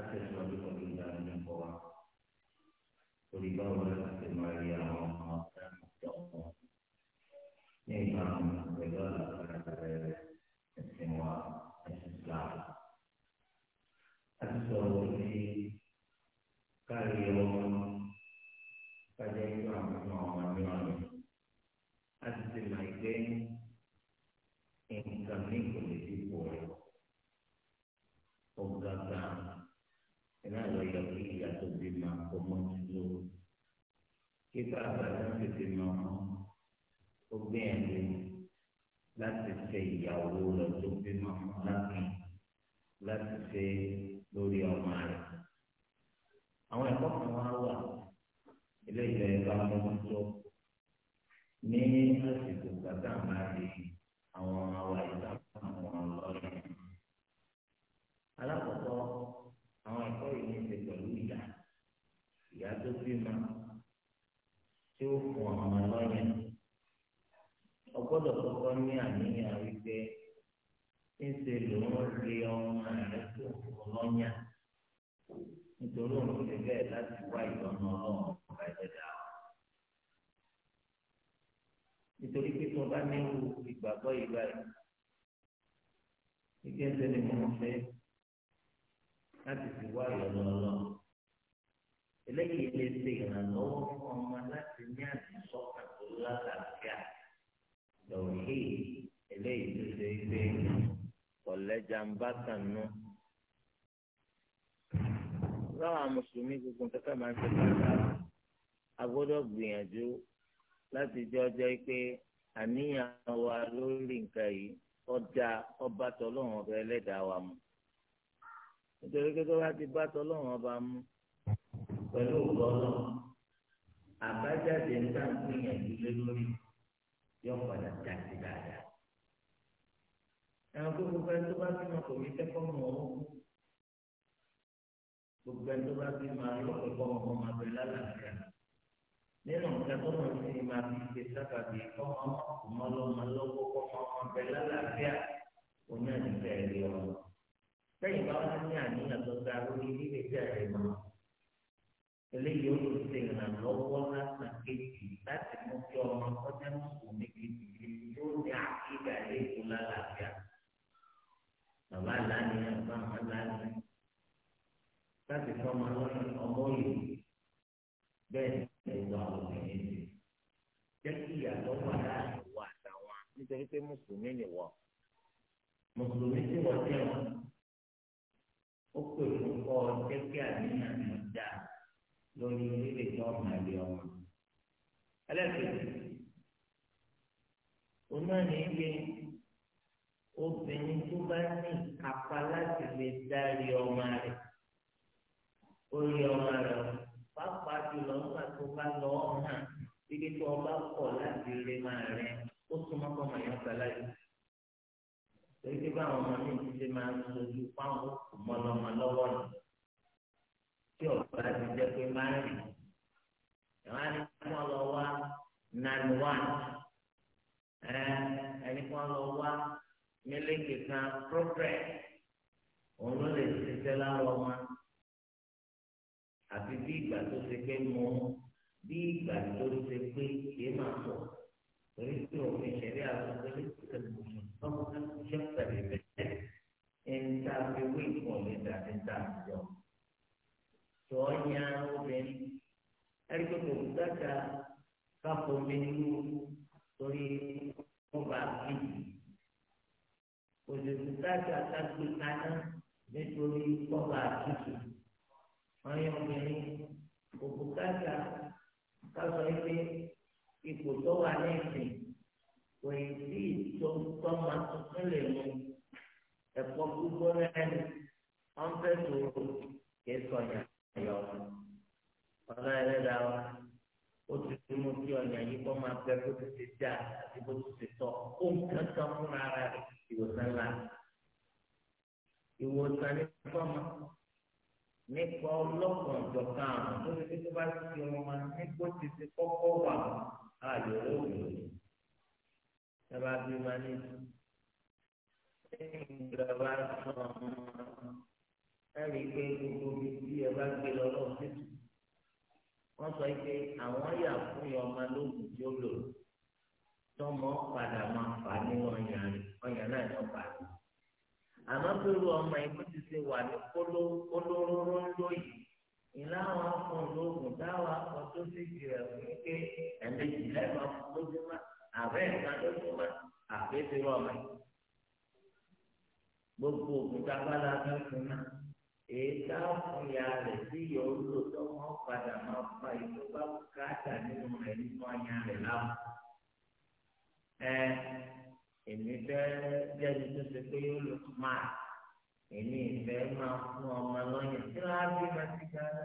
àtẹ̀síwájú pẹ̀lú ìdánimọ̀ ẹ̀kọ́ wa lórí báwo la ti máa rí àwọn ọmọ ọ̀tá ọ̀pọ̀ ní ìbámu pẹ̀lú àlàkàrà rẹ̀ ẹ̀sìn wa ẹ̀sìn Islam. Àti sọ̀rọ̀ sí káàrí ọmọ. kíkọ́ àgbàdo tètè mọ́ ó gbìyànjú láti fẹ́ ìyàwó rẹ̀ tó bímọ lápẹ́ láti fẹ́ lórí ọmọ rẹ̀. àwọn ẹ̀kọ́ kan wá wà ilé ìlẹ̀ ẹ̀ka mọ́tò ní àsìkò gbàgbà máa di àwọn àwa ìta àwọn ọlọ́run. alákọ̀ọ́kọ́ àwọn ẹ̀kọ́ yìí ń ṣe pẹ̀lú ìyá ìyá tó bímọ tí ó fún ọmọ lọ́yìn ọgbọ́dọ̀ kọ́kọ́ ní àníyàn wípé ńṣe lòun rí ọmọ rẹ̀ tó fún lọ́yìn nítorí òun ti bẹ́ẹ̀ láti wá ìlọ́nà ọlọ́run ọba ẹ̀dá wa. nítorí pé tó bá nírú ìgbàgbọ́ yìí báyìí ike ń fẹ́ láti fi wá ìlọ́nà ọlọ́run eléyìí lè ṣe ìrànlọ́wọ́ fún ọmọ láti ní àdìsọ́kàn tó lálàáfíà lọ́wọ́hì eléyìí tó ṣe pé kọ̀lẹ́jà ń bá kàn nú. láwọn mùsùlùmí gbogbo kẹfẹ́ máa ń ṣe pàtàkì a gbọ́dọ̀ gbìyànjú láti jẹ́ ọjọ́ pé àníyàn wa lórí nǹkan yìí ọjà ọba tọ́lọ́run ọba ẹlẹ́dàá wa mu nítorí pé tó bá ti bá tọ́lọ́run ọba mu pẹ̀lú ọ̀gọ́nà àbájáde nígbà gbìyànjú lé lórí yọ padà jáde dáadáa. ẹ̀rọ gbogbo ẹni tó bá fi máa kò ní kẹ́kọ̀ọ́ mọ̀ ọ́ gbogbo ẹni tó bá fi máa yọ kẹ́kọ̀ọ́ mọ̀ ọ́ máa bẹ lálàáfíà. nínú nǹkan mọ̀ sí ni máa fi ṣe sábàbí kọ́ ọmọ ọmọlọ́mọ lọ́wọ́ kọ́ ọmọ bẹ lálàáfíà oní àdìgbẹ́ ẹ̀rí ọmọ. lẹ́yìn bá wọn ní àníyàn tó ga lórí nígbèsè ẹ̀rí mọ́ eléyìí ó lè ṣe ìrànlọ́wọ́ lásán kejì láti mú kí ọmọ ọjọ́ mùsùlùmí kejì tó ní àkíkà ètò lálàáfíà. Bàbá àlàní àbá àlàní láti fọmọ lọ́nà ọmọ yìí bẹ́ẹ̀ ni ìwà obìnrin ni. Jẹ́ kí ìyàtọ̀ wà láàrin ìwà àtàwọn nítorí pé mùsùlùmí ni wọ́n. Mùsùlùmí tí wọ́n jẹ́ wọn. Ó pè fún kọ́ jẹ́ kí àníyàn ni lórí lílè tó ọ̀nà ilé ọmọ. ẹlẹ́kẹ̀ẹ́ òun náà ní pé obìnrin tó bá ní kápá láti lè dárí ọmọ rẹ̀ ó rí ọmọ rẹ̀ pápá jùlọ nígbà tó bá lọ hàn ibi tó ọba pọ̀ láti lè máa rẹ̀ ó súnmọ́ kọ́ màá yàn sáláyé. torí pé báwọn ọmọ mi ti ṣe máa ń sojú fáwọn òkú mọ́lọ́mọ lọ́wọ́ nìyẹn tí ọ̀pá ti jẹ́ pé máa ń rìn. Ìwọ́n á ní kí wọ́n lọ wá nine one. Ẹni kí wọ́n lọ wá mílíkì kan progress. Òun ló lè ṣiṣẹ́ lára ọmọ. Àfi bí ìgbà tó ṣe pé mo bí ìgbà tó ṣe pé kì í máa sọ. Torí pé òfin ìṣẹ̀lẹ̀ àwọn ọmọdé ló ti tẹ̀lé ọmọ náà ṣe pẹ̀lú ìbẹ̀rẹ̀. Ẹni tá a fi wí jọ ya obìnrin ẹni pé kò gbàgbà kápò mi lù torí wọn bá bí kò sì gbàgbà kápò kaná nítorí wọn bá tutù wọn yẹ obìnrin kò gbàgbà kásọ ife ipò tó wà ní kò ì sí ìtọ́mọ tuntun lè mú ẹ̀kọ́ gbígbóná ẹni wọ́n fẹ́ sọ̀rọ̀ kì í ẹ̀yọ̀ ọ̀nà ẹlẹ́dàá wa ó ti fi mú kí ọ̀nà yìí kọ́ máa bẹ bó ti ṣe dá àti bó ti ṣe tọ́ ó ń kankan fún ara rẹ̀ ìwòsàn ńlá ìwòsàn ní fọ́ọ̀mù nípa ọlọ́kàn ìjọkan àrùn tó ti tó bá ti fi wọn ní bó ti ṣe kọ́kọ́ wà ayò lóògùn yìí sábà bí wọn ní ìgbà bá sọ ọmọ ẹrí pé gbogbo ibi tí ẹ bá gbé lọ lọ sí tù wọn sọ pé àwọn yà fún yọ ọmọ lóògùn tí ó lò tọmọ padà máa fà nínú ọyàn rẹ ọyàn náà yọ fà ní. àmọ́ pẹ̀lú ọmọ ẹgbẹ́ ti ṣe wà ní kólóróró lóyìí ìláwọn afọn lóògùn táwa ọdún sí ìrẹ òní pé ẹ̀ẹ́dẹ́jì lẹ́nu lójúmọ́ àbẹ́ ẹ̀ka lójúmọ́ àbẹ́ ti rọ̀ mọ́ gbogbo òkúta bá la fẹ́ fún náà èyí tá a fún ya rẹ̀ sí ìyọ̀ olóòótọ́ wọn padà máa fa ìlú bá bùkátà nínú rẹ̀ nínú ọ̀yà rẹ̀ láwù. ẹ èmi fẹ́ jẹ́ni tó ṣe pé yóò lò máa èmi ìfẹ́ máa fún ọmọ lọ́yìn tí wọ́n á bí ma ti gbára.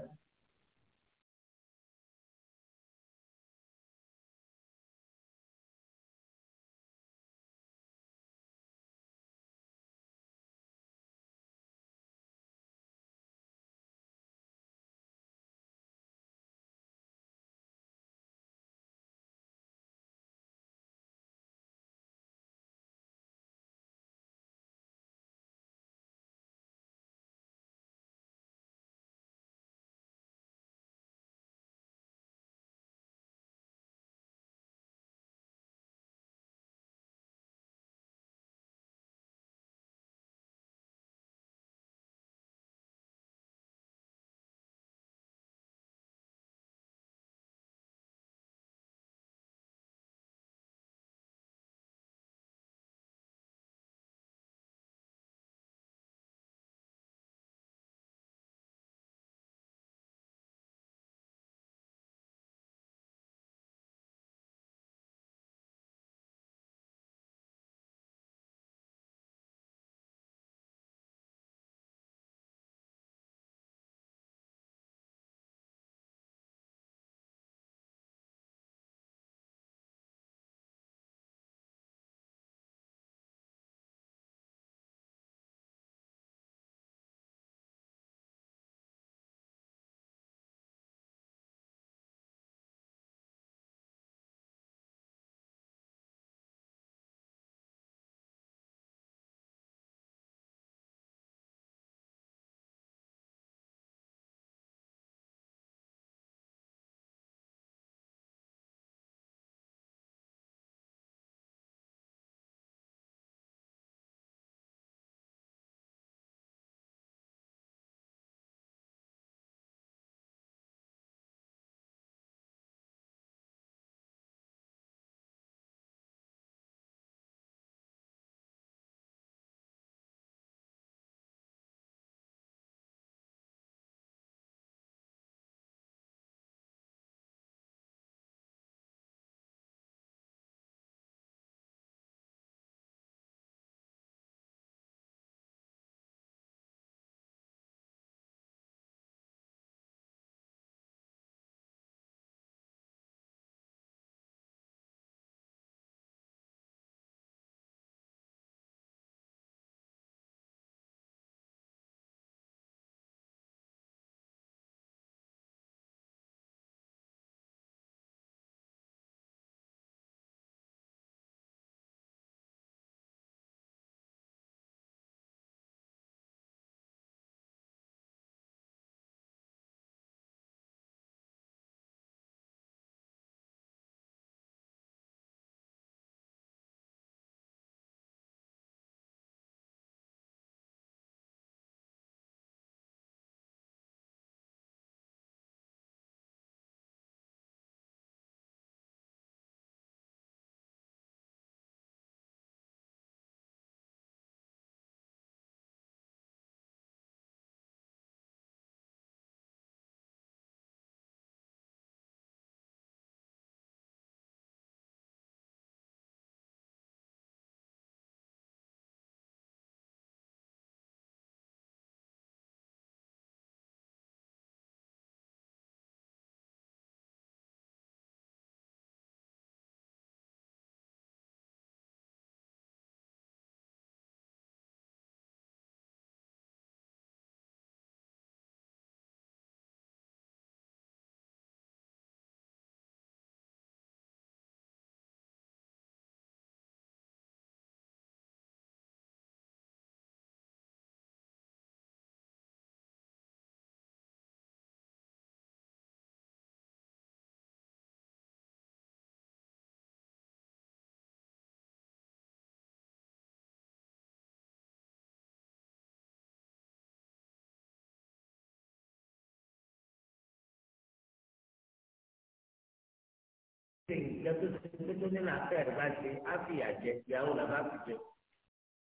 ṣe nǹkan tó ṣe pé tó nínú àfẹ́ rẹ̀ bá ṣe á fi ìyà jẹ ìyàwó là bá fi jẹ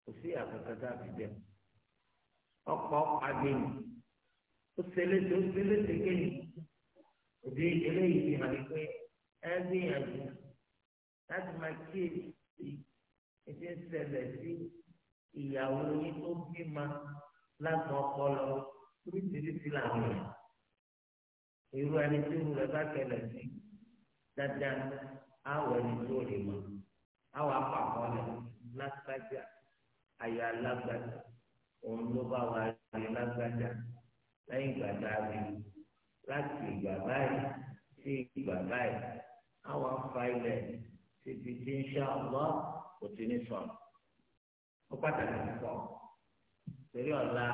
kò sí ìyà kankan tá a fi jẹ ọkọ̀ agbẹ̀yìn ó ṣe léṣe ó ṣe léṣe kéyìn òbí eléyìí fi hàn pé ẹ gbìyànjú láti máa kíyèsí ètò ìṣẹ̀lẹ̀ sí ìyàwó yín tó bímọ láti ọpọlọ oríṣiríṣi làwọn èèyàn irú ẹni tí irú rẹ̀ bá kẹlẹ̀ sí i dandan àwọn ẹni tó lè mọ àwọn apá kan lẹ lágbájá àyà lágbájá òun ló bá wà lórí lágbájá lẹ́yìn ìgbà tá a bí láti ìgbà báyìí sí ìgbà báyìí àwọn afa ilẹ̀ síbi tí ń ṣá ọgbọ kò ní sọ ó pàtàkì púpọ̀ torí ọ̀la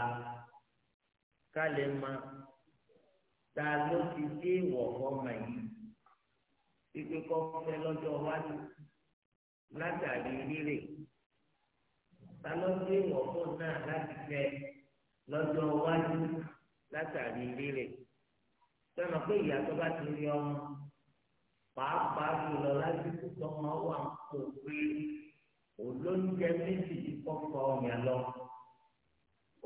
ká lè ta ló ti dé ìwọ̀fọ́ mọ̀ yìí ibi kọ́ fẹ́ lọ́jọ́ iwájú látàrí rírè ta ló gbé ìwọ̀fọ́ náà láti fẹ́ lọ́jọ́ iwájú látàrí rírè sọ́nà pé ìyá tó bá ti rí ọmọ pàápàá jùlọ lásìkò tó máa wà kó pé olóúnjẹ méjì ti kọ́kọ́ ọ̀yà lọ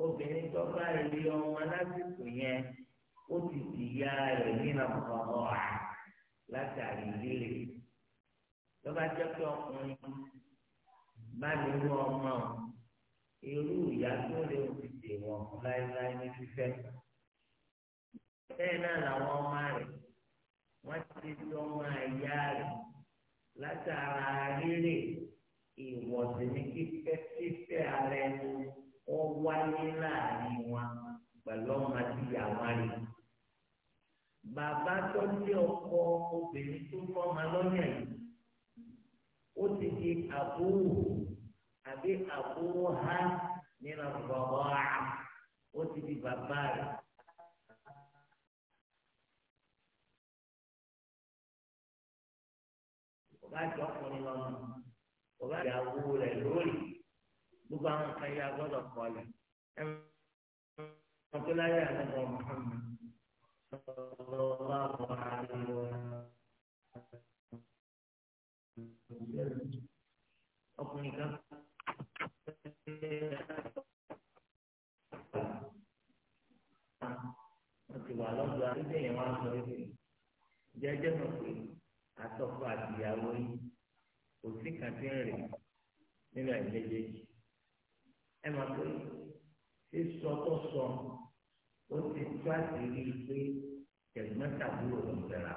obìnrin tó bá rí ọmọ lásìkò yẹn ó ti dìyà rẹ̀ nínú ọ̀rọ̀ àná látàrí líle lọ́ba jẹ́ pé ọkùnrin bá lè rú ọmọ irú ìyá tó lè òfìsè wọn láéláé ní fífẹ́ bẹ́ẹ̀ náà làwọn ọmọ rẹ̀ wọ́n ti tọ́ ọmọ ìyá rẹ̀ látara rírè ìwọ̀sìn ní kíkẹ́ fífẹ́ ara ẹni wọ́n wáyé láàrin wọn pẹ̀lú ọmọ àti ìyá bàbá tó lé ọkọ obìnrin tó fọmọ lọ́yà yìí ó ti di àbúrò àbí àbúrò ha nínú bàbá a ó ti di bàbá rẹ̀. bàbá àjọ ọkùnrin lọ́nà bàbá ìyàwó rẹ̀ lórí gbogbo àwọn kan yà gbọ́dọ̀ kọ́ lẹ̀ ẹ̀ tó láyé àlẹ́ bọ̀ mọ́ ọkùnrin kan wọ́n ti wà lọ́dọ̀ àdúgbò yẹn wọ́n á sọ wípé jẹ́jẹ́ mọ̀ pé atọ́kọ̀ àtìyàwó yìí kò sí kàtí ń rìn nínú ẹ̀ méjèèjì ẹ máa pé sísọ tó sọ ó ti tó àṣírí pé tẹ̀gbọ́n tàbúrò ti fẹ́ra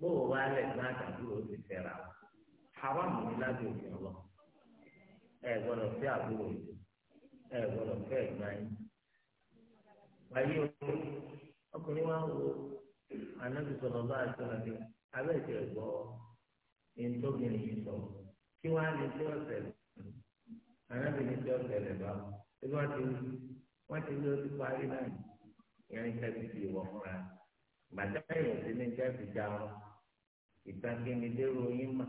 bóò wá lẹ́gbọ́n tàbúrò ti fẹ́ra haram ní lábẹ́ òfin ọlọ́ ẹ gbọ́dọ̀ fẹ́ àbúrò yìí ẹ gbọ́dọ̀ fẹ́ ẹ̀gbọ́n yìí wáyé ọkùnrin wa ń wo anábì sọ̀rọ̀ bá aṣọ àti abẹ́ẹ̀tì ẹ̀gbọ́ ìntòmìnì yìí sọ kí wọ́n á ní tí ọ̀sẹ̀ anábì ní tí ọ̀sẹ̀ rẹ̀ bá wọ́n ti wọ́n ti lọ sí parí náà ìyẹn ní kẹ́sì fi wọ̀ fúnra bàtà ìyẹn sí ní kẹ́sì já wọn ìtàgéni lérò yín mà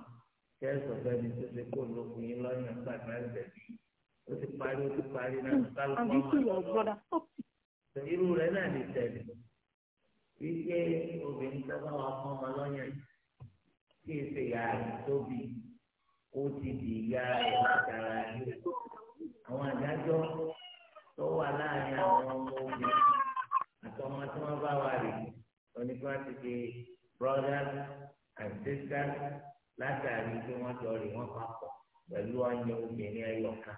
kẹ́sọ̀ fẹ́ni tó ṣe kó lókun yín lọ́yàn gbàgbà ẹ̀sẹ̀ ó ti parí ó ti parí náà kálukọ́ mà irú rẹ̀ náà lè tẹ̀lé wípé obìnrin tó bá wà fún ọmọ lọ́yàn kí èsè ìyá rẹ̀ tóbi ó ti di ìyá rẹ̀ látara rẹ̀ àwọn àdájọ́ tó wà láàrin àwọn ọmọ obìnrin àtọmọ tí wọ́n bá wà rè oníkan ti di brothers and sisters látàrí pé wọ́n jọ rè wọ́n papọ̀ pẹ̀lú ọyàn obìnrin ẹyọ kan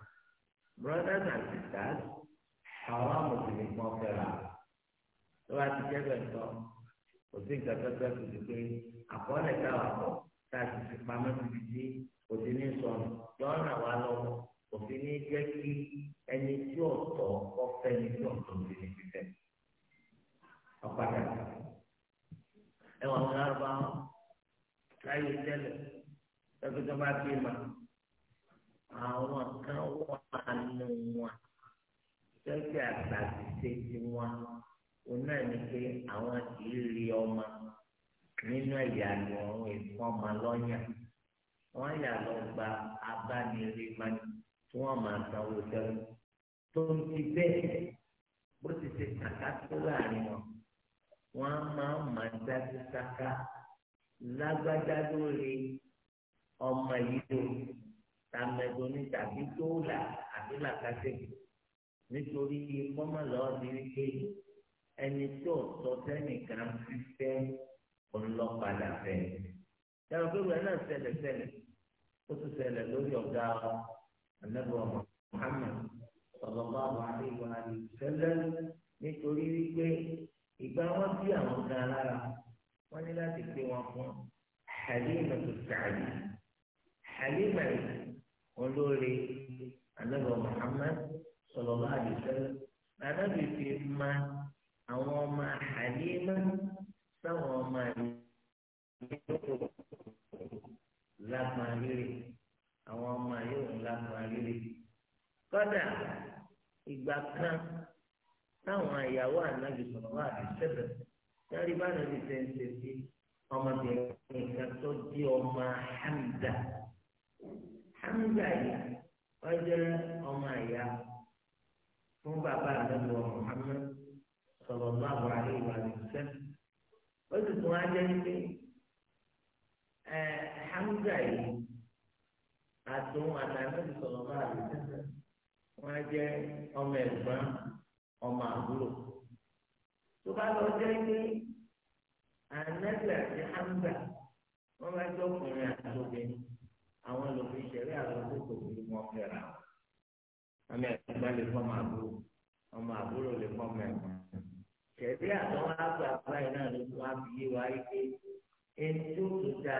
brothers and sisters àwọn amòsìlè kan fẹ́ra tó bá ti jẹ́bẹ̀ tán kò sí nǹkan tó fẹ́ kùtù pé àkọọ́lẹ̀ táwọn àpọ̀ tá a ti fi pamọ́ títí kò sí ní sọnù yọ̀ọ́ ràn wá òfin ní jẹ́ kí ẹni tí ọ̀tọ̀ ọ̀fẹ́ ni tí ọ̀tọ̀ òfin ní fífẹ́. ọ̀padà ẹwà wọn lárúbá láyé tẹ́lẹ̀ ẹgbẹ́jọ́ bá bí ma àwọn kan wà nù wọn tẹ́lẹ̀ àgbà ṣe ti wọn òun náà ni pé àwọn kì í rí ọmọ nínú ẹ̀yà lọ́rùn ìfọ́nmọ́ lọ́yà yà lọ gba abánirí tí wọ́n máa ń sanwó sẹ́nu tó ń ti bẹ́ẹ̀ bó ti ṣe kàkà tó láàrin wọn wọ́n máa ń máa dájú sáká lágbájá lórí ọmọ yìí tó tàmẹ̀dọ̀ ní tàbí tó là àbí làkàṣẹ́kù nítorí kọ́mọ̀lọ́ ni wípé ẹni tó sọ sẹ́nìkan fífẹ́ ọlọ́padà fẹ́. Ẹ̀rọ pé wẹ́n náà ṣẹlẹ̀ ṣẹlẹ̀ ó tún ṣẹlẹ̀ lórí ọ̀gá ọ النبوة محمد صلى الله عليه وآله وسلم nítorí wípé ìgbà wọn bí àwọn gan lára wọn ní láti pé wọn fún Halima tó sàlì Halima olóore anábọ Muhammad sọlọlá àdìsẹlẹ anábì fi ma àwọn ọmọ Halima sáwọn ọmọ àdìsẹlẹ lágbàá rírì àwọn ọmọ yóò ńlá kan rírì kódà ìgbà kan táwọn ìyàwó ànájú sọ̀rọ̀ wà ní sẹ́bẹ̀ dárí bá nàbí sẹ́ńsẹ̀ sí ọmọbìnrin kan tó di ọmọ Hamza Hamza yìí wọ́n jẹ́ ọmọ ìyá fún bàbá ànájú Muhammad sọ̀rọ̀ bá wà ní ìwà ní sẹ́bẹ̀ ó sì tún wá jẹ́ pé Hamza yìí àtúnwò àtàlẹ́bí sọ̀rọ̀ bá rẹ̀ sẹ́sẹ̀ wọ́n á jẹ́ ọmọ ẹ̀gbọ́n ọmọ àbúrò. tó bá lọ jẹ́ pé ànẹ́bí àti hamza wọ́n bá jọ ọkùnrin àti obìnrin àwọn lòfin ìṣẹ̀lẹ̀ àwọn tó kò ní wọ́n fẹ́ra wọn. ọmọ ẹ̀gbọ́n lè fọ́ ọmọ àbúrò ọmọ àbúrò lè fọ́ ọmọ ẹ̀gbọ́n. ṣẹ̀lẹ̀ àwọn àgbà báyìí náà ló wá fi yé wa rí pé ẹni tó tó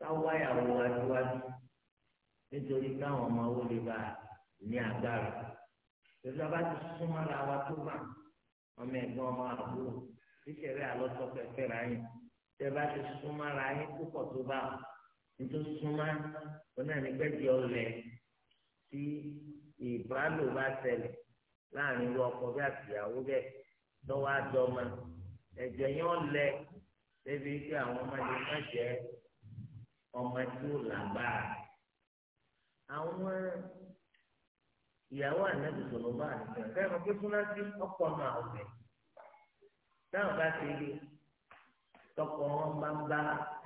káwá ìyàwó wa síwájú nítorí káwọn ọmọ owó lè bá ní agbára lọ́sọ̀ bá ti súnmọ́ la wa tó bá ọmọ ẹ̀gbọ́n ọmọ àbúrò tíṣẹ̀rẹ́ àlọ́sọ fẹ́fẹ́ ra yín tẹ́ bá ti súnmọ́ ra yín púpọ̀ tó bá nítorí súnmọ́ onánígbẹ́jì ọlẹ̀ tí ìbálò bá ṣẹlẹ̀ láàrin irú ọkọ bí àtìyàwó bẹ́ẹ̀ lọ́wọ́ àdọ́mọ ẹ̀jẹ̀ yẹn ọlẹ̀ débi pé àwọn ọmọdé má jẹ́ ọmọ tí ó lágbára àwọn ìyàwó ànábì sọlọ bá àdìgbà kẹrin pé súnáṣí ọ̀pọ̀ ọmọ àwọn ọbẹ táwọn bá ti rí tọkọ wọn bá ń bá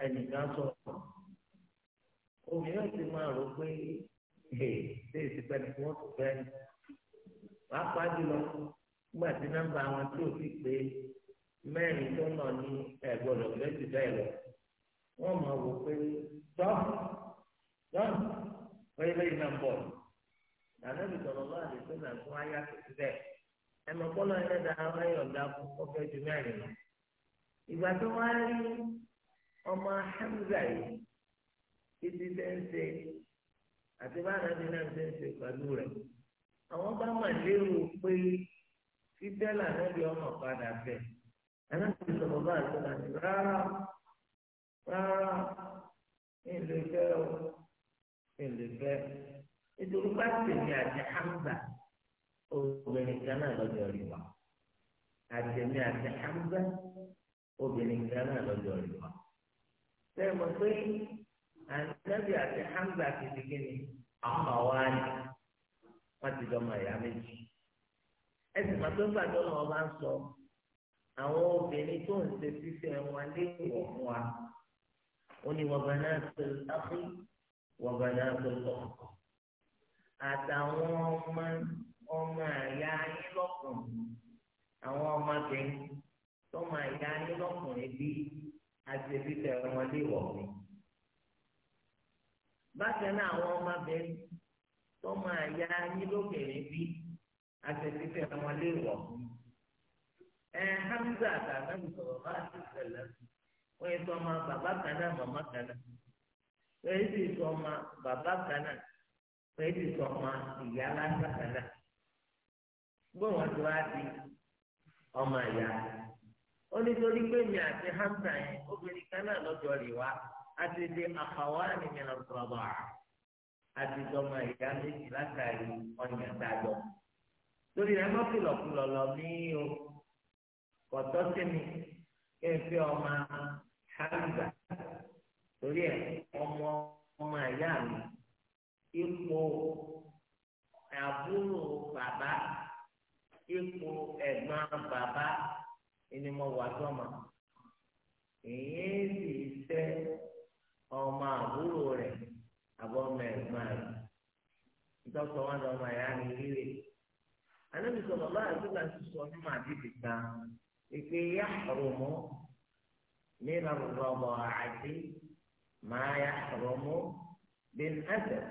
ẹnìkan sọ̀rọ̀ obìnrin ti máa rò pé ṣé ìsìnkú ẹni tí wọn kò fẹ́ ni wàá jùlọ nígbà tí nọ́mbà àwọn tí ò ti pé mẹ́rin tó nà ní ẹgbọdọ fẹẹ ti bẹ́ẹ̀ lọ. wọ́n máa wò pé tọ́ tọ́ wọ́n ilé iná ń bọ̀. Ànábì sọ̀rọ̀ bá àdìsẹ́ náà fún ayé àtẹ̀síbẹ̀. Ẹ mọ̀ kọ́lọ́ ẹlẹ́dà ayọ̀dá fún ọ̀fẹ́ ju mẹ́rin lọ. Ìgbà tó wá rí ọmọ Hamza yìí tẹ́ ń ṣe àti náà ń ṣe pẹ̀lú rẹ̀. Àwọn bá mà lérò pé fífẹ́ làná bí ọmọ padà rárá ilé fẹ́ o ilé fẹ́ nítorí bá tèmi àti Hamza obìnrin kan náà lọ́jọ́ rí wa àtẹ̀mí àti Hamza obìnrin kan náà lọ́jọ́ rí wa bẹ́ẹ̀ mọ̀ pé ànábì àti Hamza ti di kí ni àwọn àwa ni wọ́n ti dọ́mọ ìyá méjì ẹsìn máa tó bá ń sọ àwọn obìnrin tó ń ṣe fífẹ́ wọn wọn ni وبنات الأخ وبنات الأخت àtàwọn ọmọ ọmọ àyà yín lọ́kùnrin àwọn ọmọbìnrin tọmọ àyà yín lọ́kùnrin bí àtẹ̀bíṣẹ̀ ọmọdé wọ̀ mí. bákan náà àwọn ọmọbìnrin tọmọ àyà yín lóbìnrin bí àtẹ̀bíṣẹ̀ ọmọdé wọ̀ mí. ẹ Hamza àtàwọn ìṣòro bá ti ṣẹlẹ̀ sí wọ́n yẹ sọ ọmọ bàbá kan náà màmá kan náà wọ́n yẹ sì sọ ọmọ bàbá kan náà wọ́n yẹ sì sọ ìyá lásán kan náà wọn ti wá di ọmọ ìyá ó nítorí pé mi àti Hamza yẹn obìnrin kan lọ́jọ́ rè wá a di àkàwá ni mi lọ sọ̀rọ̀ a ti dọ́mọ ìyá méjì látàrí ọ̀yàn dájọ́ lórí ẹ má fi lọ́kùlọ̀ lọ mí o kọ̀tọ́ sí mi kẹfẹ ọmọ hamza torí ẹ ọmọ ọmọ ẹyà mi ipò àbúrò bàbá ipò ẹ̀gbọ́n bàbá ni mo wà sọmọ èyí sì fẹ ọmọ àbúrò rẹ àbọ ọmọ ẹ̀gbọ́n rẹ ìtọ́sọ wọn lọ ọmọ ẹ̀yà mi rírè àná mi sọ̀rọ̀ ti sọ ọdún màdìdì kan ìpè yàtọ̀rọ̀mọ́ nínú rọ̀bọ̀ àti máa yàtọ̀rọ̀mọ́ bin adam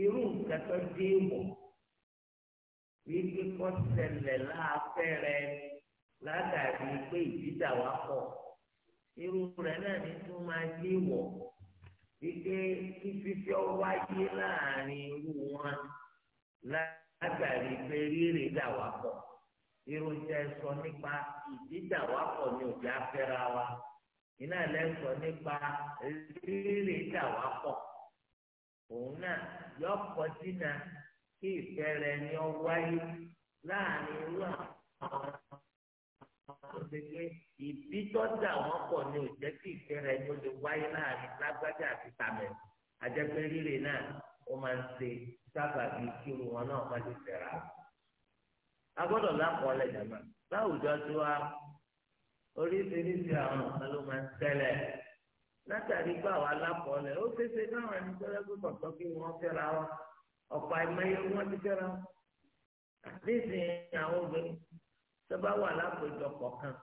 irú nǹkan tó dé wọ̀ wípé kọ́ ṣẹlẹ̀ láàfẹ́rẹ́ látàrí pé ìdídà wá pọ̀ irú rẹ̀ náà ní tún máa dé wọ̀ wípé kí láàrin irú wọn látàrí pé rírè dà wá pọ̀ ìròjà ẹ̀sọ́ nípa ìdídàwápọ̀ ní òjò afẹ́ra wa iná lẹ́sọ̀ nípa rírì dàwápọ̀ òun náà yọ ọkọ̀ dínà kí ìfẹ́ rẹ̀ ni ó wáyé láàrin irú àwọn ọ̀sẹ̀gbẹ́ ìbítọ́ dà wọ́n pọ̀ ní òjẹ́ kí ìfẹ́ rẹ̀ ni ó lè wáyé láàrin lágbájá àti tàmẹ̀ àjẹpẹ́ rírì náà ó máa ń ṣe sábàbí kí irun wọn náà má lè fẹ́ra wọn agbọ́dọ̀ lákọọ́lẹ̀ jàmá láwùjọ tí wa oríṣiríṣi àwọn nǹkan ló máa ń tẹ́lẹ̀ látàrí pé àwọn alákọọ́lẹ̀ ó ṣeéṣe káwọn ẹni tó lẹ́gbẹ́ pọ̀tọ́ kí wọ́n fẹ́ra wa ọ̀pọ̀ àìmọye wọn ti fẹ́ra wọn nísìnyí àwọn obìnrin tó bá wà lápèjọpọ̀ kan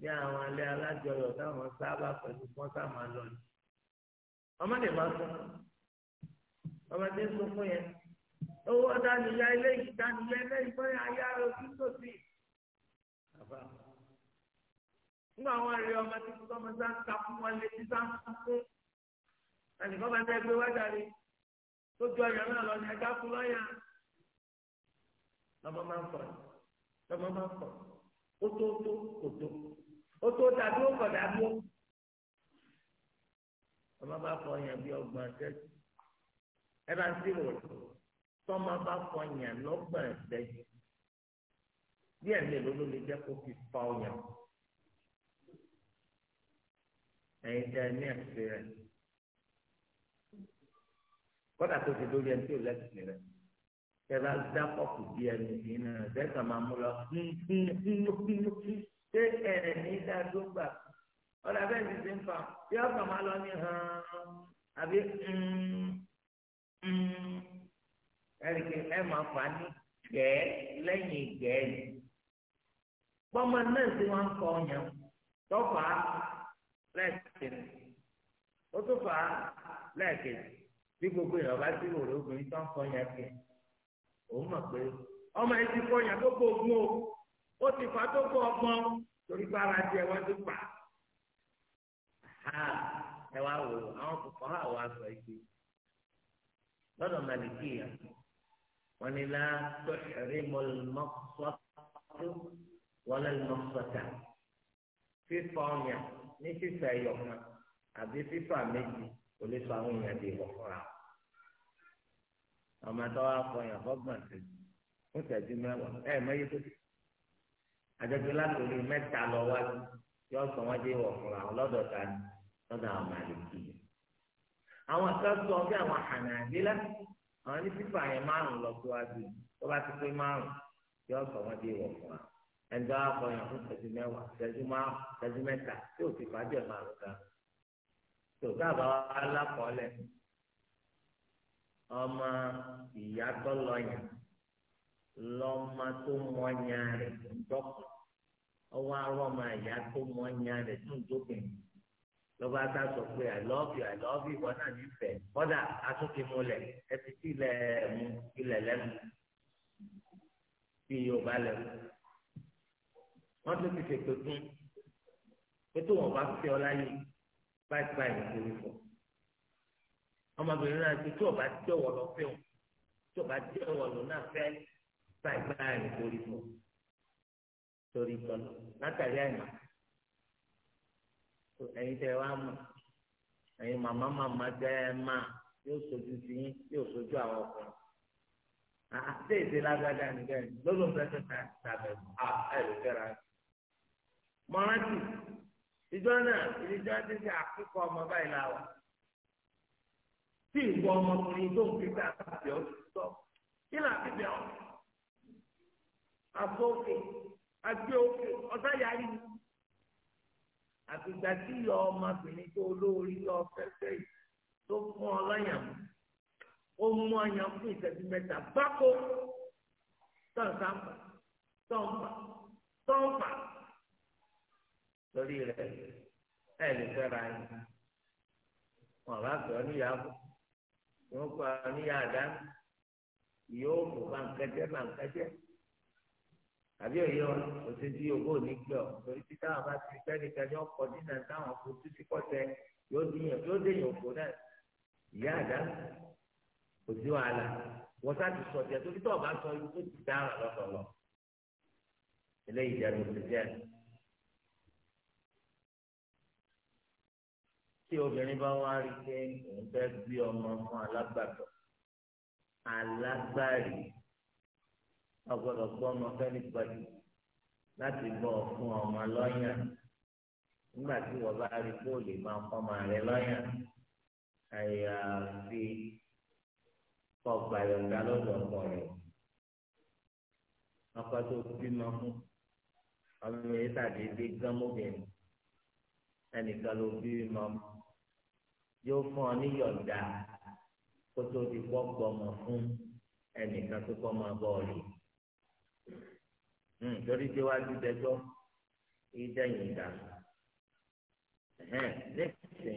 ní àwọn alẹ́ alájọyọ̀ táwọn sábà pẹ̀lú pọ́ńtà máa lọ ọmọdé máa sọ ọmọdé sọ fún yẹn owó dánìyà eléyìí dánìyà eléyìí pé ayé ara òsì sòsì. nígbà àwọn èrè ọmọ títí tọmọ sá ń ta fún wọn létí sá ń fún fún ẹnìkan bá tẹ́ gbé wájà rí tó ju ọyàn náà lọ ní ẹja fún lọ́yà lọ́mọ máa ń fọ̀ lọ́mọ máa ń fọ̀ ó tó tó kò tó ó tó dàbí ó kọ̀ dàbí ó lọ́mọ bá fọ ọyàn bí ọgbọ̀n ṣẹ́jú ẹ bá ń sírò rẹ̀ tọ́mọ bá fọyàn lọ́gbọ̀n ìṣẹ́jú díẹ̀ mélòó ló lè jẹ́ kó fi fa ọyàn ẹ̀yin tẹ ní ẹ̀sìn rẹ̀ kọ́dà tó ti lórí ẹni tí ò lẹ́sìn rẹ̀ tẹ̀lá dá pọ̀pù bí ẹni tí ń rìn bẹ́ẹ̀ka máa mú lọ fínfínfínfínfín ṣé ẹ̀ẹ́dì dájú gbà ọ̀dà bẹ́ẹ̀ ti ti ń fa yọ̀ọ́ kàn máa lọ ní hàn án àbí mm, mm, ẹ̀rìkì ẹ̀ máa fà á ní gẹ̀ẹ́ lẹ́yìn gẹ̀ẹ́ ni. Bọ́mọ náà tí wọ́n ń kọ ọyàn tọ́fà Ó tún fà á Bí gbogbo bá obìnrin tó ń kọ ọyàn Òun mọ̀ pé ọmọ ti kọ ọyàn tó kọ o. Ó ti fà tó kọ ọgbọ́n torí ara ti pa. Ẹ wá wò ó, àwọn kòkòrò wọ́n ní la tuhrimul maqsatu wala al-maqsatan fífọ ọyàn ní fífọ ẹyọ kan àbí fífọ méjì kò lè sọ àwọn èèyàn dè wọ̀ fúnra ọmọ tó wá fọyàn fọgbọ̀n sí fún ìtẹ́jú mẹ́wàá ẹ̀ mọ́ yíkó àjọpọ̀ látòrí mẹ́ta lọ wájú yóò sọ wọ́n dé wọ̀ lọ́dọ̀ ta ni lọ́dọ̀ àwọn màlìkì àwọn kan bí àwọn Hanabila àwọn ní fífà yẹn márùn lọ síwájú tó bá ti pé márùn yóò sọ wọn di ìwọ fún wa ẹnjọ akọyàn fún tẹjú mẹ́wàá tẹjú márùn tẹjú mẹ́ta tí ò ti fàájì márùn kan tó dábàá wa alákọọlẹ ọmọ ìyá tó lọyàn lọmọ tó mọnyàn rẹ tó ń dọkùn ọwọ arọ ọmọ ìyá tó mọnyàn rẹ tó ń dọkùn lọ́ba ta sọ pé i love you i love you wọn náà nífẹ̀ẹ́ kọ́dà atúntì múlẹ̀ ẹ ti ti ilẹ̀ mú ilẹ̀ lẹ́nu bí yorùbá lẹ́nu wọ́n tún ti fètò tún pé tó wọn bá fẹ́ ọ láyé báyìí báyìí nítorí fún ọmọbìnrin náà ti tó ọba tí ọwọ́ lọ fẹ́ wọn tó ọba tí ọwọ́ lọ náà fẹ́ báyìí báyìí nítorí fún torí tọ́lọ́ látàrí àyàn ẹ̀yin tẹ́ wá mọ̀ ẹ̀yin màmá màmá tẹ́ ẹ má yóò sojú sí yín yóò sojú àwọn ọkùnrin àti èdè lágbájá nìkan lọ́dún fẹ́ẹ́ tẹ̀ tàbẹ̀ ẹ̀rù fẹ́ra mọ́rántì ìjọ náà ìjọ ti ṣe àkókò ọmọ báyìí la wà tí ìwọ ọmọkùnrin tó ń fi ká àbẹ̀ ọ́ sọ kí là á fi bẹ̀ ọ́ àfọ́ òkè àgbẹ̀ òkè ọ̀tá yàrá yìí àgbègbè tí yọ ọmọbìnrin tó olórí lọ fẹ́fẹ́ yìí tó fún ọ lọ́yàn ó mú ọyàn fún ìṣẹ́jú mẹ́ta báko tọ̀nsáǹpà tọ̀npà tọ̀npà torí rẹ̀ ẹ̀ lè fẹ́ra yín wọn bá sọ níyàwó wọn kọ níyàdá yóò kó bàǹkẹ́jẹ́ bàǹkẹ́jẹ́ àbí òye wa kò sí tí owó ò ní gbé ọ torí tí táwọn bá ti fẹ́ nìkan ni ọkọ̀ dínà táwọn kò tún sí kọ́tẹ yóò díyàn yóò déyàn òfò náà ìyá àdá kò sí wàhálà wọ́n sá ti sọ̀tì ẹ̀ torí tó ọba sọ ibi ti dáhùn lọ́sọ̀lọ́ eléyìí jẹ́ ti jẹ́ tí obìnrin bá wá rí pé òun fẹ́ gbé ọmọ fún alágbàtọ̀ alágbàrí ọgbọ́dọ̀ gbọ́ ọmọ fẹ́ni gbọ́dọ̀ láti bọ̀ fún ọmọ lọ́yàn nígbà tí wọ́n bá rí kó lè máa kọ́ ọmọ rẹ lọ́yàn àyàfi kọ́ gbàyọ̀ǹda lọ́dọ̀ ọkọ rẹ̀ ọkọ tó bímọ fún ọmọ yẹn sàdédé gánmóbìnrin ẹnìkan ló bímọ yóò fún ọ níyọ̀ǹda kó tó di pọ́ gbọmọ fún ẹnìkan tó kọ́ máa bọ̀ ọ̀lẹ́ torí hmm, pé wá ju dẹjọ́ ìdẹ́yìn ìdá nísìnyí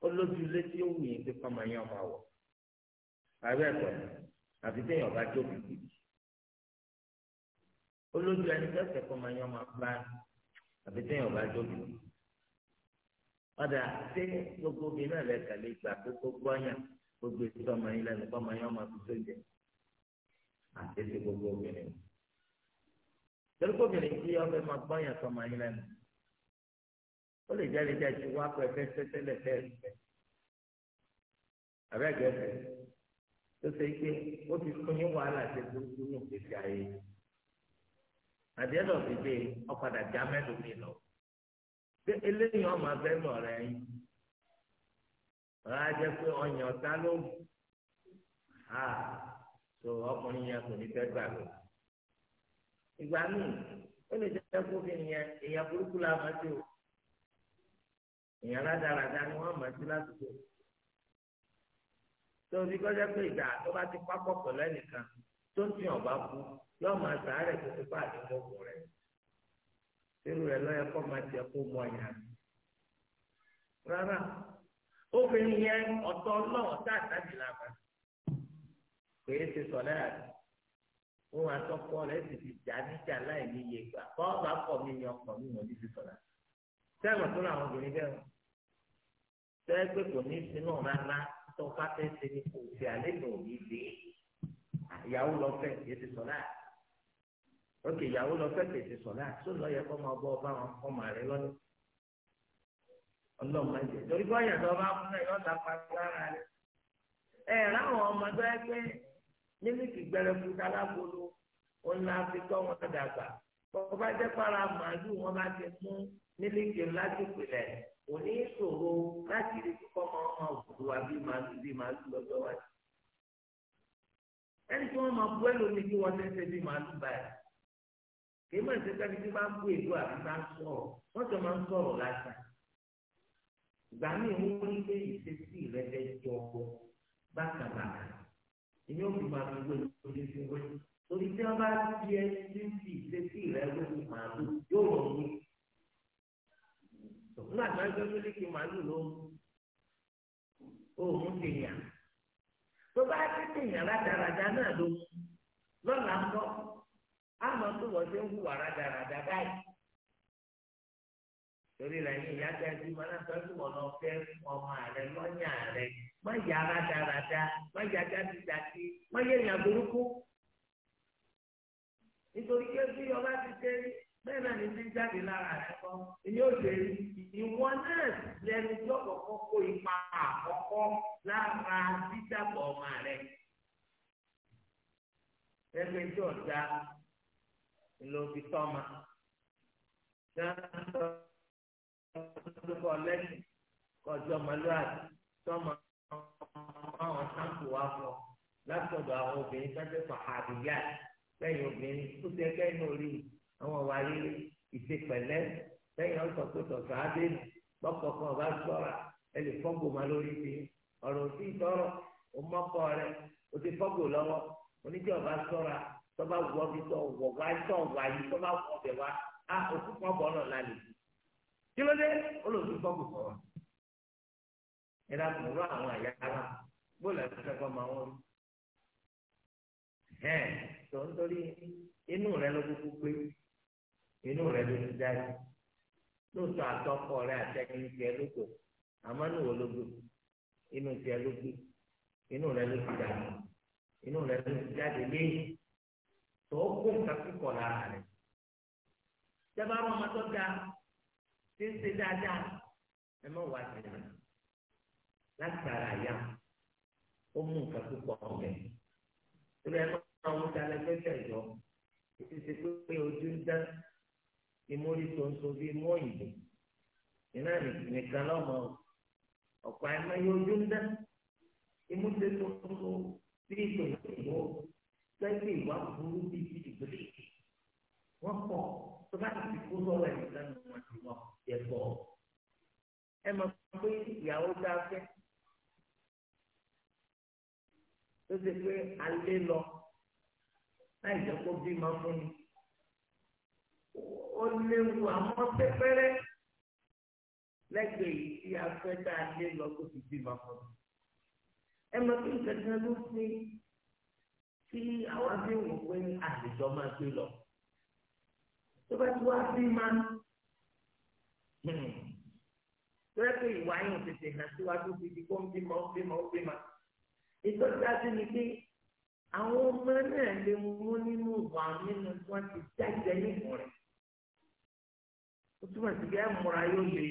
ó lójú létí ó wù yín pé kọ́mọ yẹn ọmọ àwọ̀ àbí ẹ̀kọ́ àfi téèyàn bá jó kìkì ó lójú ẹni tẹ́sẹ̀ kọ́mọ yẹn ọmọ àgbá àfi téèyàn bá jó kìkì ọ̀dà ṣé gbogbo obìnrin náà lẹ́ka lè gbà pé gbogbo ọ̀yàn gbogbo ètò ọmọ yẹn lẹ́nu kọ́mọ yẹn ọmọ àti sóúnjẹ àti ètò gbogbo obìnrin náà torí kóbìnrin tí ọbẹ̀ máa gbọ́yàn sọ máa yín lẹ́nu ó lè jẹ́ lẹ́jà tí wá pẹ́ fẹ́ sẹ́sẹ́lẹ̀ fẹ́ẹ́ fẹ́ àbẹ́gẹ́ fẹ́ tó ṣe pé ó ti fún yín wàhálà ṣe burúkú ní òkèèkè ayé àdéhùn òdìdé ọ̀padà já mẹ́lòmíì lọ pé eléyìí ọmọ abẹ́ mọ̀ rẹ̀ yín ọ̀rọ̀ ajẹ́ pé ọyàn ọ̀tá ló wù á ah, ọkùnrin yẹn kò ní fẹ́ gbà lọ́wọ́ ìgbà míì ó lè jẹ́ kófin yẹn èèyàn burúkú la máa ti o èèyàn ládàradà ni wọ́n máa ti lásìkò tó fi kọjá pé ìgbà tó bá ti pápọ̀ pẹ̀lú ẹnìkan tó ń tiyan ọba kú yóò máa sàárẹ̀ tó ti bá àdéhùn ọkùnrin rẹ̀ irú rẹ̀ lọ́yẹ kọ́ máa tiẹ̀ kó mọ ìyá rárá obìnrin yẹn ọ̀tọ̀ ọlọ́ọ̀ tá àtàjì làbà kò yé ti sọ̀lẹ́ àdé. òun àtọkọ rẹ̀ sì ti jà níjà láì gbà bá mí mi níbi tó làwọn obìnrin wọn sẹ́ẹ́ pé kò ní sinú rárá tó bá fẹ́ ṣe ni kò sí àlejò òní dé ìyàwó lọ fẹ́ kì í ti sọ̀rọ̀ òkè ìyàwó lọ fẹ́ kì í ti tó lọ yẹ kó máa ọba wọn rẹ torí tó bá fún ẹ ta pa lára rẹ mílíkì gbẹrẹfu kálábolo ńlá fi tọ́ wọn dàgbà bọ́ba jẹ́ para màálù wọn bá ti mú mílíkì láti pìlẹ̀ òní ìṣòro láti rí kíkọ́ ọmọ ọmọ òkùnkùn wa bí màálù bí màálù lọ́jọ́ wájú. ẹni tí wọ́n máa bú ẹ lómi kí wọ́n tẹ́tẹ́ bí màálù báyìí kì í mọ̀ sí sẹ́ni tí bá ń bú èlú àbí bá ń sọ̀rọ̀ wọ́n jọ máa ń sọ̀rọ̀ láti ìgbà míì wọ́n rí pé ìṣesí yóò fi máa fi wé lórí fi wé torí tí wọn bá fi ẹ ti ń fi ìṣesí rẹ wé ní màálù yóò wí. nígbà tí wọn ló òun tó bá ti náà ló lọ́la ń bọ́ àmọ́ tó wọ́n torí rẹ ní ìyá gẹ́gẹ́ bí wọn náà tọ́jú wọn lọ fẹ́ ọmọ rẹ lọ́yà rẹ má yà rádaràda má yà dátidàti má yẹ ìyà burúkú. nítorí pé bí ọba ti dé bẹ́ẹ̀ náà ní ti ń jáde lára rẹ kọ́ ìní ó ṣe rí ìwọ náà lẹnu tí ọ̀kọ̀ọ̀kọ́ kó ipa àkọ́kọ́ lára dídàpọ̀ ọmọ rẹ. ẹgbẹ́ tí ọ̀dà ló fi tọ́ ma lórúkọ lẹ́yìn kọjọ màlúwàdì tọmọ àwọn sáǹpù wa fọ látọ̀dọ̀ àwọn obìnrin tọ́jú sàhàbíyà lẹ́yìn obìnrin tó ti ẹgbẹ́ inú orí àwọn wáyé ìsepẹ̀lẹ́ lẹ́yìn ọ̀sọ̀ pé tọ̀sọ̀ abẹ́nu bọ́kọ̀ kan ọba sọ́ra ẹ lè fọ́gbò má lórí ti ọ̀rọ̀ sí ìtọ́rọ ọmọkọ rẹ o ti fọ́gbò lọ́wọ́ oníjẹ́ ọba sọ́ra tọ́ba wọ́ bí tọ́ wọ̀ wá tọ́ wáyé tọ́ba wọ́ bẹ̀ wá á òkú kan bọ́ ọ̀nà lálẹ́ yìí. kí ló dé olóòtú gbọ́kù ọrụ ẹ na lọ àwọn àyà ara bóòlù àti sẹ́kọ̀ máa wọ́n tó ń torí inú rẹ ló kúkú pé inú rẹ ló ti dá yìí lóòótọ́ àtọ́kọ rẹ àtẹ́yìn àmọ́ inú wo ló gbé inú ló gbé inú rẹ ló ti dá yìí inú rẹ ló ti jáde léyìn tó rẹ. tí ń ṣe dáadáa ẹ má wá sí náà látara àyà ó mú nǹkan púpọ̀ ọ̀bẹ torí ẹ má wọn ta lẹgbẹsẹ yọ títí ṣe pé ojú ń dán ìmúrí tonso bíi mú òyìnbó iná nìkan lọ́mọ ọ̀pọ̀ àìmọye ojú ń dán ìmúṣe tonso bíi tòyìnbó sẹ́yìn ìwà burú bíi ìgbèlè wọ́n pọ̀ tó bá ti kó sọ́wọ́ ẹ̀ nìkan ni wọ́n ti wọ́n yẹ̀bọ̀ ẹ máa pé ìyàwó dá fẹ́ tó ṣe pé alẹ́ lọ láì jẹ́ kó bí máa fún ni ó léwu àmọ́ pẹ́pẹ́rẹ́ lẹ́gbẹ̀ẹ́ yìí tí a fẹ́ dá alẹ́ lọ tó fi bí máa fún ni ẹ máa pé nǹkan kan ló fi tí àwa fi wò pé àlejò máa gbé lọ tó bá ti wá bí máa. Hmm. tọ́lá pé ìwà yìí tètè hàn síwájú bíbí kó ń bímọ ó bímọ ó bímọ. ìtọ́jú ni pé àwọn ọmọ náà lè mú nínú ìwà nínú tí wọ́n ti jáde nínú rẹ̀. ó túmọ̀ sí pé ẹ̀múra yóò lè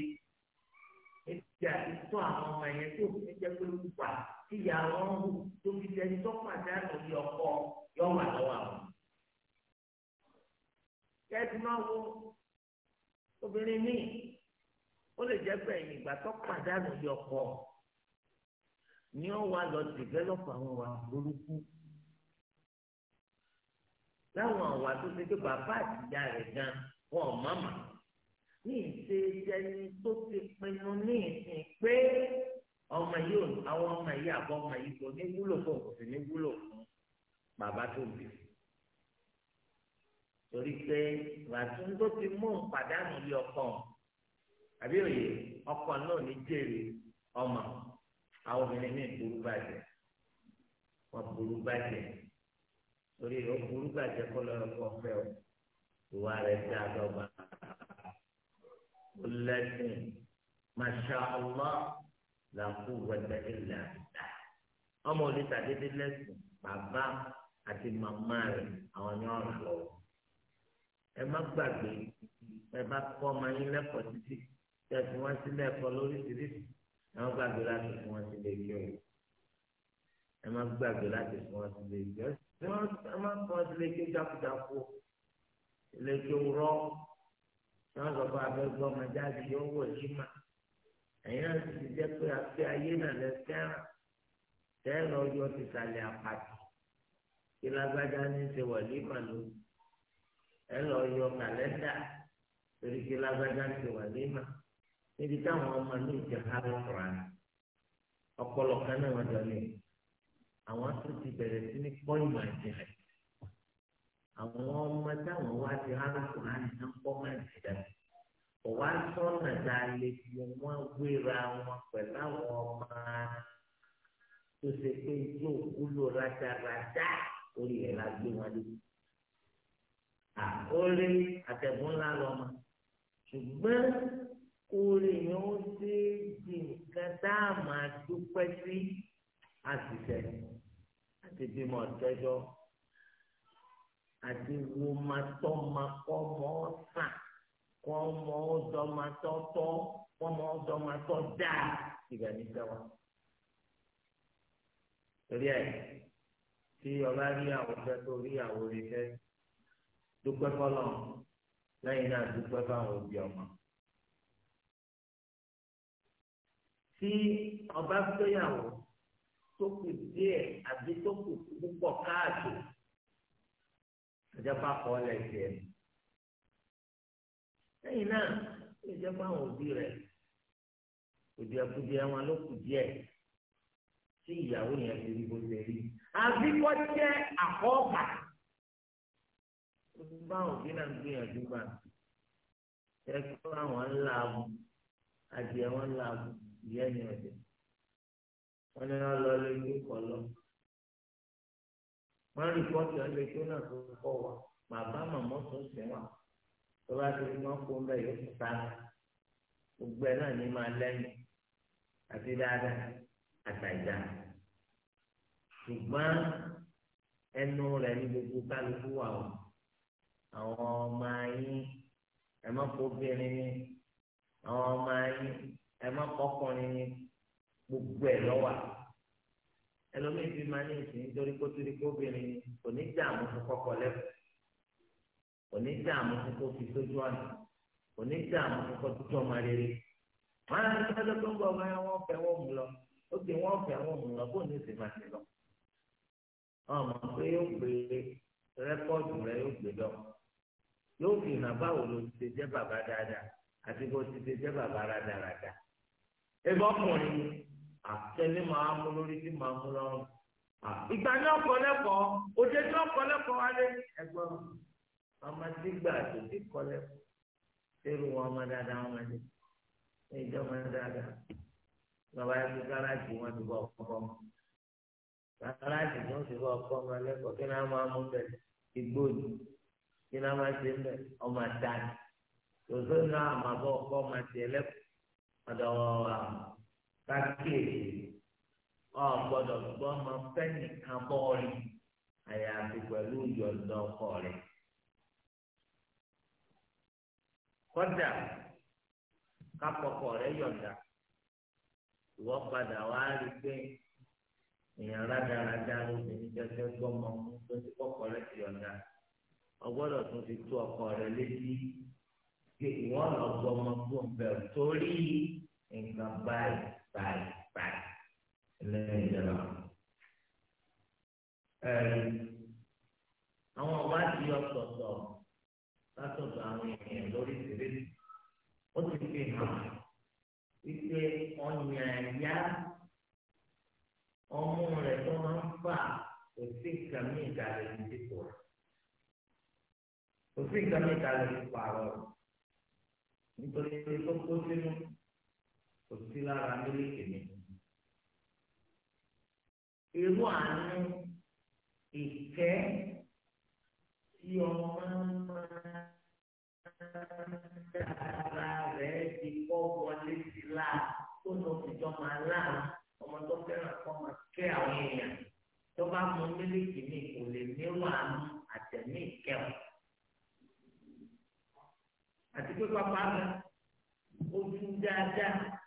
ìjà ìtọ́ àwọn ọmọ yẹn tó fi jẹ́ pé wà wọn ọkọ wà lọ́wọ́ àwọn. máa ó lè jẹ́ pé ẹ̀yìn ìgbà tó pàdánù yọ ọkọ ni ó wá lọ dìvẹ́lọ́pù àwọn wà burúkú láwọn àwa tó ṣe pé bàbá àtìyá rẹ̀ gan wọn ò mọ̀mọ́ ní ìṣe ẹni tó ti pinnu ní ìsìn pé ọmọ yìí àwọn ọmọ yìí àbọ̀ ọmọ yìí kò ní wúlò fún kò ní wúlò fún bàbá tó bì í torí pé ràtúndó ti mú ìpàdánù lé ọkọ àbí òye ọkọ náà ní jèrè ọmọ àwọn obìnrin ní ìburú bàjẹ́ wọn burú bàjẹ́ torí ó burú bàjẹ́ kó lọ́ọ́ kọ́ fẹ́ o ìwà rẹ̀ dá dọ́gba ó lẹ́sìn masha allah la quwwata illa billah ọmọ olùta dédé lẹ́sìn bàbá àti màmá rẹ̀ àwọn ni wọ́n rà lọ́wọ́ ẹ má gbàgbé ẹ bá kọ́ ọmọ yín lẹ́kọ̀ọ́ títí tẹ̀sí wọn sílẹ̀ ẹ̀kọ́ lóríṣiríṣi àwọn gbàgbé láti fún wọn sílẹ̀ kí ọ ẹ má gbàgbé láti fún wọn sílẹ̀ kí ọ ẹ má fún wọn sílẹ̀ kí ó jákujáku ilé kí ó rọ wọn lọ bá abẹ gbọ́ ọmọ jáde yóò wọ yìí mà ẹ̀yin náà sì ti jẹ́ pé afẹ́ ayé náà lẹ fẹ́ràn tẹ́ẹ̀ lọ yọ ti sàlẹ̀ àpàtì kí lágbájá ní ṣe wọ̀lé mà lónìí ẹ lọ yọ kàlẹ́ndà torí kí lágbájá ní ṣe wọ̀lé mà níbi táwọn ọmọ ní ìjọba rọra ọpọlọ kan náà wọn jọ ní àwọn tó ti bẹ̀rẹ̀ sí ní pọ́ìmù àjẹlẹ̀ àwọn ọmọ táwọn wá ti rárá kúrò àná ń pọ́ máa ń jìdá ọ̀wá sọ́nà tá a lè fi wọ́n wéra wọn pẹ̀lú àwọn ọmọ tó ṣe pé ijó òkúlò rádaràdá orí ẹ̀ la gbé wọn lé àkórè àtẹ̀gúnlá lọ́mọ ṣùgbọ́n orí yẹn ó dé di nǹkan tá a máa dúpẹ́ sí àṣìṣe àti bímọ tẹ́jọ́ àti wo máa tọ́ máa kọ́ mọ́ ọ́ sàn kọ́ mọ́ ọ́ dọ́mátọ́ tọ́ kọ́ mọ́ ọ́ dọ́mátọ́ dáa ìgbà níta wa. torí ẹ̀ tí ọba rí àwòfẹ́ tó rí àwòrẹ́fẹ́ dúpẹ́ fọlọ́ lẹ́yìn náà dúpẹ́ fáwọn òbí ọmọ. tí ọba fẹ́yàwó tó kù díẹ̀ àbí tó kù púpọ̀ káàtó ìjọba kọ́ lẹ́sẹ̀ ẹ̀. lẹ́yìn náà ìjọba àwọn òbí rẹ̀ òdìẹ̀kudìẹ̀ wọn ló kù díẹ̀ tí ìyàwó yẹn fi rí bó ṣe rí. àbí kọ́ jẹ́ àkọ́ọ̀bà. gbogbo àwọn òbí náà ń gbìyànjú gbà. ẹ̀kọ́ àwọn ńlá àbù àdìẹ wọn ńlá àbù ìyẹn ni ẹ̀dẹ̀ wọ́n ní wọ́n lọ lé ní kọ́lọ́ wọ́n rí pọ́ọ̀tù ẹgbẹ́ tó náà tó kọ́ wa bàbá màmá tó sẹ́ wà tó bá ti fi wọ́n fún bẹ́ẹ̀ yóò fi ta gbogbo ẹ̀ náà ní máa lẹ́yìn àti dáadáa àtàjà ṣùgbọ́n ẹnu rẹ̀ ní gbogbo kálukú wà o àwọn ọmọ ayé ẹ̀ mọ́ kó obìnrin ni àwọn ọmọ ayé. ẹ má kọkùnrin ni gbogbo ẹ lọ́wọ́ ẹlòmíín fi máa ní ìsìn nítorí kó torí kó obìnrin ni kò ní dààmú fún kọkọ lẹ́kọ̀ọ́ kò ní dààmú fún kó fi sójú ọ̀nà kò ní dààmú fún kó tuntun ọmọ rere ní sọ́jọ́ tó ń bọ̀ wọ́n fẹ́ wọ́n mú lọ ó wọ́n fẹ́ wọ́n mú lọ bó ebi ọkùnrin àtẹlẹ máa mú lórí tí máa mú lọ́rùn ìgbà ní ọkọ lẹ́kọ̀ọ́ òde tí ọkọ lẹ́kọ̀ọ́ wálé ẹ̀gbọ́n ọmọdé gbà tó ti kọ lẹ́kọ̀ọ́ sẹrù wọn ọmọ dáadáa wọn lé ní ìjọ ọmọ dáadáa bàbá yẹn gáràjì wọn ti bọ ọkọ ọmọ gáràjì wọn ti bọ ọkọ ọmọ lẹ́kọ̀ọ́ kí náà máa mú bẹ igbó ni kí náà máa ṣe ń bẹ ọmọ dáadáa tòzó náà àmàbọ ọkọ ọmọ tiẹ̀ lẹ́kọ̀ọ́ ọ̀dọ̀wọ̀ wa kákìrì ọ̀gbọ́dọ̀ gbọ́ ọmọ fẹ́nìkan bọ́ọ̀lì àyàfi pẹ̀lú ìyọ̀ǹda ọkọ rẹ̀. kọ́dà kápọ̀kọ̀ rẹ̀ yọ̀ǹda ìwọ padà wá rí pé èèyàn rádaràda lóbìnrin jẹjẹ gbọ́mọ fún tó ti kọ́kọ́ rẹ̀ ti yọ̀ǹda ọgbọ́dọ̀ tún ti tú ọkọ rẹ̀ létí pé ìwọ lọ gbọ́ ọmọ gbọ́ bẹ̀rù torí nǹkan báyìí báyìí báyìí lẹ́yìn ìjọba. ẹ̀rí àwọn ọba ti ọ̀tọ̀ọ̀tọ̀ látọ̀dọ̀ àwọn èèyàn lórí ìṣeré ó ti fi hàn wípé ọ̀yàn ẹ̀yà ọmú rẹ̀ tó máa ń fà kò sí nǹkan mí ìdálẹ́ ìdíkò kò sí nǹkan mí ìdálẹ́ ìpààrọ̀ rẹ̀ nítorí tó kó sínú kò sí lára mílíkì mi. irú àánú ìkẹ́ tí ọmọ máa dára rẹ̀ ti kọ́ wọlé sí la tó lọ fìjọ máa láàánú ọmọ tó fẹ́ràn kọ́ máa kẹ́ àwọn èèyàn tó bá mú mílíkì mi kò lè nírú àánú àtẹ̀mí ìkẹ́wọ̀n àti pé pápá rẹ̀ ojú dáadáa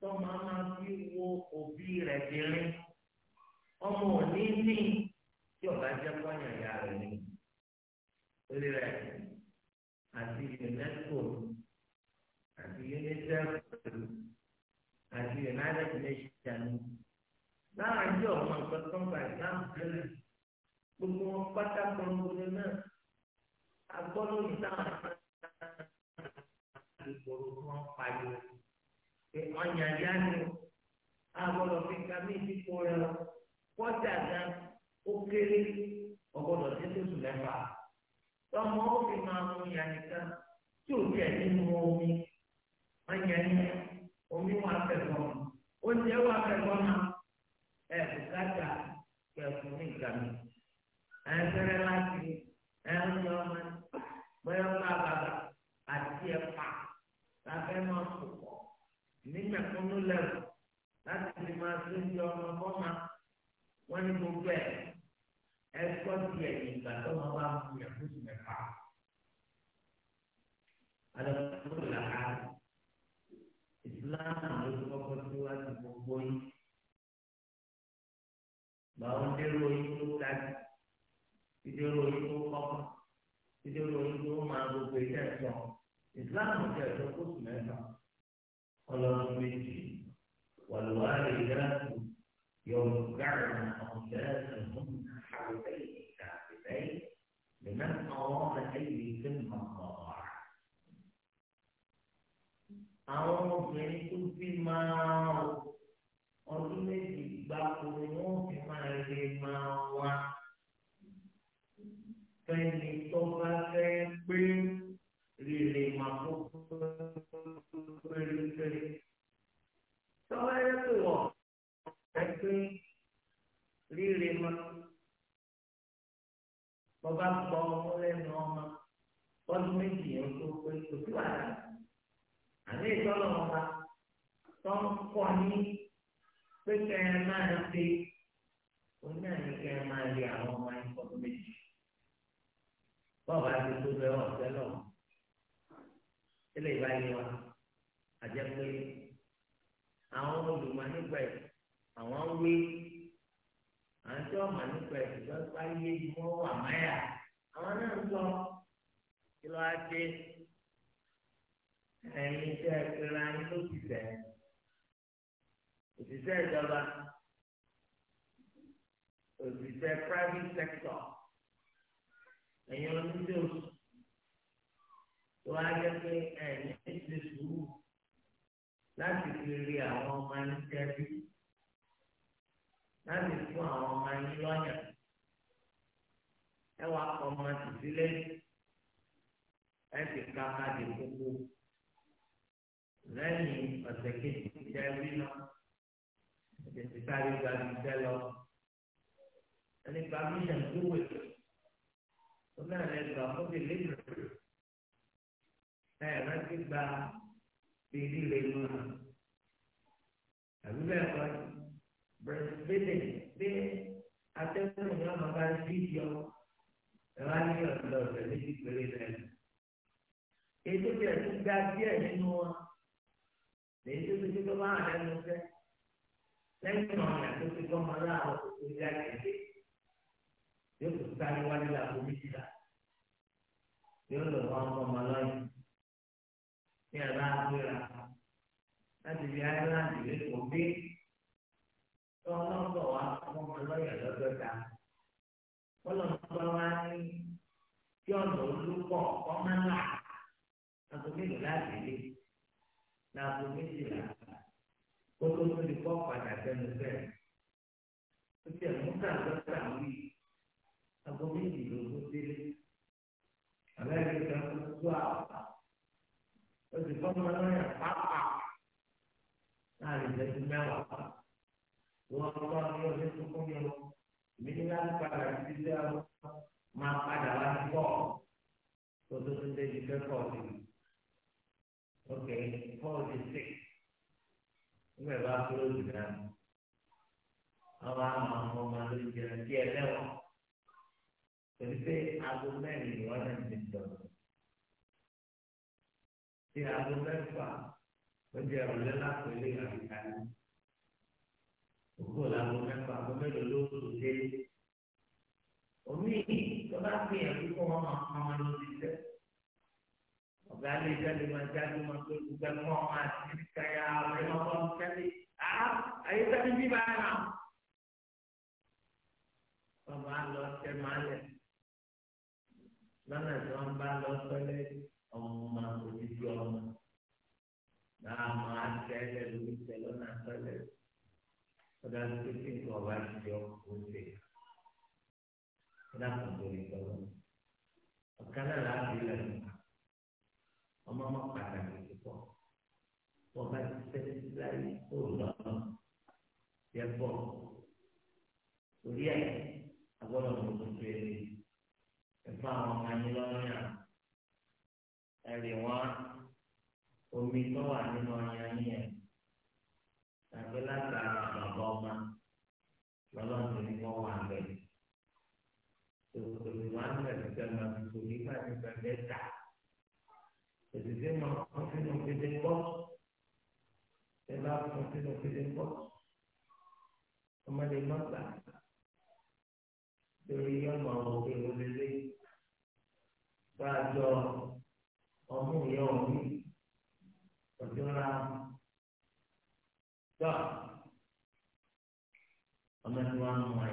tó máa máa fi wo òbí rẹ̀ dìrín ọmọ òní ní tí ọba jẹ́ pọ́nyà ìyá rẹ̀ ní orí rẹ̀ àti UNESCO àti UNICEF àti United Nations láàrin tí ọmọ nǹkan tó ń gba ìsìlámù tẹ́lẹ̀ gbogbo wọn náà agbọ́dọ̀ ìsìlámù láti gbòòrò tí wọ́n pariwo pé ọ̀yàn yá ni agbọ́dọ̀ fi ka mí ìdíkò rẹ lọ kọ́jà gan ó kéré ọgbọ́dọ̀ tí tó sùn lẹ́fà tọmọ ó fi máa mú ìyá nìkan tí ò tiẹ̀ nínú omi ọ̀yàn yẹn omi wà fẹ̀fọ́ oúnjẹ wà fẹ̀fọ́ náà ẹ̀ bùkátà kẹfù ní ìgbà mi ẹ̀ fẹ́rẹ́ láti ẹ̀ ń yọ ọmọ bọ́yọ̀ bá bàbà àti ẹ̀ lábẹ́ máa kò pọ̀ nígbàkúnú lẹ́wọ̀ láti lè máa tó di ọmọ bọ́mà wọ́n ní gbogbo ẹ̀ ẹ gbọ́ di ẹ̀yìn ìgbà tó wọn bá mú yẹn fún ìsìn mẹ́fà. Adọ́kọ̀tò làkà ìsìláàmù ló ti kọ́kọ́ tó wá ti gbogbo yìí. Báwo ń dérò yìí dájú? Ìdérò yìí tó kọ́kọ́? Ìdérò yìí tó máa gbogbo ìdẹ́sọ̀? ìsìláàmù jẹ́ ẹ̀jọ́ kóṣù mẹ́fà ọlọ́run méjì wàlúwàlì ìdáàbò يرجعن أولادهم حولين كعبتين لمن أراد أن يتم الطاعة àwọn obìnrin tó bí máa ọdún méjì gbáko ni wọn fi máa lè máa wá fẹni tó bá fẹ́ pé líle màkó pérépéré. Tọ́wọ́ ẹ pè wọ̀ ẹ pé líle mọ́. Bọ́bá gbọ́ ọmọ lẹ́nu ọmọ bọ́dún méjì yẹn tó pé kò sí wàhálà. Àní ìtọ́nà ọba tó ń kọ́ ní pé kẹ́ ẹ máa ń pe òun ẹ máa lé àwọn ọmọ ẹ̀ bọ́dún méjì. Bọ́ọ̀bù àti tó bẹ́ẹ̀ ọ̀sẹ̀ tẹ́lẹ̀ ìbá yẹn wa àjẹ́ pé àwọn olùmọ̀ nípa ẹ̀ àwọn wé àti ọmọ nípa ẹ̀ ṣùgbọ́n báyé ni wọ́n wà máyà àwọn náà ń sọ kí ló á dé ẹ̀yin tẹ́ ẹ pera yín ló ti sẹ̀ òṣìṣẹ́ ìjọba òṣìṣẹ́ private sector ẹ̀yin oníṣẹ́ oṣù tó wá yẹ pé ẹ̀yìn ti sùúrù láti fi rí àwọn ọmọ yín tẹ́bí láti fún àwọn ọmọ yín lọ́yà ẹ wá kọ́ ọmọ tìsílẹ̀ ẹ sì ká káàdì gbogbo lẹ́yìn ọ̀sẹ̀ kejì jẹ́ rí lọ tètè sáré gbàgbé fẹ́ lọ ẹni gbàgbé yẹn tó wẹ̀ tó náà lẹ gbà fún tèlé rẹ̀ ẹ rántí gba bíbí rẹ mọ àbí bẹ́ẹ̀ kọ́ bẹ̀rẹ̀ bí atẹ́kùn ní ọmọ bá ń bí yọ ẹ wá ní ọ̀dọ̀ ọ̀sẹ̀ méjì péré lẹ́nu. ètò ìjẹ́ tó ga díẹ̀ nínú wọn lèyí tó ti tó bá hàn lẹ́nu fẹ́ lẹ́yìn ọ̀nà tó ti tọ́ ọmọ láàárọ̀ tó ti dá kẹ̀kẹ́ yóò tó sáré wájú làbọ̀ méjìlá yóò lọ wá ọmọ ọmọ lọ́yìn ní ẹ̀rọ àgbéra láti fi áìláńdì lé kò dé tó ọlọ́gbọ̀ wá ọmọ lọ́yà lọ́dọ̀dà ọlọ́gbọ̀ wá ní tí ọ̀nà olúkọ̀ ọmọlá àgọ́ mélòó láti lé láàbò méjìlá kótó tó lè padà sẹ́nu bẹ́ẹ̀ ó ti ẹ̀mú kà lọ́dà wí àgọ́ méjìlá ó délé àbẹ́rẹ́ ìgbà tó tó àwọn ó sì fọ́ ọmọ náà yàn pápá láàrin ìṣẹ́jú mẹ́wàá wọ́n tọ́ ní ọdún tó kún mi lọ èmi ní láti padà sí ilé ọmọ máa padà wá sí bọ́ọ̀ tó tó tó débi kẹ́kọ̀ọ́ sí i ok bọ́ọ̀lù sí nígbà bá kúrò jùlọ àwọn àmọ́ àwọn ọmọ lórí jẹ́ kí ẹ lẹ́wọ̀n pẹ̀lú pé mẹ́rin ni wọ́n náà ti dọ̀tí. giờ mình đã làm tí aago mẹ́fà ó jẹ́ ìrọ̀lẹ́ lápẹ̀lẹ́ àbíká ní. Òkú làago mẹ́fà aago mẹ́lòó ló tó dé. Omi tó bá pè é kókó wọn máa pọn wọn ló ti tẹ́. Ọ̀gá lè jáde máa jáde máa tó gbẹ mọ́ ọmọ àti kíkàyà ọ̀rẹ́ máa wọ́n jáde. đi, ayé jáde bí bá yà. Bàbá lọ tẹ́ máa lẹ̀. Lọ́nà tí wọ́n bá lọ sọ́lẹ̀ ọmọ màgbọ́. di ọmọ náà máa tẹ́lẹ̀ lórí tẹ́lẹ̀ náà tẹ́lẹ̀ ọ̀dà tó ti ń kọ̀ wá sí ọ oúnjẹ ọ̀dà kan tó lè tọ́lọ́ ọ̀kan náà láti ilẹ̀ nípa ọmọ ọmọ pàtàkì púpọ̀ wọ́n bá ti tẹ́lẹ̀ láyé tó lọ́nà yẹ pọ̀ torí ẹ̀ agbọ́dọ̀ mọ̀ tó tó yẹ ẹ̀fọ́ àwọn ọmọ anyi lọ́rùn yàrá ẹ̀rì wọn omi tó wà nínú ọyàn yẹn tàbí látara bàbá ọmọ lọ́lọ́dún ni wọ́n wà bẹ́ẹ̀. Tòkòtò wà ń bẹ̀rẹ̀ pẹ̀lú àtúntò nígbà tí bẹ̀rẹ̀ dà. Ètùtù máa fún sínú pété pọ̀. Ṣé bá fún sínú pété pọ̀? Ọmọdé má gbà. Torí ọmọ òkè olélé. Bá a jọ. พอมีโยมปัจจุบันก็ทำงานใหม่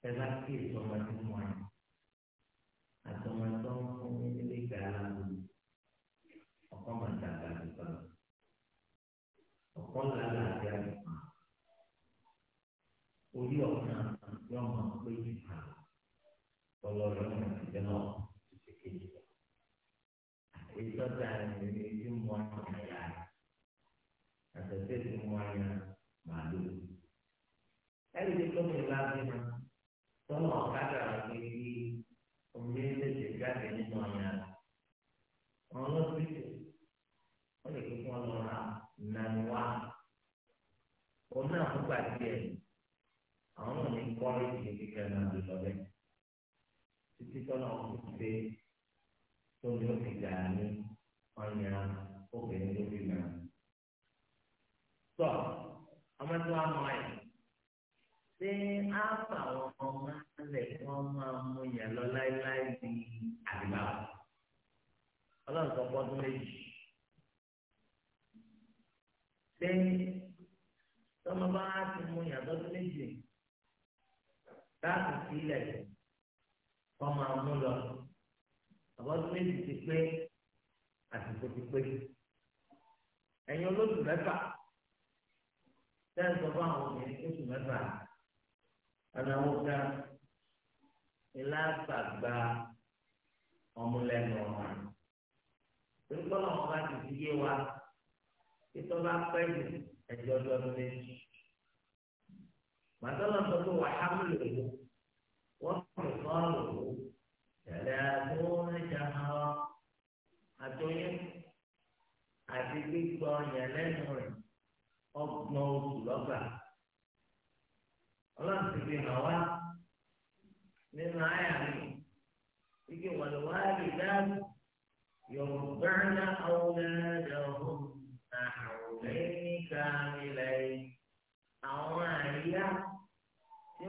แต่ละที่ทำงานใหม่อาจจะต้องมีเรื่องอะไรก็มันาะกันกันก็ลายลาจะมาอุ้ยออกมาย้อมมาไปที่ทางตลาเรื่องจะนอน ìtọ́jà ẹ̀mí ni e mo àyà àtẹ̀tẹ̀ tí mo àyà màlú. ẹ̀rí tí tó mi bá bí ma tọ́nà ọ̀kadà àti omi tètè jáde nínú ọ̀yà. wọn lọ sí ìtẹ̀ wọ́n lè kí wọ́n lọ ra nàníwá. òun náà fún gbàdí ẹ̀ àwọn náà ní kọ́lé ìdílé kíkẹ́ náà lọ́lẹ́ títí tọ́nà ọ̀kùnrin tóbi ó fi gàá ní ọ̀nyà obìnrin ló fi gàá. tọ́ ọmọ tó wà mọ́ ẹ̀ ṣé á fà wọn ọmọ alẹ̀ kí wọ́n máa mú yàn lọ láéláé di àgbà ọlọ́run sọ fọ́dún méjì. ṣé tọ́mọ bá ti mú yàn lọ́dún méjì láti sílẹ̀ kọ́ máa mú lọ àwọn ọdún méjì ti pé àsìkò ti pé ẹ̀yin olóṣù mẹ́fà sẹ́ńtọ́ bá àwọn obìnrin oṣù mẹ́fà ọ̀nà àwọn kan ńlá gbàgbà ọmọlẹ́nu ọ̀hún torípọ́ náà wọ́n bá ti fi yé wa títọ́ bá pẹ́ jù ẹ̀jẹ̀ ọdọọdún méjì màtọ́lá sọ pé wàhálà lòó wọ́n kọ̀ sọ́ọ̀lù lòó tẹ̀lé àbúrò. àtọyún àti gbígbọ́ ọyàn lẹ́nu rẹ̀ ọgbọ̀n oṣù ti fi hàn wá nínú àyà mi ike wàlúwàlú dáàbò yorùbá náà àwọn ẹ̀dọ̀hún àwọn ẹ̀yìn kàmílẹ̀ àwọn àyà tí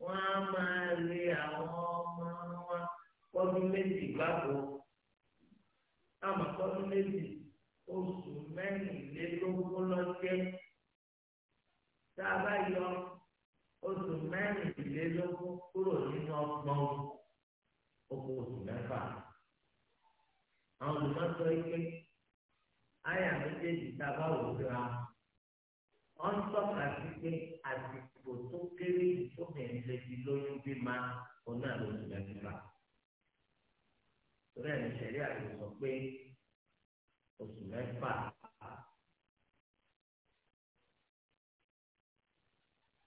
máa lé àwọn ọdún méjì gbàgbọ́ àmọ́ ọdún méjì oṣù mẹ́rìnlélógún lọ́jẹ́ tá a bá yọ oṣù mẹ́rìnlélógún kúrò nínú ọgbọ̀n oko oṣù mẹ́fà àwọn olùmọ̀sọ ike àyà méjèèjì tá a bá wò síra wọ́n tọ́ka sí pé àsìkò tó kéré ìfọ̀bẹ̀rẹ̀ di lóyún bí ma ọ̀nà lóṣù mẹ́fà torí ẹni sẹ̀rí àti sọ pé oṣù mẹ́fà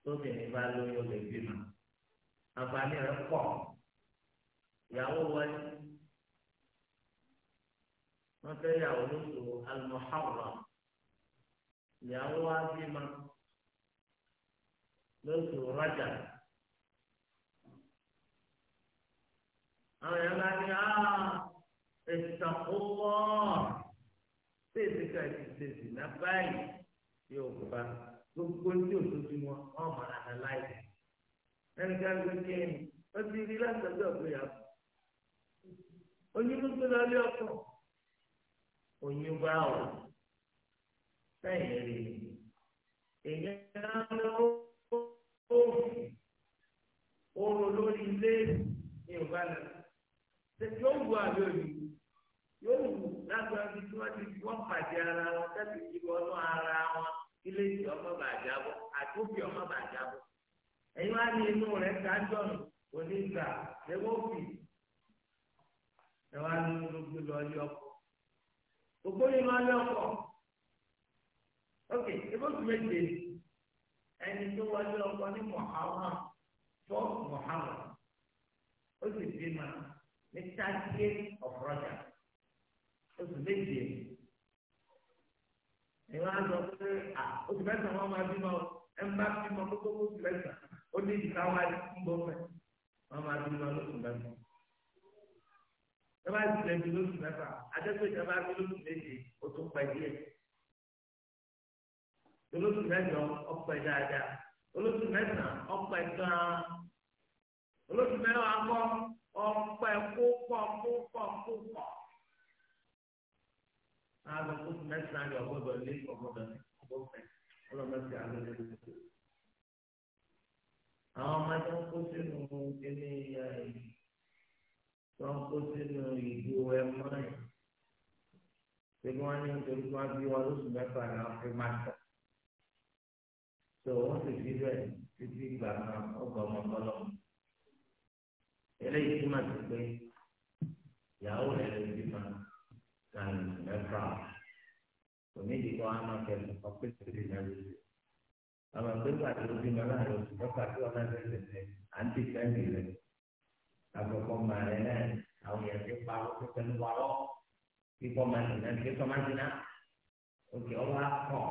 lóbìnrin bá lóyún lè bímọ àǹfààní rẹ̀ pọ̀ ìyàwó wọlé wọn fẹ́ yàwó lóṣù alimọ̀hárọ̀ ìyàwó wá bímọ lóṣù rájà. àwọn èèyàn bá ní áá ìtàkùnmọ́ tètè ká ìtìtè ìdìnnà báyìí yóò bá gbogbo ní òṣooṣù wọn wọn mọ àná láìpẹ́ ẹnì kan gbé kí ẹni ó ti rí lásìkò ìgbéyàwó oyún tó lọ lé ọkọ oyún bá wà sẹ́yìn rí èèyàn ló ó rò lórí ilé yorùbá náà. yóò wù àbí òní yóò wù lágbára bí tí wọ́n ti wọ́n bàjẹ́ ara wọn tẹ́lẹ̀ ti wọnú ara wọn ilé ìṣẹ́ ọmọ bàjẹ́ bọ́ àtúbí ọmọ bàjẹ́ bọ́ ẹ̀yin wá ní inú rẹ̀ onígbà ní lọ ọkọ̀ ògbó ni lọ ilé ọkọ̀ ok ebóṣù méje ẹni tó wọlé ọkọ̀ ní fọ́ ó sì ní thirtieth of Rajab oṣù méje ìwọ á sọ pé oṣù mẹ́sàn-án wọn máa bímọ ẹ ń bá bímọ kókó oṣù mẹ́sàn-án ó ní ìdíkà wá ń bọ́ mẹ́ wọn máa bímọ lóṣù mẹ́sàn-án ẹ bá ti lẹ́bi lóṣù mẹ́fà adẹ́gbẹ́ ìjọba bá bí lóṣù méje o tún pẹ́ díẹ̀ olóṣù mẹ́jọ ọpẹ́ dáadáa olóṣù mẹ́sàn-án gan olóṣù mẹ́wàá kọ́ ọ̀pẹ̀ púpọ̀ púpọ̀ púpọ̀. Àlọ́ fún mẹ́sàn-án yọ gbọ́dọ̀ lé ọ̀gbọ́dọ̀ ní ọgbọ́fẹ́ ọlọ́mọdé àlọ́ lé lóko. Àwọn ọmọdé ń kó sínú ilé ìyá yìí. Wọ́n ń kó sínú ìgò ẹ̀mọ́ yìí. Ṣé wọ́n ní nítorí wọ́n á bí wọn lóṣù mẹ́fà ní Áfíríkà? Ṣé wọ́n ti fi bẹ́ẹ̀ títí gbàgbọ́ ọgbà ọmọ ọlọ́mọ? eléyìí túmọ̀ sí pé ìyàwó rẹ̀ lè bímọ láàrin mẹ́fà kò ní ìdíkọ́ amákẹ́lẹ́ ọ̀pẹ́ tẹ̀lé lẹ́wọ̀ àwọn àgbẹ̀gbà tó bímọ láàrin oṣù mẹ́fà tí wọ́n máa ń tẹ̀lé tẹ̀lé à ń tẹ̀lé tẹ̀lé rẹ̀ àkọ́kọ́ máa rẹ̀ náà àwọn èèyàn ti pa ọkọ̀ pẹ̀lú wa lọ kíkọ́ máa ń tẹ̀lé kíkọ́ máa ń tẹ̀lé òkè ọwọ́ akọ̀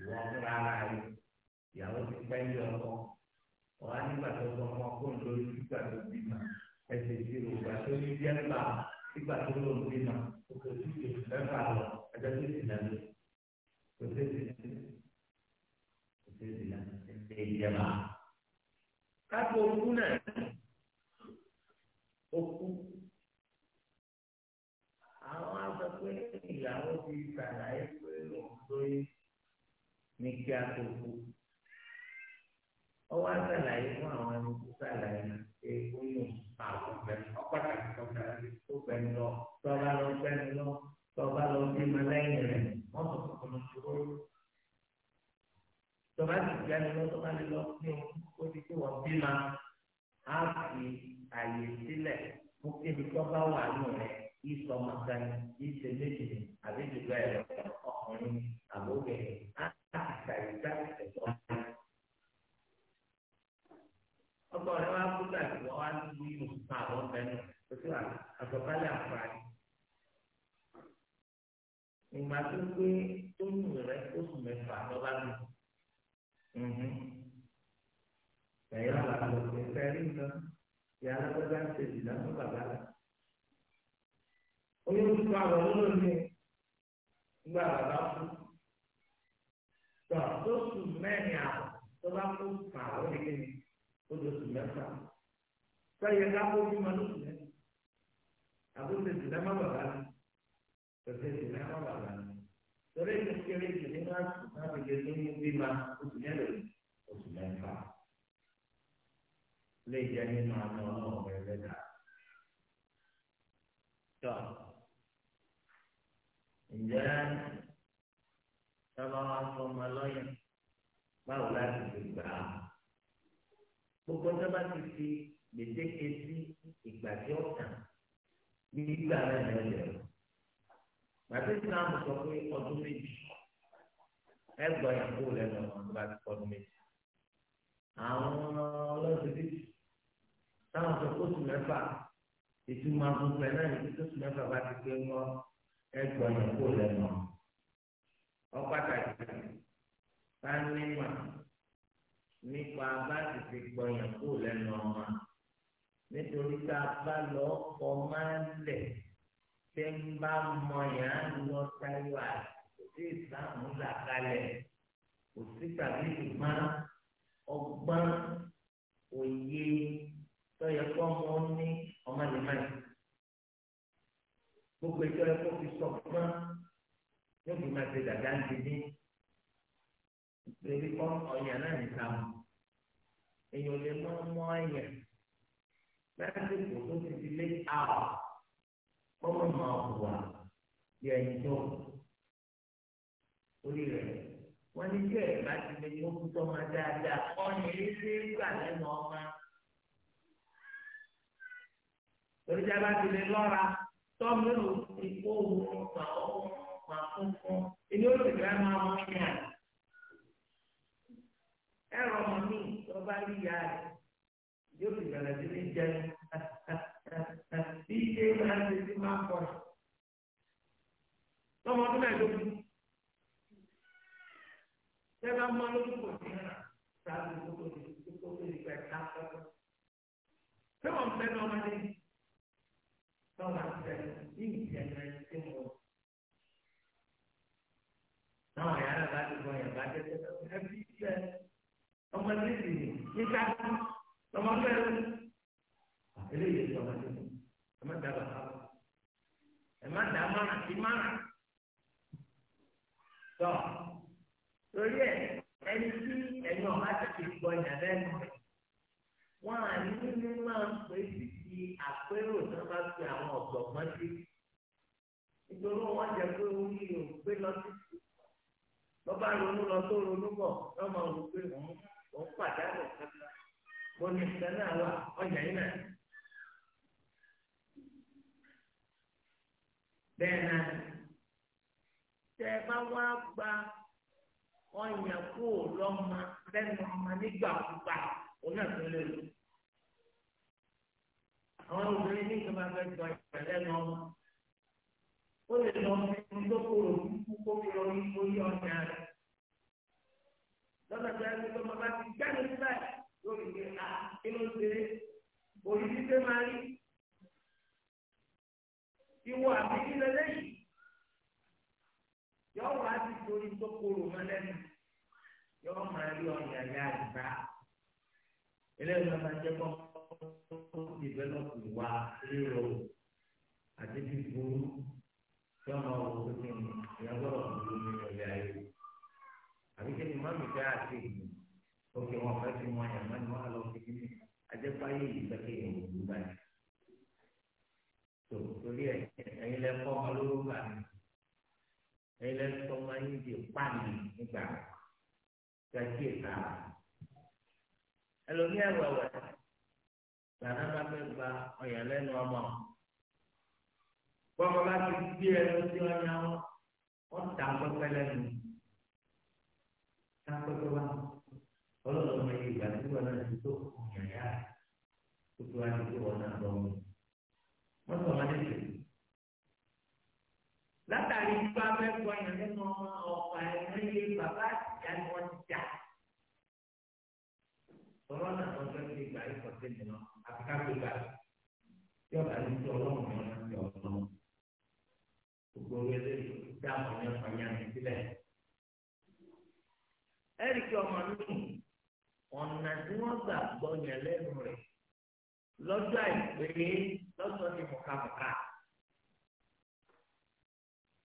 ìwọ fúnra rẹ̀ ìyàwó ti pẹ́ wàá nígbà tó sọ ọmọ kó lórí nígbà tó bí ma ẹsẹ̀ ìṣirò ìgbà tó ní bí ẹgbà nígbà tó lò ń bí ma òkè tó ti lẹ́fà lọ ẹjọ́ tó ti lẹ́nu kò tó ti lẹ́nu kò tó ti lẹ́nu ẹsẹ̀ ìjẹba. kápò okú náà okú àwọn agbẹ́pẹ́ ìyàwó ti sàlàyé pé òun lóyún ní kí a tó kú ọwọ́ àtàlàyé fún àwọn ẹni tó sàlàyé pé ó yàn àwọn ọ̀gbẹ́ni ọ̀pàtàkì tọ́ka tó bẹ̀rẹ̀ lọ tọ́ba lọ bẹ̀rẹ̀ lọ tọ́ba lọ bí ma lẹ́yìn rẹ̀ wọ́n tó kọ̀ọ̀kan ṣòro. tọ́ba ti bí ẹni lọ tọ́ba lè lọ sí ohun tó ti kí wọ́n bí ma á fi àyè sílẹ̀ fún kébi tọ́ba wà nù rẹ̀ ìsọmọkànnì ìṣèlédìní àbí jùlọ ẹ̀rọ ọkùnrin àbóbìnrin á tó àgbàbalẹ̀ àǹfààní. ìgbà tó pé tó nù rẹ oṣù mẹ́fà lọ́ba mi. ẹ̀yà làlọ́ pé fẹ́rí nǹkan ìyá alágbádá ń tẹ̀sí lánàá bàbá rẹ̀. oyún tó àwọn olóòlù nígbà bàbá kú. tọ́ tó sùn mẹ́rin àbọ̀ tó bá kó fà ó ní kéde mẹ́fà. sọ yẹ ká kó bímọ lóṣù mẹ́fà àbúrò ti dá má bàbá ni tòṣe ti dá má bàbá ni torí ìlú kéré jù nínú àsìkò náà fi lè ní bímọ oṣù mélòó oṣù mẹ́fà lè jẹ nínú àná ọlọ́run ẹlẹ́dà tó ǹjẹ́ sábà wá fún ọmọ lọ́yìn báwo láti fi gbà á gbogbo sábà ti fi gbèdéke sí ìgbà tí ó tàn gbígbà náà ní ọ̀lẹ́ o. Bàbá ìsìlámù sọ pé ọdún méjì ẹgbọ̀n ìyàwó lẹ́nu ọ̀hún tó bá ti pọ̀ ọdún méjì. Àwọn ọlọ́sìn méjì táwọn sọ pé oṣù mẹ́fà ìtumọ̀ àgùnfẹ́ náà ní oṣù mẹ́fà bá ti pé wọ́n ẹgbọ̀n ìyàwó lẹ́nu ọ̀hún. Ọ̀pátàkì bá ní mà nípa bá ti fi gbọ̀n ìyàwó lẹ́nu ọ̀hún nítorí tá a bá lọ ọkọ̀ máa ń lẹ̀ tẹ́ ń bá mọ yàn án lọ táyọ̀ àti ìsàmù là kalẹ̀ kò sí tàbí ìgbọ́n ọgbọ́n òye tọ́yẹ kọ́ mọ́ ní ọmọlẹ́mọ́lẹ́ gbogbo ìjọ yẹ kó fi sọ fún yóò fi máa ṣe dàda ń dídí nítorí kọ́ ọ̀yàn náà nìkan èèyàn lè mọ́ mọ́ ẹ̀yàn lásìkò tó ti fi lé àwọ̀ kọ́mọ máa hùwà bí ẹni tó orí rẹ̀ wọ́n ní bí ẹ̀ bá ti lè mú kútọ́ máa dáadáa ọ̀nà ìrísí gbà lẹ́nu ọmọ. torí tí a bá ti lè lọ́ra tọ́mú ló ti kó ohun máa ohun máa funfun ilé olùkọ́ máa mú yàn. ẹ̀rọ mi tó bá rí ìyá rẹ̀ yóò fi bẹ̀rẹ̀ sí ní jẹ bí ilé máa ń ṣe sí máa ń pọ̀ tọmọ ọdún mẹ́ẹ̀ẹ́dógún tẹ́lá mọ́ lójú kò sí ṣáàbù gbogbo gbogbo ìgbà ẹ̀ka pẹ́pẹ́ pé wọ́n fẹ́ náà wọ́n ní tọ́lá fẹ́ ní ìjẹ̀lẹ̀ tí mo náà yàrá bá ti gbọ́ yàrá bá tẹ́tẹ́ ẹbí fẹ́ ọmọ ní ìsìn ní sáà lọ́mọ mẹ́rin ah, eléyìí ètò ọmọ tó ẹ má dá bàbá ẹ má dá mọ́ra sí mọ́ra tọ́ torí ẹ ẹni tí ẹni ọba tètè gbọ́ ìyá lẹ́nu rẹ̀ wọ́n á ní nínú máa ń pè sí ti àpérò tí wọ́n bá fi àwọn ọ̀gbọ̀gbọ́n sí nítorí wọ́n jẹ́ pé orí ò gbé lọ sí lọ́ba ronú lọ tó ronú bọ̀ lọ́mọ òun pé òun pàdánù kankan bọ́ọ̀lù ìṣẹ́ náà wà ọjà yìí náà. bẹ́ẹ̀ náà tẹ́ ẹ bá wá gba ọyàn kú lọ́mọ lẹ́nu ọmọ nígbà púpà òun náà tó lè lò. àwọn obìnrin ní ìjọba fẹ́ gba ìgbà lẹ́nu ọmọ. ó lè lọ fún tó kúrò kú kó fi lọ yí oyé ọjà rẹ̀. lọ́dọ̀ tó yẹ kó tó máa bá ti jáde síbẹ̀ lórí pé a inú ń ṣe olùdíje máa rí ìwọ àbí nílẹ̀ lẹ́yìn yọ wá sí torí tó kúrò mọ́ lẹ́nu yọ máa rí ọ̀yà ya ìgbà eléyìí ló máa jẹ́ kọ́ dìbẹ́lọ́pù wa rírọ àti bíburú yọ máa wọ pé kí ni ìyàgbọ́ ọ̀gbìn ní ọ̀yà yìí àbí kí ni fẹ́ àti ìgbìmọ̀ òkè wọn fẹ́ fi wọn yàn mọ́ni wọn lọ fi kíní ajẹ́páyé yìí fẹ́kẹ́ yẹn wò ló báyìí. tó torí ẹ ẹ̀yin lẹ fọ́ ọmọ lóró gbà mí ẹ̀yin lẹ sọ ọmọ yín di pàmì nígbà gàdí ìta ẹlòmíì ẹwẹwẹ gbàdá bá fẹ́ gba ọ̀yàn lẹ́nu ọmọ bọ́mọ bá ti gbé ẹnu tí wọ́n yá wọ́n ta pẹ́pẹ́ lẹ́nu ta pẹ́pẹ́ wá ọlọ́run ọmọ yìí ìgbà tí wọn náà ti tó kù yàyà tuntun wa ti tó wọn náà lọ mú wọn sọ wọn lẹsẹ látàrí nípa mẹ́kọ̀ọ́ yẹn nínú ọ̀pá ẹ̀rín ilé bàbá àtìjà ni wọ́n ti jà ọ̀rọ̀ náà wọ́n fẹ́ fi gbà yíkọ̀ sí mi náà àfikà fi gbà yọ̀bà ní tí ọlọ́run ọ̀nà tí wọ́n gbà gbọ́ yẹn lẹ́nu rẹ̀ lọ́jọ́ àìpé lọ́sọ̀ ni mọ̀kàmọ̀kà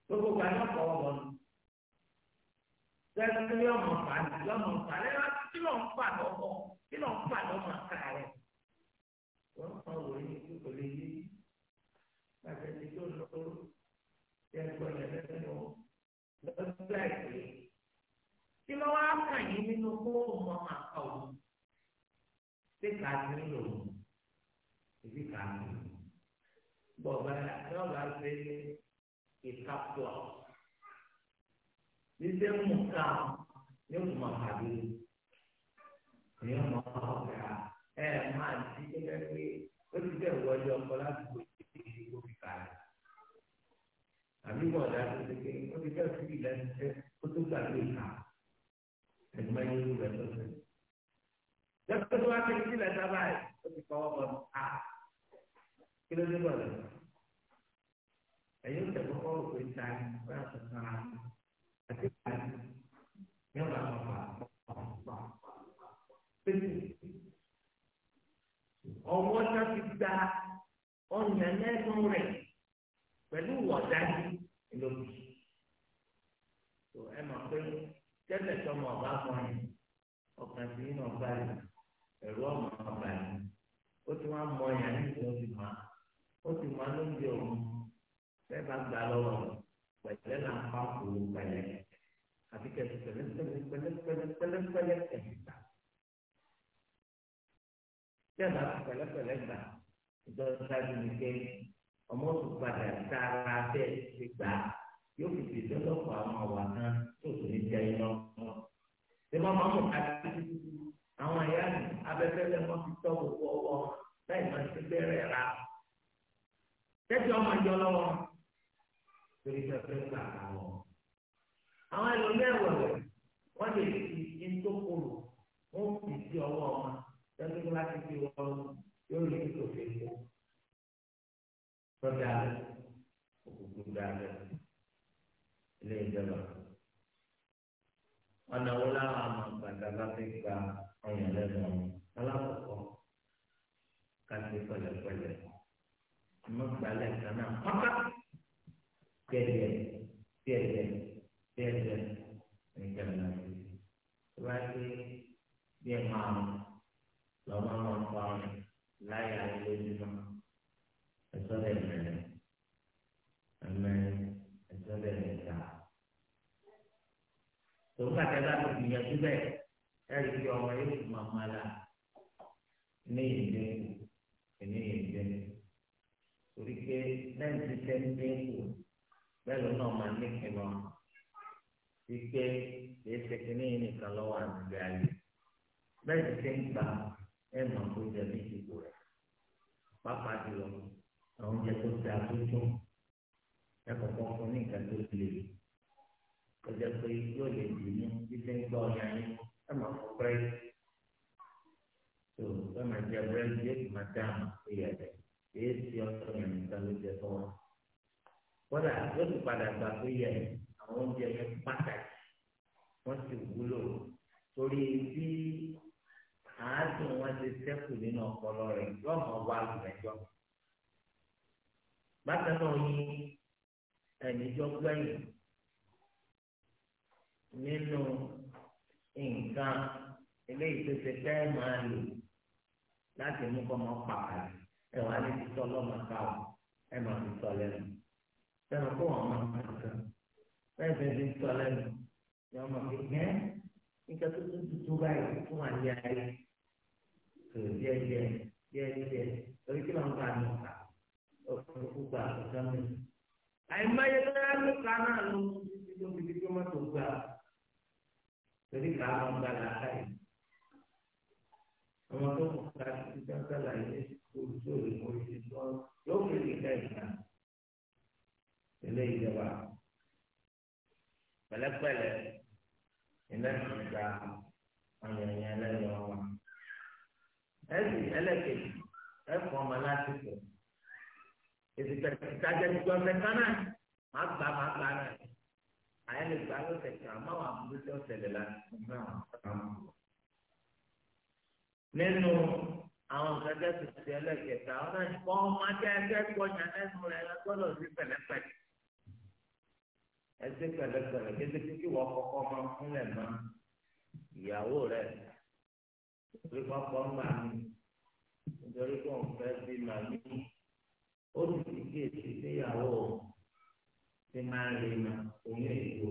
gbogbo gba ní ọ̀pọ̀ ọ̀bọ̀ ni sẹ́ni ní ọmọ ọ̀pá ni lọ́mọ ọ̀pá lẹ́yìn kí ló ń fà lọ́mọ kí ló ń fà lọ́mọ àká rẹ̀ wọ́n kàn wò ní kí kò lè yé láti ẹni tó lọ́wọ́ tí ẹ gbọ́ yẹn lẹ́nu lọ́jọ́ àìpé kí ló wá kàn yín nínú kó mọ̀ máa ọ̀hún ṣé kà á ti ń lò ó èyí kà á ti lò ó bọ̀ báyà ní ọ̀gá ṣe ní ìkápọ̀ ṣíṣe ń mú ká ní òkú máa pàdé ní ọmọ ọ̀gá ẹ máa ti gẹ́gẹ́ pé ó ti bẹ̀ wọlé ọkọ láti gbé ìdíje kó fi kà á àbí wọ́n dá tó ṣe pé ó ti bẹ̀ sí ìlẹ́nu ó tó gbàgbé ìka ẹ̀gbọ́n yóò rẹ̀ lọ́sẹ̀ lẹ́sọ̀ tó bá ti rí sílẹ̀ sábà ó ti fọwọ́ bọ̀ ní a kí ló dé bọ̀ ẹ̀yin tẹ̀ kọ́kọ́ òkú ìta ni wọ́n yà sára àti ìpàdé yóò bá wọn fà fà fà pété. ọwọ́ náà ti gba ọ̀nà lẹ́nu rẹ̀ pẹ̀lú wọ̀dájú lóbi. ẹ mọ̀ pé tẹ́lẹ̀ tọmọ ọ̀gá kan yìí ọkàn sí inú ọgbà yìí ẹ̀rọ ọmọ ọba yìí ó ti wá mọ ẹ̀yà níbi ó ti máa ó ti máa ló ń di òun fẹ́ẹ́ bá gbà lọ́wọ́ pẹ̀lẹ́ náà pa kò pẹ̀lẹ́ àti kẹ̀sì pẹ̀lẹ́ pẹ̀lẹ́ pẹ̀lẹ́ pẹ̀lẹ́ pẹ̀lẹ́ pẹ̀lẹ́ kẹ̀sì gbà. tí a bá fi pẹ̀lẹ́ pẹ̀lẹ́ gbà ìjọba dájú ni pé ọmọ tó padà sára bẹ́ẹ̀ ti gbà yóò fi fèsì ọlọ́pàá àwọn ọ̀wà kan tó sì ní jẹ́ iná. ṣé wọ́n máa mú ká àwọn ẹ̀yà mi abẹ́fẹ́lẹ́ wọn fi tọ́ gbogbo ọwọ́ láì máa ti bẹ̀rẹ̀ ra tẹ́tí ọmọ ìjọ lọ́wọ́ torí fẹ́fẹ́ gbà àwọn. àwọn ẹlòmíì ẹ̀wẹ̀wẹ̀ wọ́n lè fi ètò kòrò wọ́n fi sí ọwọ́ ọmọ tẹ́tí wọn láti fi wọ́n yóò lè fi tòfé mú. tọ́jà òkùnkùn dáadé ilé ìjọba ọ̀nà wo láwọn àmọ̀ gbàdá bá fi gba ọ̀yàn lẹ́nu ọ̀hún alákọ̀ọ́kọ́ kàti pẹ̀lẹ́pẹ̀lẹ́ mọ́gbàlẹ̀ kanáà pápá díẹ̀díẹ̀ díẹ̀díẹ̀ díẹ̀díẹ̀ nìkan náà ti wáyé díẹ̀ máa lọ́mọ máa pa ọ́n láyà lójúmọ́ ẹ̀sọ́ lẹ̀ mẹ́rin ẹ̀mẹ́rin ẹ̀sọ́ lẹ̀ mẹ́ta. tòun kàtẹ́ bá ti gbìyànjú bẹ́ẹ̀ ẹ̀rí fi ọmọ yóò fi máa máa la eléyìí ń dínkù eléyìí ń dínkù torí pé lẹ́yìn tí tẹ́ ń dínkù bẹ́ẹ̀ ló náà máa ní kìnnà wípé kìí ṣe kìnnì yìí nìkan lọ́wọ́ àgbẹ̀ ayé bẹ́ẹ̀ tí tẹ́ ń gbà ẹ̀ mọ̀ tó jẹ bí ìdìbò rẹ̀ pápá jùlọ àwọn oúnjẹ tó dáa tó tún ẹ̀kọ́ fún ní nǹkan tó le kọjá pé yóò lè dì ní bí tẹ́ ń gbọ́ ọ̀yà yín ẹ̀ mọ̀ fún bẹ́ẹ̀ tó wọ́n máa jẹ búrẹ́dì yóò sì máa dáhùn ìyẹ̀dẹ̀ èyí sì ọ̀sán yẹn nìkan ló jẹ fún wọn. kódà yóò sì padà gbà pé yẹ àwọn oúnjẹ yẹn pàtàkì wọ́n sì wúlò torí bí àádùn wọn ti ṣẹ́kù nínú ọpọlọ rẹ̀ yóò mọ̀ wá lùmẹ̀jọ́. bákan náà ní ẹ̀nìjọ́ gbẹ̀yìn nínú nǹkan eléyìí tó ṣe fẹ́ máa lò láti mú kọ́ máa pàkàlà ẹ wàá ní ti tọ́ lọ́mọ káwọ́ ẹ máa fi tọ́ lẹ́nu sẹ́nu kó wọn máa fi kàn bẹ́ẹ̀ bẹ́ẹ̀ fi tọ́ lẹ́nu ni wọ́n máa fi gẹ́ nígbà tó tó tutù báyìí fún wa ní ayé tó díẹ̀ díẹ̀ díẹ̀ díẹ̀ lórí kí wọ́n bá nù ká òkú gbà ọ̀sẹ̀ mi. àìmáyé tó yá ló ká náà ló ti tó fi fi tó mọ́tò gbà torí ká wọn gbà láàárín ọmọ tó mú ká ti dáńtà láyé ní ojú òde mo ti sọ yóò fi lè ká ìgbà eléyìí lọ́wọ́ pẹ̀lẹ́pẹ̀lẹ́ iná ti gba ọ̀yọ̀yọ̀ ẹlẹ́yọ̀ wa ẹ̀sìn ẹlẹ́kẹ̀ẹ́ ẹ̀fọ́ ọmọ láti pọ̀ èsì kẹ̀kẹ́ ìgbà mẹ́ta náà má gbà má gbà náà àyẹ̀lẹ̀ gbà lọ́sẹ̀ kan máa wà fún bí ó ṣẹlẹ̀ láti fún nínú àwọn nǹkan tẹ̀sí ti ẹlẹ́kẹta ọ̀nà ìkọ́ ọmọdé akẹ́kọ̀ọ́ yẹn lẹ́nu rẹ̀ lọ́gbọ́dọ̀ sí pẹ̀lẹ́pẹ̀lẹ́ ẹsẹ̀ pẹ̀lẹ́pẹ̀lẹ́ kété kí wọ́n kọ́kọ́ máa ń fúnlẹ̀ mọ́ ìyàwó rẹ̀ torí kọ́kọ́ ń bà mí nítorí kò ń fẹ́ bí màmí ó sì ti kí èsì síyàwó ti máa ń rìn mà oyún èso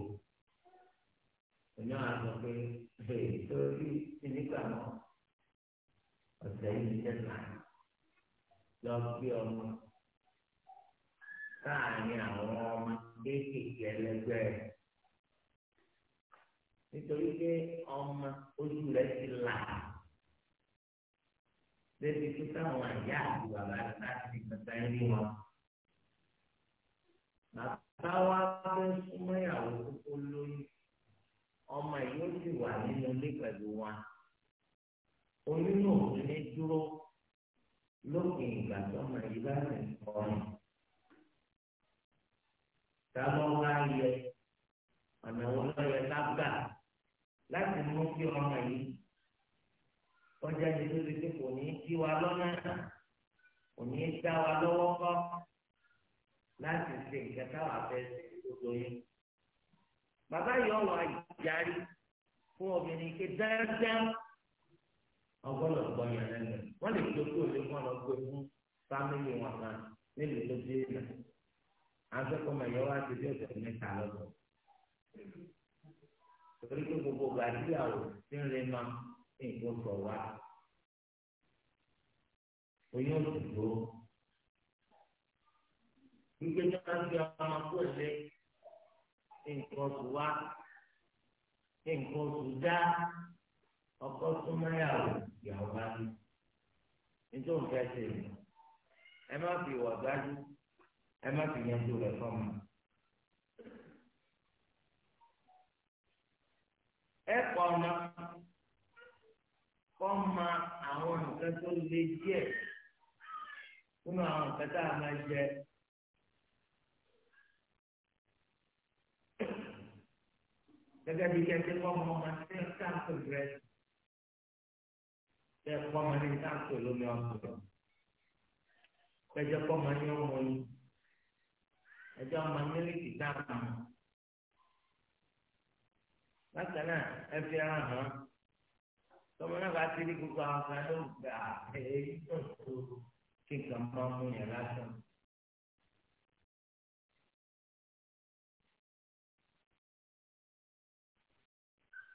òní àwọn àgbà pé èyí tó rí náà ọ̀sẹ̀ yìí tẹ̀lá lọ gbé ọmọ láàrin àwọn ọmọ kéékèèké ẹlẹgbẹ́ rẹ̀ nítorí pé ọmọ ojú rẹ̀ ti là débi tó táwọn àyà àti bàbá láti kàtà ń rí wọn. Bàbá wa fẹ́ súnmọ́ ìyàwó kókó lóyún ọmọ yìí ó sì wà nínú ilé pẹ̀lú wọn onínú òun ní dúró lókè ìgbà tó ọmọ yìí bá rìn kọrin ta ló wá yẹ ọ̀nà wo ló yẹ ká gbà láti mú kí ọmọ yìí ọjà ní tó ti kò ní kí wa lọ́nà kò ní dá wa lọ́wọ́ kọ́ láti ṣe nǹkan táwa fẹ́ ṣe lóko yẹn. bàbá yìí ọ̀wà ìjárí fún obìnrin ké dáadáa ọgbọ́dọ̀ gbọ́ yẹn lẹ́nu wọ́n lè tó kó lè wọ́n lọ gbé fún fámìlì wọn kan nílùú tó dé ìlà àfẹ́kọ̀ọ́ mọ̀ yẹn wá ti dé ọ̀sẹ̀ mẹ́ta lọ́dọ̀ torí pé gbogbo gbàdúràwò ti ń rema nǹkan sọ wá oyún òdòdó gbígbé tó bá ń gbé ọmọ kó lé nǹkan sọ wá nǹkan sọ dá ọkọ súnmọ́yàwó ìyàwó bá ní nítorí òun fẹ́ ṣe é ẹ má fi ìwà dájú ẹ má fi yanjú rẹ̀ fọ́ọ̀mù. ẹ kọ́ ọmọ kọ́ ma àwọn nǹkan tó le díẹ̀ nínú àwọn nǹkan tá a máa jẹ. gẹ́gẹ́ bí kẹ́kẹ́ kọ́ ọmọ ọmọ tí ń ká pẹ̀lú rẹ̀ bẹ́ẹ̀ kọ́ ọmọ ní sáǹpẹ̀ lómi ọ̀sùn pẹ́jọ́ kọ́ ọmọ ní ọmọ yìí ẹjọ́ ọmọ mílíkì sáǹpẹ̀ bákan náà ẹ fi ara hàn tọmọ náà bá ti rí gbogbo àwọn kan ló gbà èyí tó tó kí nǹkan máa mú yẹn lásán.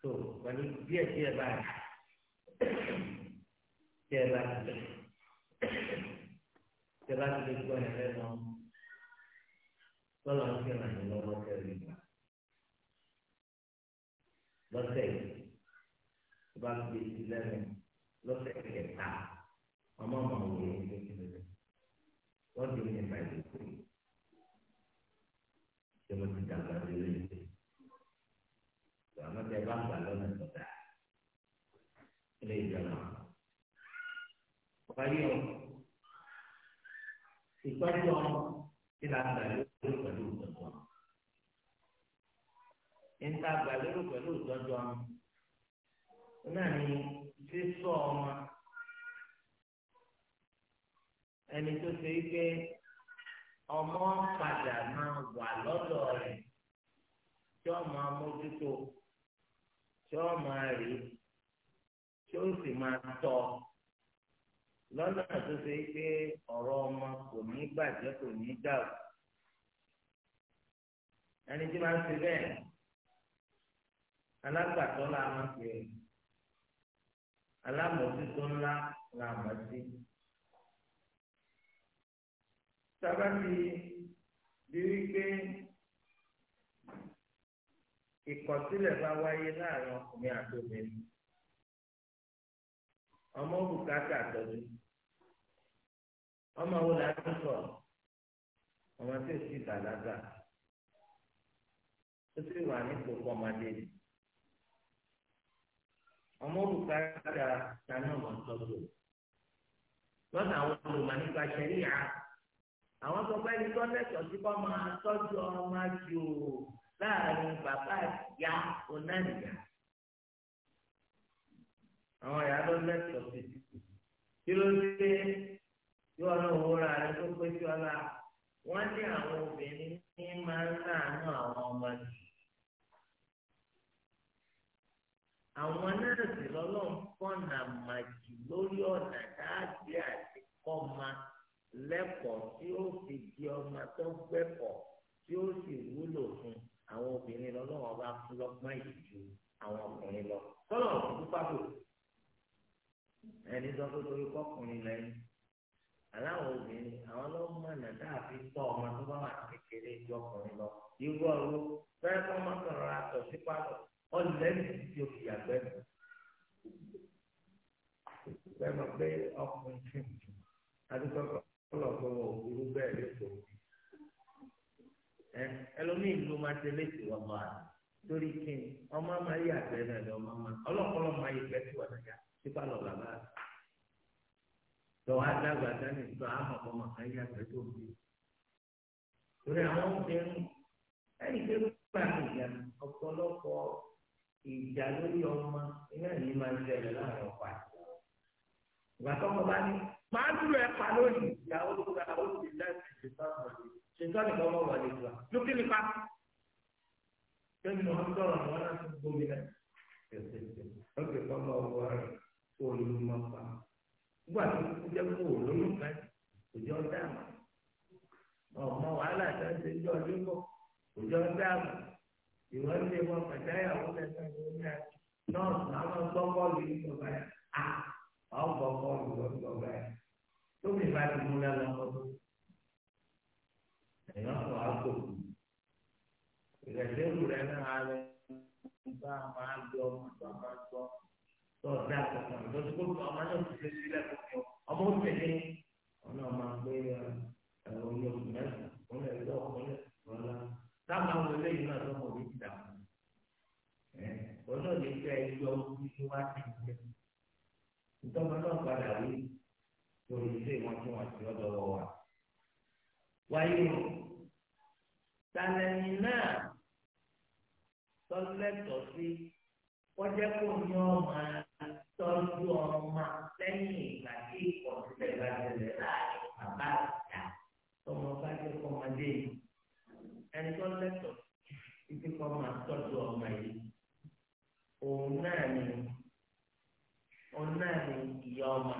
tó pẹ̀lú díẹ̀ díẹ̀ báyìí. tí ẹ bá ti lè tí ẹ bá ti lè gbọ́ ẹ lẹ́nu tọ́lá ń fi ràn yín lọ́wọ́ tẹ̀lé gbà lọ́sẹ̀ yìí tó bá ti lè ti lẹ́nu lọ́sẹ̀ kẹta ọmọ ọmọ òwe ní kíkiri wọ́n ti ní ìgbà ìlú pé tí mo ti dàgbà lórí ìlú tó àmọ́ tẹ bá gbà lọ́nà tó dáa parí ọ ìtọ́jú ọmọ tí la gbà lérò pẹ̀lú ìtọ́jú ọmọ níta gbà lérò pẹ̀lú ìtọ́jú ọmọ náà ni sísọ ọmọ ẹni tó ṣe é pé ọmọ padà máa wà lọ́dọ̀ rẹ̀ tí ó máa mójútó tí ó máa rí tí ó sì máa tọ́ lọ́nà tó ṣe é pé ọ̀rọ̀ ọmọ kò ní gbàjẹ́ kò ní gbà ó. ẹni tí máa ń ṣe bẹ́ẹ̀ alágbàtọ́ la máa ṣe é alámòtútù ńlá la máa ṣe. sábà ti di wípé bá wáyé láàrin ọkùnrin àti obìnrin ọmọ ọmọ wo la ti sọ̀rọ̀ ọmọ tí ò sí ìdàlágà ó sì wà nípò pọmọdé ọmọ olùkárà tani ọmọ tọ́jú lọ́nà àwọn olùmọ̀ nípa ṣẹ̀ríyà àwọn tó bá yí lọ́lẹ́sọ̀ tí kò máa tọ́jú ọmọ àti o láàrin bàbá ìyá onáníyà àwọn ìyá lọ́lẹ́sọ̀ tí kí ló dé tí ọlọ́run wúra rẹ tó pé sí ọlá wọ́n ní àwọn obìnrin ní máa ń láàánú àwọn ọmọ jù. àwọn náà sì lọ́lọ́run fọ́nà màjì lórí ọ̀nà dáàbí àti kọ́ma lẹ́kọ̀ọ́ tí ó fi di ọmọ tó gbẹ́kọ̀ọ́ tí ó sì wúlò fún àwọn obìnrin lọ́lọ́run ọba fún lọ́gbọ́n yìí ju àwọn ọkùnrin lọ. tọ́lọ̀ ọ̀dùnkú pàbò ẹni sọ pé torí kọ́kùnrin lẹ́yìn. aláwọ̀ obìnrin àwọn ọlọ́mọ náà dàbí tọ́ ọmọ tó bá wà kékeré ju ọkùnrin lọ irú ọ̀rọ̀ fẹ́ẹ́ kọ́ máa sọ̀rọ̀ àtọ̀ tí o fi yàgbẹ́ mi. bẹ́ẹ̀ mọ̀ pé ọkùnrin adúgbò kọ́lọ̀ fún òwúrú bẹ́ẹ̀ ẹ ló máa ṣe léṣe torí kí ọmọ máa náà máa na adágbà dání sọ àmọ̀ ọmọ yá pẹ̀lú òbí. Torí àwọn obìnrin ẹni pé gbà mí ìjà ọ̀pọ̀lọpọ̀ ìjà lórí ọmọ iná yìí máa ń ṣẹlẹ̀ láàrin ọkọ àti ìgbà bá ní máa dúró pa lórí láti gbà lókè ni wọ́n gbà tó kú jẹ́ kó wò lóyún kan dáàmú ọmọ wàhálà tó ń ṣe jọ ọdún bọ̀ kò dáàmú ìwọ ń lé wọn pẹ̀lú ìyàwó lẹ́sẹ̀ lórí ẹ̀ nọ́ọ̀sì àwọn gbọ́ bọ́ọ̀lù yìí tó báyà á àwọn bọ́ọ̀lù wọn tó báyà tó mi bá ti mú lẹ́nu ọmọ ẹ̀yọ́ kò á kò kù ìrẹ̀lẹ́rù rẹ̀ náà á lẹ́ nípa máa gbọ́ máa gbọ́ tọrọ ní àkókò lọsí kó ọmọ náà ti ṣe sílẹ̀ kókò ọmọ ó tẹ́lẹ̀ ọmọ ọmọ ẹ̀rọ orí oṣù mẹ́sàn án lè lọ ọkọlẹ rọlá táwọn àwọn eléyìí náà lọmọ òbí dà fún ẹ ọlọ́ọ̀ lè fẹ́ yọ ojú tí wá sí ìjẹ ìtọ́mọ náà padà rí lórí ilé wọn tí wọn ti lọ́dọ̀ wọ wa. wáyé o tàlẹ́yìn náà tọ́lẹ́tọ̀ sí kọjá kó ní ọmọ tọ́jú ọmọ lẹ́yìn ìgbà tí ìkọ̀sílẹ̀ bá tẹ̀lé láàrin bàbá àtà tọmọ bá jẹ́ kọ́mọdé ẹni tó lẹ́tọ̀ọ́ títí kọ́ máa tọ́jú ọmọ yìí òun náà ni òun náà ni ìyá ọmọ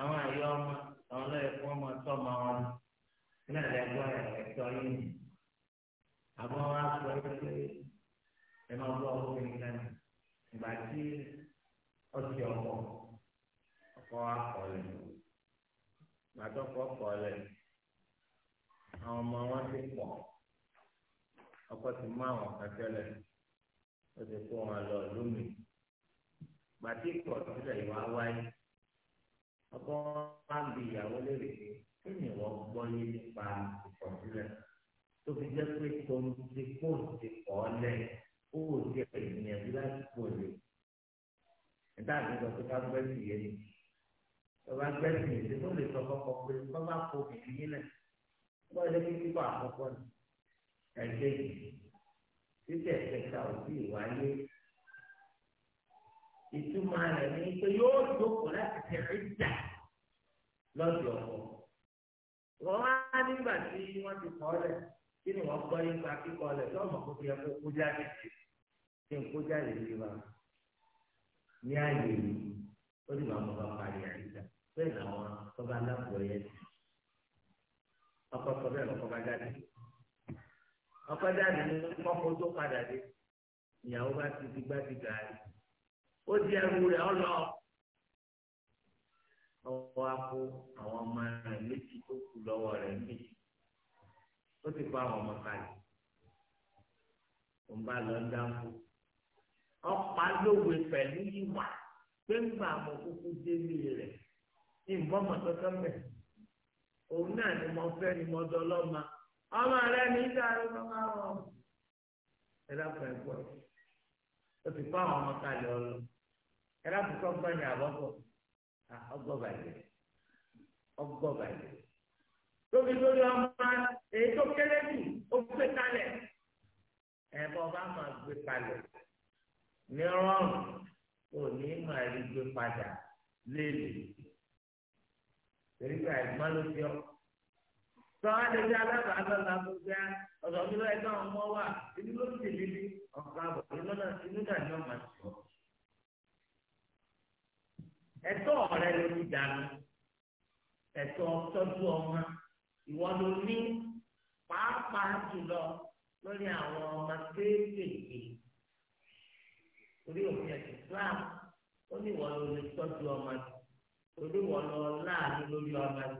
àwọn àyà ọmọ àwọn ọlọ́yẹ fún ọmọ tó ọmọ wọn náà lẹ́gbọ́n ẹ̀tọ́ yìí ni àbọ̀ wọn á sọ pé ẹ máa bọ́ ọkùnrin náà ìgbà tí ọtí ọkọ ọkọ akọlẹ gbàtọkọ kọlẹ àwọn ọmọ wọn ti pọ̀ ọkọ ti mú àwọn kẹtẹlẹ ó ti kó wọn lọ lómi gbàtí pọ sílẹ̀ ìwà wáyé ọkọ máa ń bi ìyàwó lérè pé kí ni ìwọ gbọ́ yé nípa ìkọ̀sílẹ̀ tó fi jẹ́ pé tòun ti kó ti kọ́ ọ ó wò ó ti ẹ̀yìn ẹ̀dúrà kó lè ẹ̀dá àgbẹ̀dọ̀ tó bá gbẹ́sì yẹn ni tó bá gbẹ́sì yẹn ni lè sọ kọ́kọ́ pé kọ́ bá kó bìbí yín náà wọ́n lé ní kíkọ́ àkọ́kọ́ ni ẹ̀jẹ̀ yìí títẹ̀ kẹta ò sí ìtumọ̀ rẹ̀ ni pé yóò jókòó láti tẹ̀ jà lọ́dọ̀ ọ̀pọ̀ wọ́n á nígbà tí wọ́n ti kọ́ lẹ̀ kí ni wọ́n gbọ́ yín kíkọ́ lẹ̀ lọ́mọ kó fi ẹ̀kọ́ ní ààyè yìí ó sì máa mọ bá parí àyíká bẹ́ẹ̀ làwọn tó bá lápò yẹn sí. ọkọ sọ bẹ́ẹ̀ lọ́kọ bá jáde ọkọ jáde ní kọ́kọ́ tó padà dé ìyàwó bá ti di gbá ti gàárì ó di ẹrù rẹ̀ ọ lọ. ọkọ akó àwọn ọmọ rẹ̀ méjì tó kù lọ́wọ́ rẹ̀ méjì ó ti kó àwọn ọmọ kalẹ̀ òun bá lọ ń dáńfó ọ̀pá lówe pẹ̀lú ìwà pé ńgbà mọ̀ kúkú délé rẹ̀ ìmọ̀mọ̀ tọ́tọ́ mẹ́ òun náà ni mo fẹ́ ni mo dọlọ́mà ọmọ rẹ ní sáré bàbá wọn ẹ dákun ẹ gbọ́ o ti kọ́ àwọn ọmọ kalẹ̀ ọ lọ ẹ dákun kọ́ gbọ́ ní àbọ̀bọ̀ ọgbọ́ bàjẹ́ ọgbọ́ bàjẹ́ tóbi lórí ọmọ èyí tó kéré jù ó gbé kalẹ̀ ẹ bọ́ bá máa gbé kalẹ̀. ní rọrùn ò ní máa rí gbé padà léèlè torí pé àìgbọ́n ló fi ọ́ sọ adéjọ alábàágbà la kó gbá ọ̀dọ̀ mi lọ́ọ́ ẹgbẹ́ ọmọ wa ibi ló sì àbọ̀ inú náà inú náà ni ti sọ. ẹ̀tọ́ ọ̀rẹ́ ló ti dànù ẹ̀tọ́ tọ́jú ọmọ ìwọ ló ní pàápàá jùlọ lórí àwọn orí òfin ẹ̀sìn Islam ó ní ìwọ ló lè tọ́jú ọmọ rẹ orí ìwọ lọ láàánú lórí ọmọ rẹ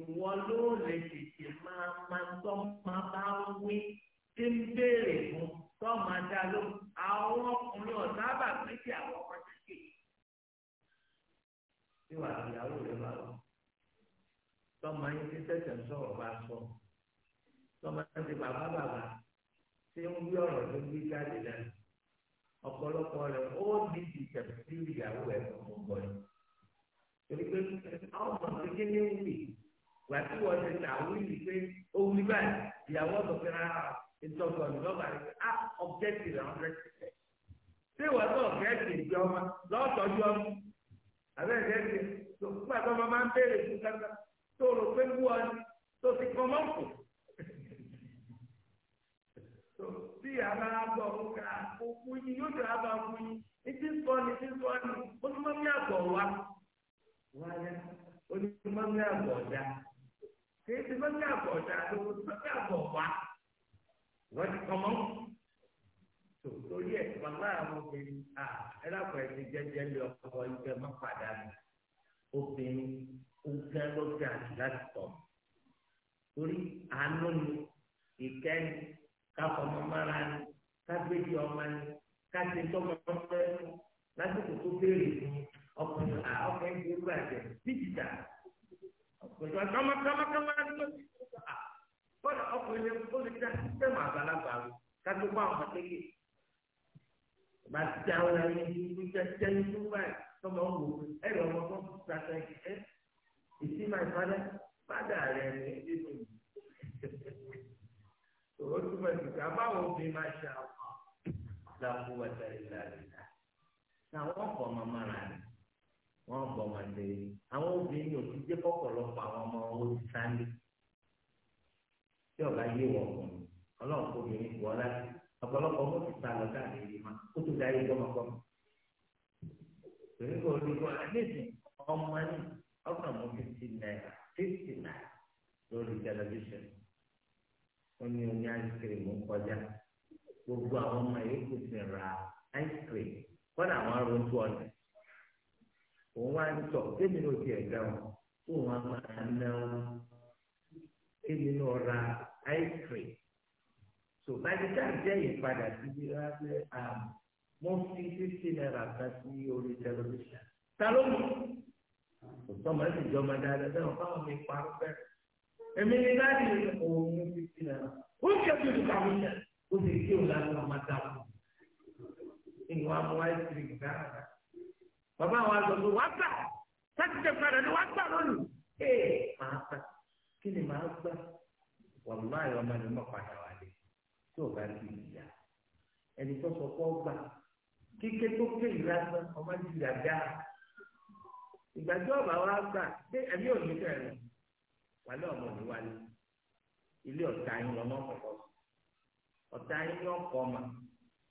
ìwọ ló lè tètè máa máa tọ́ máa bá wí tí ń béèrè fún tọ́ máa dá ló àwọn ọkùnrin ọ̀sán àbà péjì àwọn ọmọ tètè ìwà ìyàwó rẹ bá wà tọ́ máa ń tẹ́tẹ́ tẹ̀ ń sọ̀rọ̀ bá sọ tọ́ máa ń ti bàbá bàbá tí ń wí ọ̀rọ̀ tó ń gbé jáde lẹ́nu ọ̀pọ̀lọpọ̀ rẹ̀ ó ní ti tẹ̀sí ìyàwó ẹ̀ fún ọgbọ̀ yìí. torí pé àwọn ọmọ kékeré ní wí wà tí wọ́n ti ta wíìlì pé ó wí báyìí ìyàwó ọ̀dọ̀ fi ra ìtọ́gbọ̀ nígbà rẹ̀ pé á ọ̀bẹ́tì rẹ̀ ọ̀bẹ́tì ṣé ìwà tó ọ̀bẹ́tì ìjọ ọmọ lọ́tọ̀ọ́jú ọmọ àbẹ́rẹ́ ẹ̀jẹ̀ tó ọmọ máa ń béèrè fún kankan tó rò pé wú tó fi kọ́ mọ́kù tí àbá àgbọ̀ òun kà òkú yìí yóò dé àbá òkú yìí ní ti sọ ní ti sọ ní ó ní mọ́mí àgbọ̀ wa wáyà ó ní mọ́mí àgbọ̀ ọ̀dà kì í ti mọ́mí àgbọ̀ ọ̀dà ló ó ní mọ́mí àgbọ̀ wa wọ́n ti kọ́ mọ́ torí ẹ̀ bàbá àwọn obìnrin à ẹ lápò ẹ ti jẹjẹ lé ọkọ ìfẹ́ má padà nù obìnrin ogun ló fi àjù láti tọ̀ torí àánú ni ìkẹ́ni kakọmọ mara ni kagbẹdì ọmọ ni kase tọmọ ọfẹ lásìkò tó béèrè fún ọkùnrin à ọkùnrin tó gbà jẹ díjìtà ọkùnrin tó kama kama kama tó à bọ́dà ọkùnrin lè kó lè dá sísẹ́mù àgbàlagbà rẹ kájú bá ọmọ tẹ́lẹ̀ bá ti àwọn ẹni tó jẹ́ jẹ́ ní tó báyìí tọmọ ń wò ẹ̀rọ ọmọ tó ń sàtẹ́ ẹ̀ ọ̀pọ̀lọpọ̀ àwọn ọmọ owó ti sáńdé tí ọ̀gá yé wọ̀ ọlọ́run kò láti ọ̀pọ̀lọpọ̀ owó ti sá lọ káàkiri tó dáyé gbọ́mọgbọ́mọ. ọmọ ẹni mú fifty naira fifty naira lórí tẹlifíṣàn. Ó ní àná wọn kéde náà ra ice cream so báyìí tá a jẹ́ ìpadà síbi rárá àmì mo fi fifty naira kan sí orí tẹlifíṣàn ta ló mú ọmọ ẹ̀sìn jọmọ dáadáa bẹ́ẹ̀ wọ́n fáwọn mi parọ́ bẹ́ẹ̀ èmi ní láti òun fifty naira. gàgà ìgbàjọ́ ọ̀bà wa gbà pé ẹ̀mí ò ní bẹ̀rẹ̀ wà ní ọmọ mi wálé ilé ọ̀tá yín lọ́mọ kọ̀kọ́ ọ̀tá yín ní ọkọ̀ mà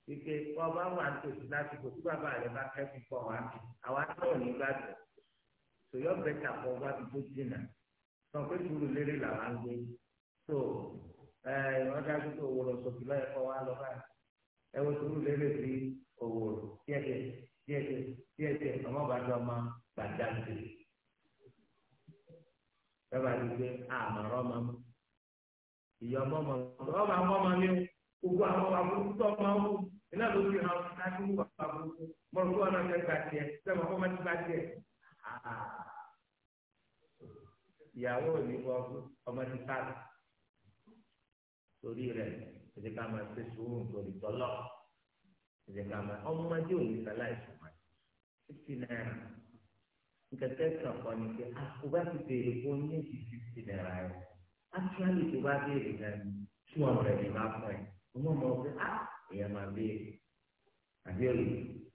wípé ọba wà nítòsí lásìkò tí bàbá rẹ bá kẹ́kọ̀ọ́ kọ́ wa àwa náà ní gbàgbọ́ sòyọ́ bẹ́tà kọ́ wá bí tó dínà sọ pé sùúrù lérè làwa ń gbé so ọ̀dà tó wọlọ̀ sọ̀tù lọ́yẹ̀kọ́ wa lọ́ báyìí ẹ wo sùúrù lérè sí òwòrò díẹ̀díẹ̀ díẹ̀díẹ̀ díẹ̀ díẹ̀ ọmọ bá dọ́ ọmọ gbàdá sí i bàbá mi gbé àmọ̀ràn ọmọ mi ìyá ọmọ ọmọ ọmọ àwọn ọmọ mi gbogbo àwọn àbúrúkú tó ọmọ wù iná ló fi hàn láti wù àbúrúkú mọ̀rọ̀ tó ọ̀nà fẹ́ gbà tiẹ̀ sẹ́wọ̀n fọ́mọ́ ti gbà tiẹ̀ ìyàwó ò ní wọ ọmọ ti ká torí rẹ̀ ẹ̀jẹ̀ ká máa ṣe sùúrù nítorí tọ́lọ́ ẹ̀jẹ̀ ká máa ọmọdé ò sáláì sùn máa fifty naira nǹkan tẹ̀sán kan ni pé o ah, bá ti béèrè fún ní èsì fifty naira rẹ̀ actually tó bá béèrè náà two hundred ní bá fún ẹ̀ ọmọ ọmọ ọ̀gbẹ́ á èèyàn máa béèrè àbí òye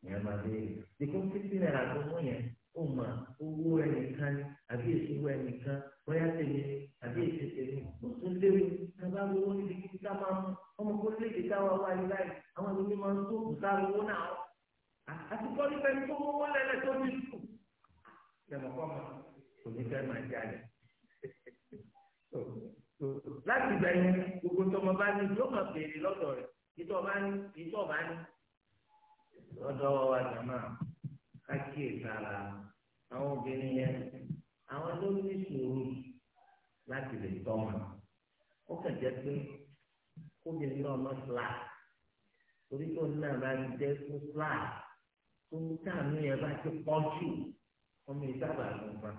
èèyàn máa béèrè dèkó fifty naira tó mú yẹn ó mà owó ẹnìkan ni àbí èsìwò ẹnìkan bóyá tèmi àbí èsì tèmi ó tún léwu tábà owó níbi kíkí ká máa mú ọmọ kó lè dé táwa wáyé láì àwọn ẹni máa ń tó kùtà owó náà àti kọ́ni fẹ́ tó wọ́n lẹ́lẹ́ tó ní sùn lẹ́mọ̀ kọ́ ma kò ní fẹ́ máa jalè. láti bẹ̀rẹ̀ gbogbo tọmọ bá ní yóò máa béèrè lọ́dọ̀ rẹ̀ ìtọ́ bá ní ìtọ́ bá ní. lọ́dọ̀ wa jàmá ká kíyè sára àwọn obìnrin yẹn àwọn ló ní sùúrù láti lè tọ́ ma ó kàn jẹ́ pé kóbìnrin náà má fìlà torí tó ní àbá jẹ́ fún fìlà omi táàmù yẹn bá ti pọ̀ jù omi ìsábà ló ń bá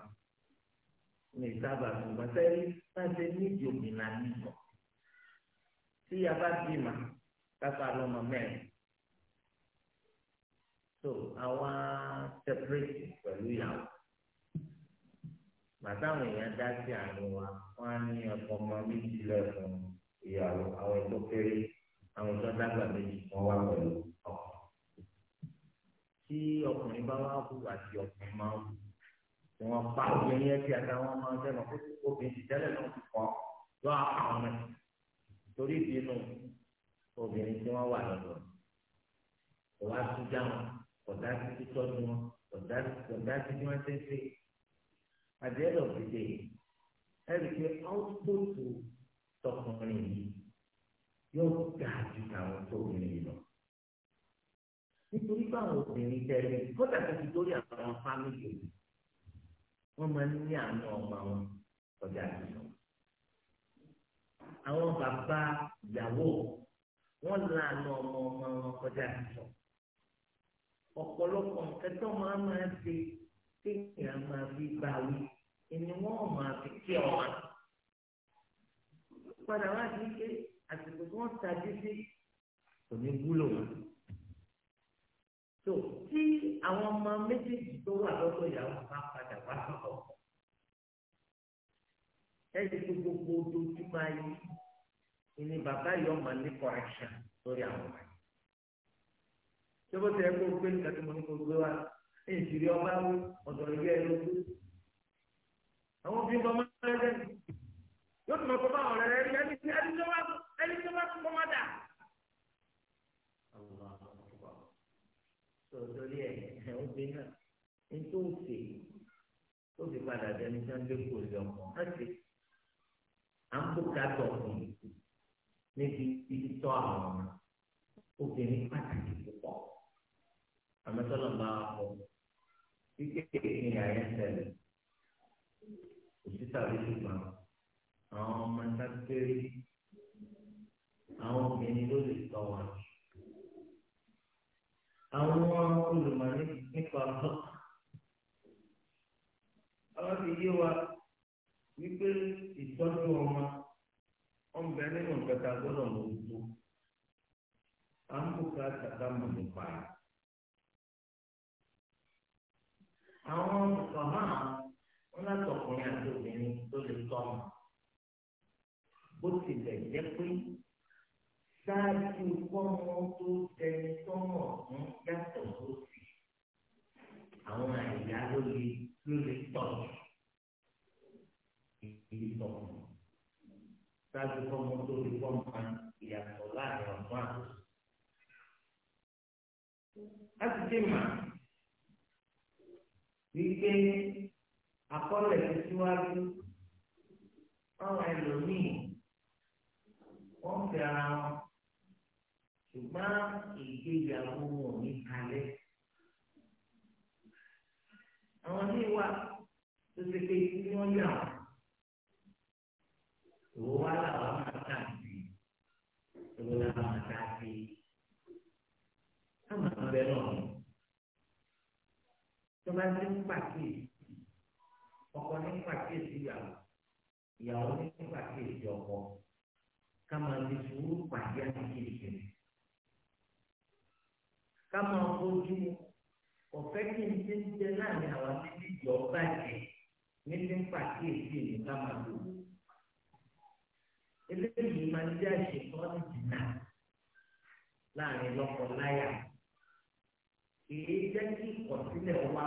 omi ìsábà ló ń bá sẹ́yìn láti níbi òmìnira nìyọ tí a bá bí ma kápá lọ́mọ mẹ́rin so àwa separate pẹ̀lú ìyàwó màtáwọn èèyàn dá sí àárín wa wọn á ní ẹ̀kọ́ ọmọ méjì lẹ́fún ìyàwó àwọn ẹ̀kọ́ kéré àwọn ẹ̀kọ́ dàgbà méjì wọn wá pẹ̀lú tí ọkùnrin bá wá wù àti ọkùnrin máa wù tí wọ́n pa obìnrin yẹn tí àtàwọn máa ń sẹ́nu kó obìnrin ti tẹ́lẹ̀ náà ti kọ́ lọ́ àwọn rẹ̀ torí ìdínú obìnrin tí wọ́n wà lọ́dọ̀ kò wá wọn kò dá sí wọn kò dá sí bí wọ́n àdéhùn òfìdè ẹ̀rí pé áwùtòtò tọkùnrin yìí yóò ga ju tàwọn tóbìnrin yìí lọ nítorí báwọn obìnrin tẹ̀lé kọ́tà tó ti dórí àwọn fámìlì wọn máa ń ní àánú ọmọ wọn ọjà àdúgbò àwọn bàbá ìyàwó wọn lànà ọmọ ọmọ wọn kọjá àdúgbò ọ̀pọ̀lọpọ̀ nǹkan tó máa máa ṣe kéèyàn máa fi bá wí ẹni wọn máa fi kí ọmọ padà wá sí pé àsìkò tí wọn ta dé sí kò ní wúlò wọn tó tí àwọn ọmọ méjèèjì tó wà lọ́dọ̀ ìyàwó bá padà wá sọ̀rọ̀ ẹ̀sìn tó gbogbo ojoojúmọ́ ayé ìní bàbá yìí ọmọ ní correction lórí àwọn ọmọ yìí tó bó ti ẹ kó gbé nígbà tí mo ní kó gbé wá èyí ti rí ọba wí ọ̀dọ̀ ilé ẹ lóko àwọn òbí bọ́ máa ń rẹ́ yóò tún mọ̀ bá ọ̀rẹ́ rẹ́ ẹni tí wọ́n bá kó máa dà. tòtòrí ẹ̀ ẹ̀ ń gbé náà ní tó ń fè tó fi padà dẹni tí wọ́n lé kò lè ọkọ̀ láti à ń bùkà tọ̀ fún níbi títí tọ́ àwọn ọmọ obìnrin pàtàkì púpọ̀ àmọ́ sọ́lọ́ bá wà pọ̀ kíkẹ́ ìpínyà yẹn tẹ̀lé òṣìṣẹ́ àbí ṣùgbọ́n àwọn ọmọ sáfẹ́rì àwọn obìnrin ló lè tọ́ wọn àwọn olùmọ̀ nípa ọ̀tọ̀. àwọn ti yé wa wípé ìtọ́jú ọmọ ọmọ bẹ nínú ìgbàta gbọ́dọ̀ lòótọ́ à ń bùkà tàkà mọ̀ nípa rẹ̀. àwọn bàbá wọn látọkùnrin àti obìnrin tó lè tọ́ ọmọ bó tilẹ̀ jẹ́ pé ṣáájú kọ́mọ tó tẹni tọ́mọ̀ fún yàtọ̀ sósì àwọn àyà ló lè ló lè tọ̀yìn ìdí tọ̀kùn ṣáájú kọ́mọ tó lè kọ́mọ ìyàtọ̀ láàrin ọ̀gbọ́n àtọ̀sí. láti dé mà wípé àkọọ́lẹ̀ tó síwájú àwọn ẹlòmíì wọ́n fẹ́ra wọn ṣùgbọ́n ìgbéyàwó wọn ní kalẹ̀. àwọn míì wà tó ṣe pé kí wọ́n yà wọ́n ìwọ wá làwọn máa tà sí ìwọ làwọn máa tà sí àwọn àbẹ náà tó bá ti ń pàkíyèsí ọkọ ní pàkíyèsí ìyàwó ìyàwó ní pàkíyèsí ọkọ ká máa fi sùúrù pàdé àti kìrìkìrì. kama máa bójú mu kò fẹ́ kí n ti ń jẹ láàrin àwọn méjì jọ bàjẹ́ ní ti ń pàkíyèsí ká máa lò ó. eléyìí máa ń jẹ́ àṣetọ́ ní láàrin lọ́kọ-láyà kìí kí ìkọ̀sílẹ̀ wa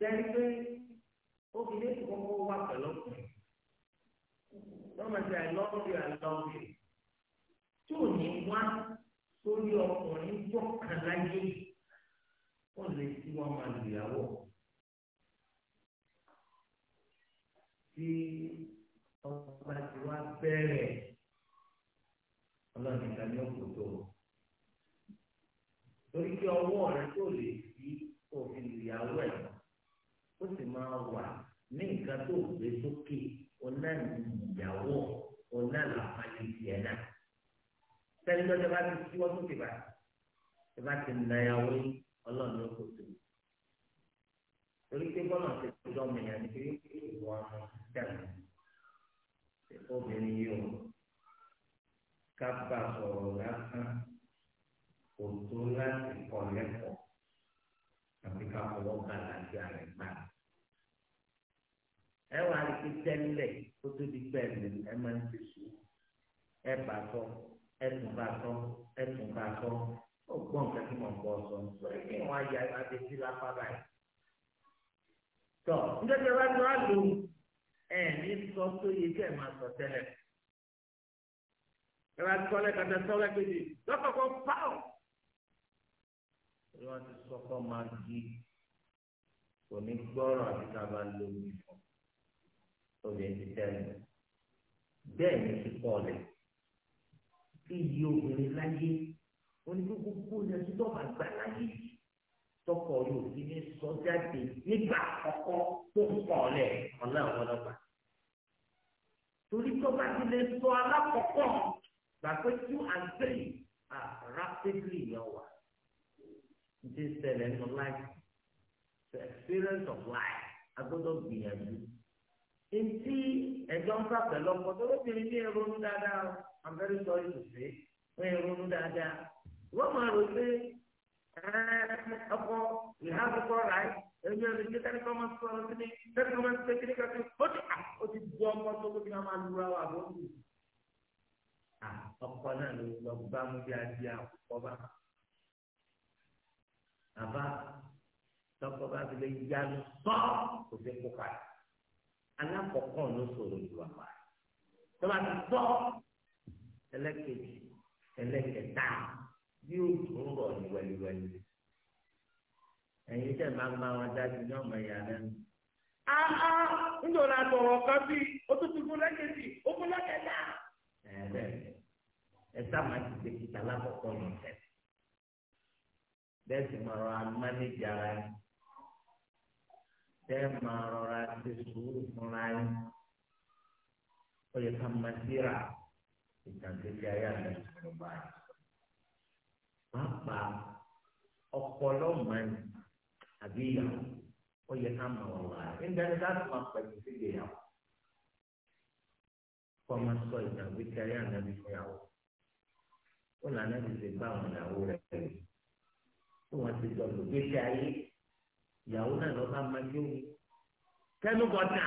sẹ́ni pé obìnrin kò kọ́kọ́ wà pẹ̀lú ọkùnrin lọ́mọ sí i love you i love you tí ò ní wá sórí ọkùnrin tó kàn láyé ó lè tí wọ́n máa lù yàwó tí ọba tí wá bẹ̀rẹ̀ ọlọ́run ìgbà ní ọkọ̀ tó torí pé ọwọ́ rẹ tó lè fi òfin lù yàwó ẹ̀ ó sì máa wà ní nǹkan tó gbé sókè ọ̀nà ìyàwó ọ̀nà làpàlẹ̀ ìyẹn náà. sẹ́yìn lọ́jọ́ bá ti síwọ́ sókè bá ti bá ti nà yàwó ọlọ́run ló kò tó. torí pé bọ́lá ti tọ́jú ọmọ ìyá ni pé ìwọ ọmọ dàgbà obìnrin yìí o ká sọ̀rọ̀ lásán kò tó láti kọ̀ lẹ́kọ̀ọ́ àti ká fọwọ́ gba àlàáfíà rẹ̀ gbà. ẹ wà á ti tẹ́lẹ̀ kó tó di pẹ̀lú ẹ máa ń ti sùn ẹ bá tọ́ ẹ tún bá tọ́ ẹ tún bá tọ́ ó gbọ́n nǹkan tí mo ń bọ̀ sọ nítorí kí wọ́n á adé sí lápá báyìí. tọ́ nítorí wá ló wá ẹ ní sọ tó yẹ kí ẹ máa sọ tẹ́lẹ̀. ẹ bá tọ́lẹ̀ kàtà tọ́lẹ̀ kejì lọ́kọ̀ọ̀kan pààrọ̀ tí wọ́n ti sọ́kọ́ máa di kò ní gbọ́rọ̀ àti tá a bá lo omi fún obìnrin ti tẹ́lẹ̀ bẹ́ẹ̀ ni kíkọ́ rẹ̀ iyì obìnrin láyé onígbogbo ní ẹtú tó bá gbà láyé tọkọ yóò fi ní sọjáde nígbà àkọ́kọ́ tó ń kọ́ ọ̀lẹ́ ọ̀lẹ́ ọ̀lọ́pàá torí tó bá ti lè sọ alákọ̀ọ́kọ́ gbà two and three are rapidly yẹn wà ti ṣẹlẹ̀ nínú láì the experience of life agbọ́dọ̀ gbìyànjú. Ntí ẹ̀jọ́ ń fà pẹ̀lú ọkọ̀ tó lóbìnrin ní ìrònú dáadáa o, I'm very sorry to say, ní ìrònú dáadáa. Wọ́n máa rò pé ọkọ̀ ìhábùkọ̀ ráì èmi ò lè ṣe kẹ́ni kọ́ máa sọ̀rọ̀ sí ni kẹ́ni kọ́ máa ṣe kí ni ká fi ó ti ah, ó ti bu ọkọ̀ tó kó kí wọ́n máa lura wà lórí. Ah, ọkọ̀ náà ló lọ bá mú bí a di àkókò bá àbá tọkọ bá fi lè yanu tọ́ kò sí kó parí alákọ̀ọ́kọ́ ló sọ̀rọ̀ ju àpá tọ́ba ti tọ́ ẹlẹ́kẹ̀jì ẹlẹ́kẹ̀ta bí o tún rọ̀ ní wẹ́líwẹ́lí ẹ̀yin tẹ̀ máa ń bá wọn dájú ní ọmọ ìyá lẹ́nu. Aha ńdọ̀ la tọ̀rọ̀ kan bí o tún ti fún lẹ́kẹ̀jì o fún lẹ́kẹ̀ta. Ẹ bẹ́ẹ̀ ẹ sábà ti ṣe kíta lákọ̀ọ́kọ́ ní ọ̀sẹ̀ bẹ́ẹ̀sì máa rọra mánéjì ara yín bẹ́ẹ̀ máa rọra ṣe sùúrù fúnra yín ó yẹ ká máa síra ìtàgéjì ayé àná ìṣòro báyìí pàápàá ọpọlọ mọ́ni àbí ìyàwó ó yẹ ká máa wà wá nígbà tí láti máa pẹ̀lú síbi ìyàwó kọ́ máa sọ ìtàgéjì ayé àná ìṣòro yàwó ó lànà ìṣègbè àwọn ìyàwó rẹ̀ pẹ̀lú tí wọ́n ti dọ̀lù gbèsè ayé ìyàwó náà lọ́ bá máa jó mi kẹ́nu gọ́dà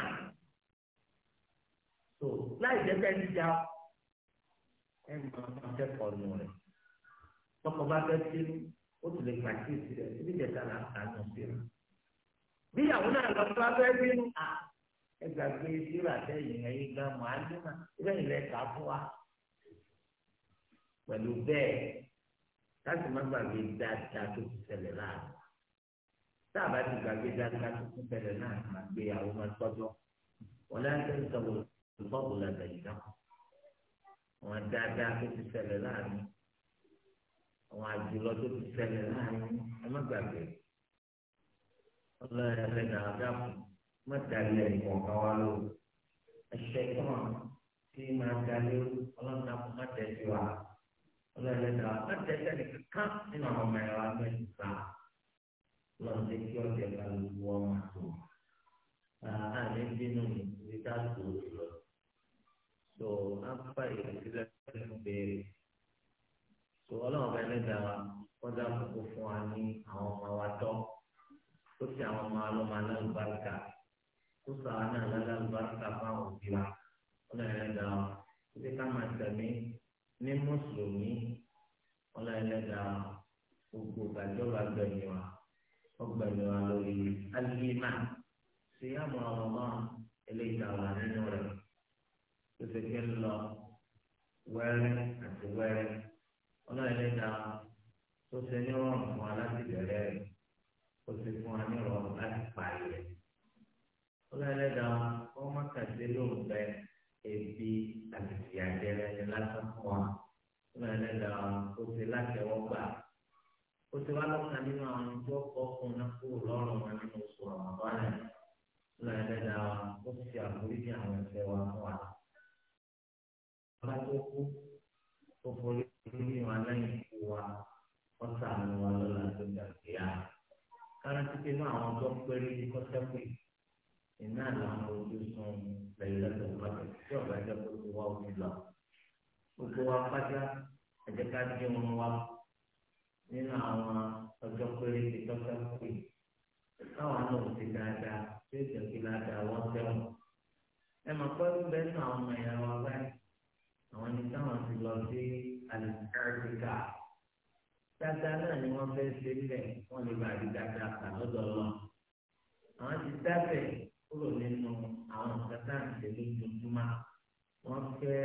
tó láì jẹ́ pé ẹni já ẹ máa kẹ́kọ̀ọ́ nù rẹ̀ tọkọ bá fẹ́ sí ó sì lè pàkíyèsí rẹ̀ síbi ìjẹta là ń ta nù sí rẹ̀ bí ìyàwó náà lọ́ bá fẹ́ bínú à ẹ gbàgbé síra sẹ́yìn ẹ̀yìn gan mọ́ àdúrà ìbẹ́yìn rẹ̀ kà fún wa pẹ̀lú bẹ́ẹ̀ láti má gbàgbé dáadáa tó ti ṣẹlẹ̀ láàrin tá a bá ti gbàgbé dáadáa tó ti ṣẹlẹ̀ láàrin máa gbé àwọn máa tọ́jọ́ wọn lé àti ìsọ̀rọ̀ ìfọ̀bù làgbà yìí náà wọn dáadáa tó ti ṣẹlẹ̀ láàrin àwọn àjùlọ tó ti ṣẹlẹ̀ láàrin ẹ má gbàgbé ọlọ́run ẹ̀rẹ́ náà dáàbò má dalẹ̀ ìkọ̀ọ̀kan wá lóru ẹ̀ṣẹ̀ kan tí máa dalẹ̀ ọlọ́run náà kò má tẹ̀síwájú ọlọ́ọ̀lẹ́dà mẹ́tẹ̀ẹ̀tẹ̀ nìkan nínú àwọn ọmọ ẹ̀rọ agbẹ́ni sá lọ́n lé kí ọ̀dẹ̀ bá lu ọmọ tó àárín bínú ní dáàbò lọ tó ápá ìrẹsílẹ̀ fún béèrè tó ọlọ́run bá ẹlẹ́dà wa wọ́n dá kókó fún wa ní àwọn ọmọ wa tọ́ ó sì àwọn ọmọ alọ́mọ alábàárìkà ó sọ àwọn náà òbí wa ọlọ́run ẹlẹ́dà wa ó ká máa tẹ̀mí ní mùsùlùmí ọlọ́ọ̀lẹ́gà gbogbo gbàjọba gbẹ̀mí wa ọgbẹ̀mí wa lórí alímà sí àmọ́ ọmọ eléyìí àwọn nínú rẹ̀ tó ti fi ń lọ wẹ́rẹ́ àti wẹ́rẹ́ ọlọ́ọ̀lẹ́gà tó ṣe ní rọrùn fún wa láti bẹ̀rẹ̀ rẹ̀ ó ti fún wa ní rọrùn láti parí rẹ̀ ọlọ́ọ̀lẹ́gà ọmọ kàdé lóògbé rẹ̀ ebi àti ìyàjẹrẹ ni lásán fún wa fún ẹlẹ́dàá wa ó ti látẹ̀wọ́gbà ó ti wá lọ́kàn nínú àwọn tó kọ́ fún náà kúrò lọ́rùn wọn nínú oṣù ọ̀mọ̀bánà fún ẹlẹ́dàá wa ó ti àforíjì àwọn ẹ̀ṣẹ̀ wa fún wa. ọba tó kú ó forí orí wa lẹ́yìn ikú wa wọ́n sàánú wa lọ́la tó dàgbé ya. kárántí pé náà àwọn ọjọ́ péré kọ́sẹ́kù yìí iná làwọn ojúsùn lẹ́yìnlẹ́tọ̀ pàtó tí ọ̀gá jẹ́ kó ti wá ojú lọ. gbogbo wa pátá ẹ̀jẹ̀ ká dé wọn wá nínú àwọn ọjọ́ péré ti tọ́ka pé káwọn náà ti dáadáa tí ó jẹ́ kí ládàá wọ́n tẹ̀wọ̀n. ẹ mọ̀ pé bẹ́ẹ̀ náà àwọn ọmọ ìyá wa báyìí àwọn ẹni táwọn ti lọ sí àlùkárìkà dáadáa náà ni wọ́n fẹ́ ṣe lẹ̀ wọ́n lè bàrí dáadáa kà lọ́dọ̀ lọ. àwọn ti dábẹ̀ kúrò nínú àwọn nǹkan tá à ń tẹ̀lé lójoojúmọ́ wọ́n fẹ́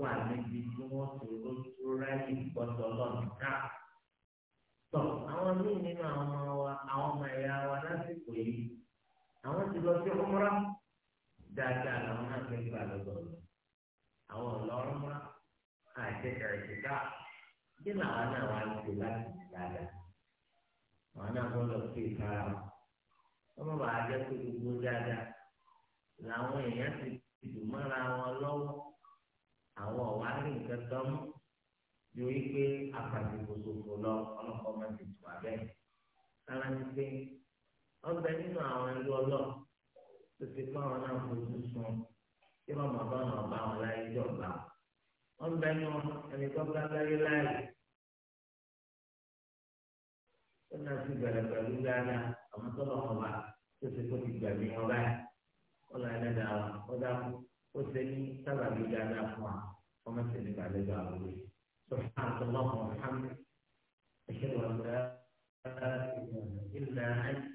wà níbi tí wọ́n ti rójú ráyè gbọ́dọ̀ lọ́nà náà. tọ́ àwọn míì nínú àwọn ọmọ wa àwọn ọmọ ẹ̀yà wa lásìkò yìí àwọn ti lọ sí ọmọrá dáadáa làwọn náà fẹ́ gbà lọ́dọ̀ lọ. àwọn ọ̀lọ́rọ̀ mọ́ra àti ẹ̀ẹ́dẹ́gbà kí làwọn náà wá ń ṣe láti dáadáa. àwọn náà gbọ́dọ̀ sí ìfarahàn ọmọ bàá jẹ́ pé gbogbo dáadáa làwọn èèyàn ti dùn mọ́ra wọn lọ́wọ́ àwọn ọ̀wá ní nǹkan tán mú lórí pé apàdébòsòfò lọ ọlọ́kọ́ máa ti tù abẹ́ ara ní pé ọgbẹ́ nínú àwọn ẹlú ọlọ́ tó ti kọ́ àwọn náà fojú sun tí wọ́n mọ̀ bá wọn bá wọn láyé jọba wọ́n bẹ nù ẹni tó bá láyé láyé ó náà ti bẹ̀rẹ̀ pẹ̀lú dáadáa àwọn tó lọ́wọ́ wa tó ti kó ti gbàgbé wọn báyìí wọn lọ ẹlẹ́dàá wa ó dákú ó ṣe ní sábàbí dáadáa fún wa wọn má ṣe ní gbàlejò àwòrán سبحانك اللهم وبحمدك أشهد أن لا إله إلا أنت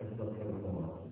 أستغفرك وأتوب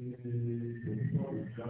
Euh, c'est le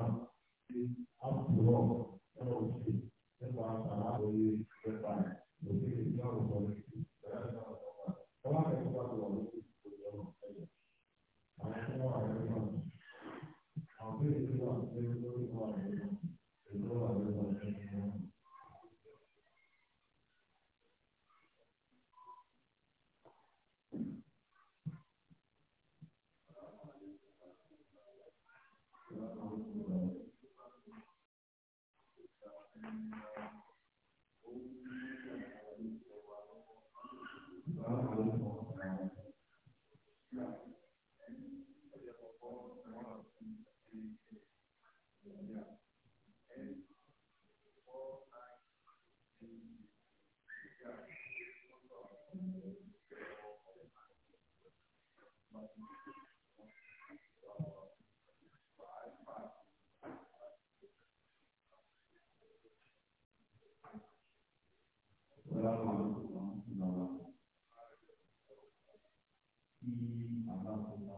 bàbá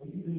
Thank you.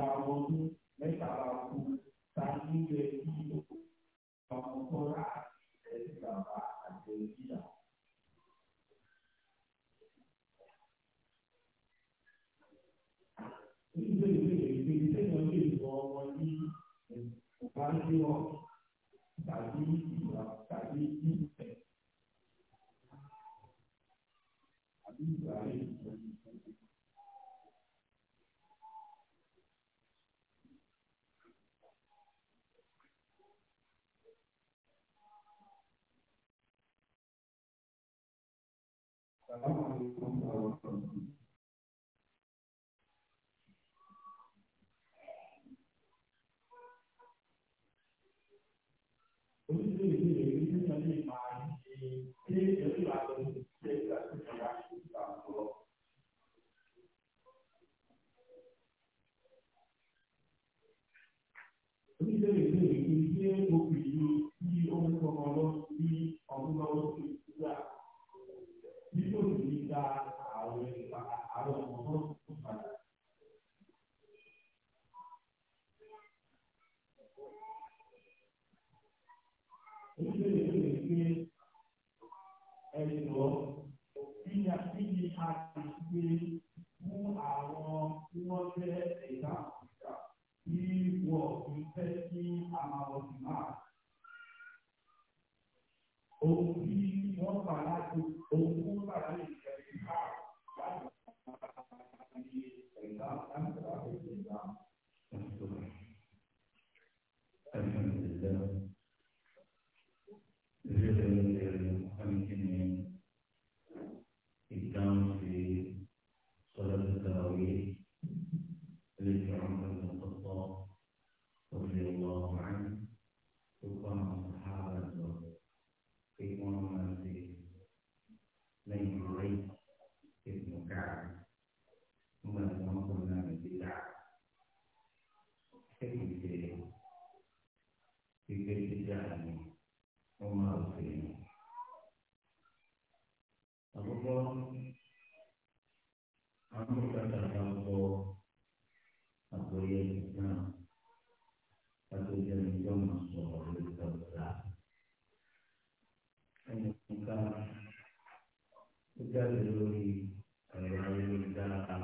ìdá ọdún mẹ́tàlá kú ta nílò ẹbí ọmọ kọ́ra ẹbí bàbá àti ẹbí yà. Nígbà ìwé ìwé lè wọ ọmọ ní ìbáníwọ̀ tàbí ìwà tàbí ìfẹ́. Àbí ìgbà yìí. oníṣẹ́ ìgbẹ́ ìgbẹ́ tí ó kù yìí tí ó ń kọ́kọ́ lọ sí ọdún lọ́wọ́ sí nípa àwọn ìpa àwọn ọmọ tó ń padà. Ìbéèrè yìí lè gbé ẹ̀yìn lọ sí àtìyí àti gbé fún àwọn tí wọ́n fẹ́ ẹ̀dá àkùkà tí wọ́n fi fẹ́ sí àwọn ìmọ̀ ohun tí wọ́n láti ohun tó láti. jáde lórí ẹ̀rọ ayélujára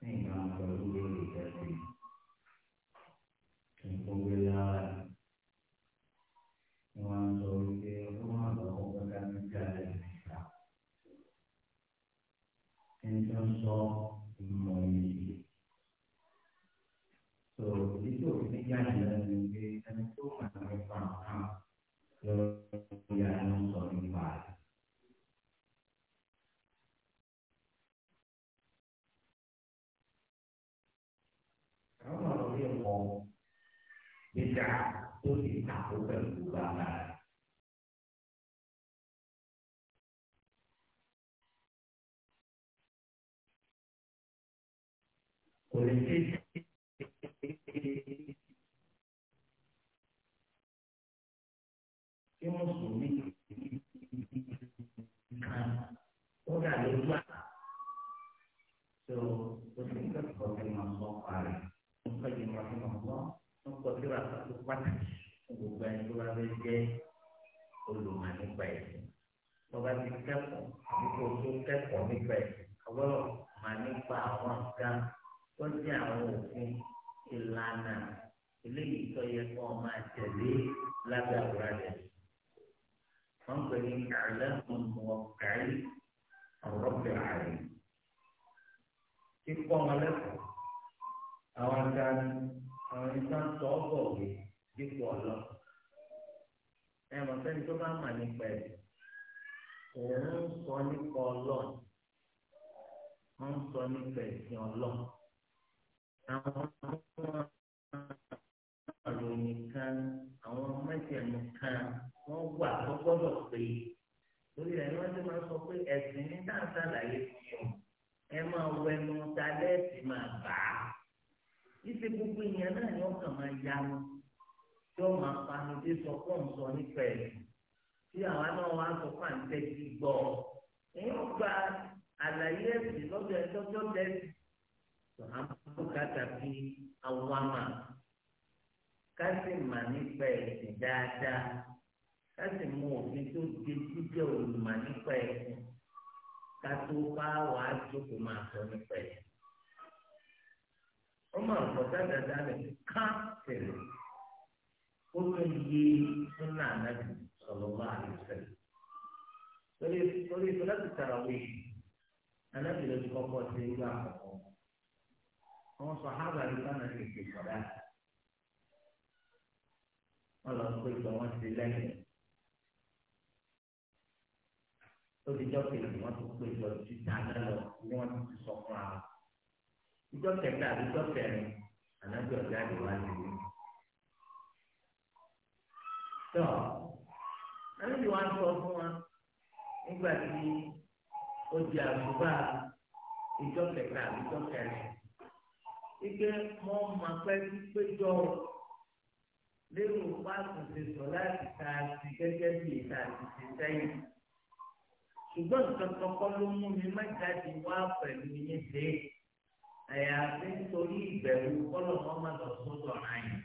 ní ìbámu pẹ̀lú lórí ìtẹ́sí nǹkan gbé lára ni wọ́n sọ wípé ọdún àbáwọ̀ pẹ́ká ní jáde níta. ẹni tó ń sọ ìmọ̀ yìí tó ìdí tó ní jáde lẹ́nu ni pé ẹni tó mà nípa àwọn lọ́wọ́ ìyá náà. bid'ah itu disatukan ulama. Oleh tí mùsùlùmí kan ó dà lórí wà. So, òṣèlú kẹ́kọ̀ọ́ ti máa sọ parí. Nǹkan yìí máa fi máa sọ, wọ́n kọ́ síra pàtàkì gbogbo ẹni tó bá fẹ́ jẹ́ olùmọ̀ nípa ẹ̀sìn tó bá ti kẹ́kọ̀ọ́ àbí kó tó kẹ́kọ̀ọ́ nípa ẹ̀sìn ọgbọ́dọ̀ máa nípa àwọn nǹkan tó jẹ́ àwọn òfin ìlànà eléyìí tó yẹ kó o máa tẹ̀lé lábẹ́ àwòrán rẹ̀. wọ́n pè ní àlẹ́kùn mọ̀ọ́kàrí ọ̀rọ̀bẹ̀ ààrẹ. kíkọ́ wọn àwọn kan àwọn ìtàn tó ọ̀bọ̀ wẹ̀ dípò ọlọ ẹ mọ̀ sẹ́ni tó bá mà nípa ẹ òun ń sọ nípa ọlọ ń sọ nípa ẹ̀sìn ọlọ àwọn àròyìn kan àwọn mẹjẹmú kan wọ́n wà tó gbọ́dọ̀ pé lórí rẹ ni wọ́n ti máa sọ pé ẹ̀sìn ní dáadáa láyé fi hàn ẹ máa wẹnu ta lẹẹsì máa bà á ìṣe gbogbo ìyẹn náà ni wọ́n kàn máa yá wọn tí ó máa panudé sọ pọ̀ ń sọ nípa ẹ̀ tí àwa náà wá sọ pà ń tẹ́tí gbọ́ ẹ̀yìn gba àlàyé ẹ̀sìn lọ́dọ̀ ẹ̀ lọ́jọ́ tẹ́sí àbúkátà fi awàmà ká sì mà nípa ẹ̀sìn dáadáa ká sì mú òfin tó di jíjẹ́ olùmọ̀ nípa ẹ̀sìn ká tó bá wàá jókòó máa sọ nípa ẹ̀sìn. ọmọ àgbọ̀dá dáadáa lè ká tẹ̀lé ó ló ń yé súnà ànábì sọlọ́wọ́ àlùsẹ̀lẹ̀. torí torí ìfọdà ti tara wí ànábì ló ti kọ́kọ́ sí irú àkọ́kọ́. àwọn sọ hábà ló bá náà tètè sọ̀dá. wọ́n lọ pé ìgbà wọn ti lẹ́yìn. ó ti jọ́ kejì wọ́n ti pé ìjọ ti tà náà lọ ni wọ́n ti sọ fún wa. ìjọ kẹta àti ìjọ kẹrin ànábì ọ̀gá àdìwálé tọ́ àníbi wa ń sọ fún wa nígbà tí ó di àṣùbà ìjọ kẹta àbí ìjọ kẹrin ike mọ màpẹ pípéjọ lérò pàtùsẹ sọ láti ta sí gẹ́gẹ́ bí ìta àti ṣe sẹ́yìn ṣùgbọ́n nǹkan kan kọ́ ló mú mi má jáde wá pẹ̀lú yín ṣe àyàfi nítorí ìbẹ̀rù kọ́lọ̀ mọ́ má lọ sódò ọ̀ràn yìí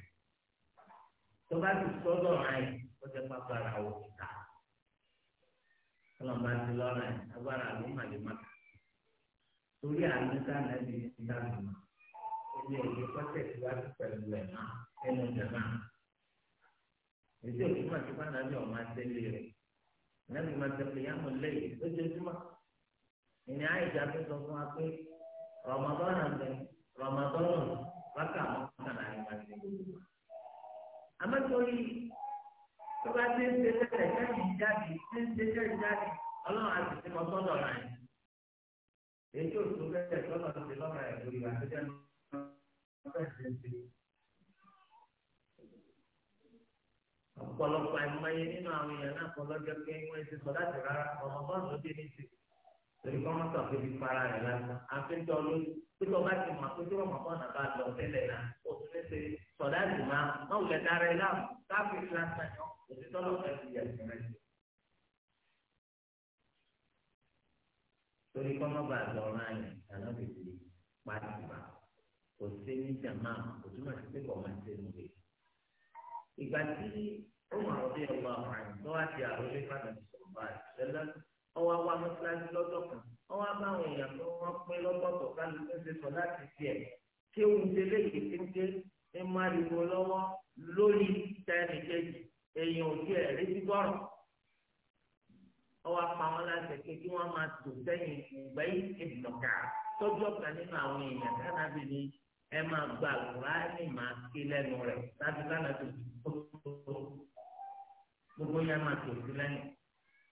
tó bá ti sọ́dọ̀ àì ó ti pápá ara wò kíkà ọlọ́mọba ti lọ́rọ̀ ẹ̀ agbára ló mà lè má torí àánú sáànà ẹ̀ bìí ti dáàbò mọ́ ẹni ẹ̀yẹ kọ́tẹ̀ tí wàá ti pẹ̀lú ẹ̀ má ẹnu jẹ̀má èsì òkú mà ti fáná bí ọ̀ma tẹ́lẹ̀ rẹ̀ lẹ́nu ma tẹ̀lé yá lẹ́yìn lójoojúmọ́ ìní àìjà tó sọ fún wa pé rọmọdọ́nà bẹ rọmọdọ́nà bákà mọ́ kàn àmọ́ torí tó bá ti ń ṣe tẹ́lẹ̀ sẹ́yìn jáde ti ń ṣe sẹ́yìn jáde ọlọ́run àti ti mọ sọ́dọ̀ rẹ̀ èyí ò tó bẹ́ẹ̀ sọ́dọ̀ ti lọ́rọ̀ ẹ̀ lórí wa tẹ́lẹ̀ lọ́rọ̀ ẹ̀ ti ṣe. ọ̀pọ̀lọpọ̀ àìmọye nínú àwọn èèyàn náà kọ́ lọ́jọ́ pé wọ́n ti sọ láti rárá ọmọ bọ́ọ̀lù ó dé ní torí kọ́ mọ́tò àfẹ́bí para rẹ̀ lásán àfẹ́tọ́ lórí pípé ọba ti mọ̀ pé tíwọ́n mọ̀ fọ́nà bá lọ tẹ́lẹ̀ náà ó tún ní ṣe sọ̀dá jù máa má wulẹ̀ dára ẹ láàmú káfíń lásán yọ òtítọ́ lọ́sẹ̀ ti yẹ ìṣẹ̀rẹ̀ sí. torí kọ́ mọ́ bá lọ rán yẹn àná bèbè pàtìmá kò sí ní jàmá kò túmọ̀ sí pé kò máa ṣe nù lé. ìgbà tí ó mọ̀ ọ́ ọwọ́ àwa mọ́sálásí lọ́dọ̀ kan ọwọ́ àbáwọn èèyàn tó wọ́n pín lọ́tọ̀ọ̀tọ̀ kálukú ṣe sọ láti tiẹ̀ ṣé òun ṣe léyìí kéńké ẹ má riwo lọ́wọ́ lórí tẹ́ẹ̀nì kejì èèyàn ò tiẹ̀ rí bíbọ̀rọ̀ ọwọ́ apá wọn láti ẹ̀kẹ́ kí wọ́n máa tò sẹ́yìn ìgbẹ́ ìdọ̀kà tọ́jú ọ̀kan nínú àwọn èèyàn kánábì ni ẹ máa gba àlùkùránì máa ké lẹ́nu rẹ̀ láti kánábì gbogbo yẹn máa tò sí lẹ́yìn.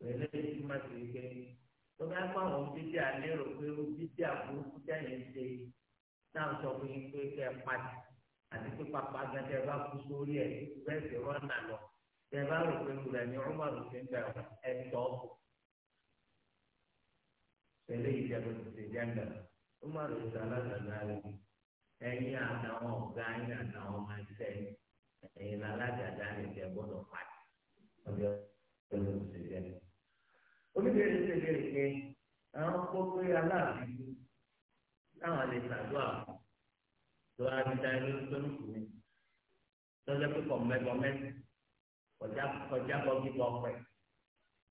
pẹ̀lú èyí má ti rí pé tó bá kó àwọn jíjẹ́ alérò pé ó jíjẹ́ àbúrúkú jẹ́yìn ṣe náà sọ fún yín pé kẹ́ ẹ pàdé àti pé pàpà gàdé bá kú sórí ẹ̀ bẹ́ẹ̀ sì rọ́nà lọ tẹ bá rò pé kúrẹ̀ ní ọmọ rò fi ń bẹ̀ ẹ̀ tọ́ pẹ̀lú ìjẹ́bù ti jẹ́ ń bẹ̀ ọmọ rò ti alágbàgbà rẹ̀ ẹ̀yin àtàwọn ọ̀gá ẹ̀yin àtàwọn ọmọ ẹ̀sẹ̀ ẹ̀yin alágbàgbà rẹ̀ jẹ́ gbọ́dọ̀ pàdé ọjọ́ pẹ̀lú ìjẹ́bù oníbèrè ṣe bèrè pé àwọn kó pé aláàbí láwọn lè ṣàdúrà tó adìdá ẹni tó ń kú lọ́jọ́ pé kọ̀ mẹ́kọ̀ mẹ́sì kọjá bọ́ kí bọ́ pẹ́